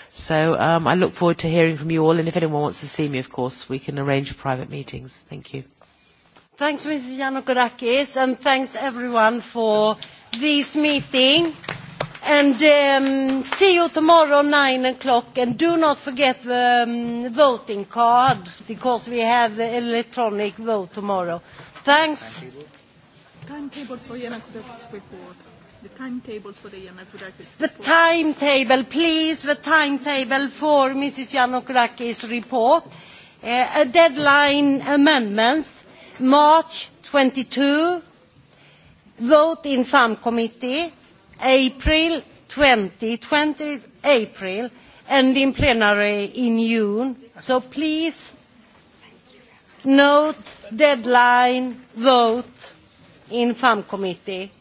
So I look forward to hearing from you all, and if anyone wants to see me, of course, we can arrange private meetings. Thank you. Thanks, Mrs. Yannokourakis, and thanks everyone for this meeting. And see you tomorrow, 9 o'clock. And do not forget the voting cards, because we have the electronic vote tomorrow. Thanks. for report the timetable please, the timetable for Mrs. Yannakourakis' report. A deadline amendments, March 22, vote in farm committee, April 20, 20 April, and in plenary in June. So please note deadline vote in farm committee.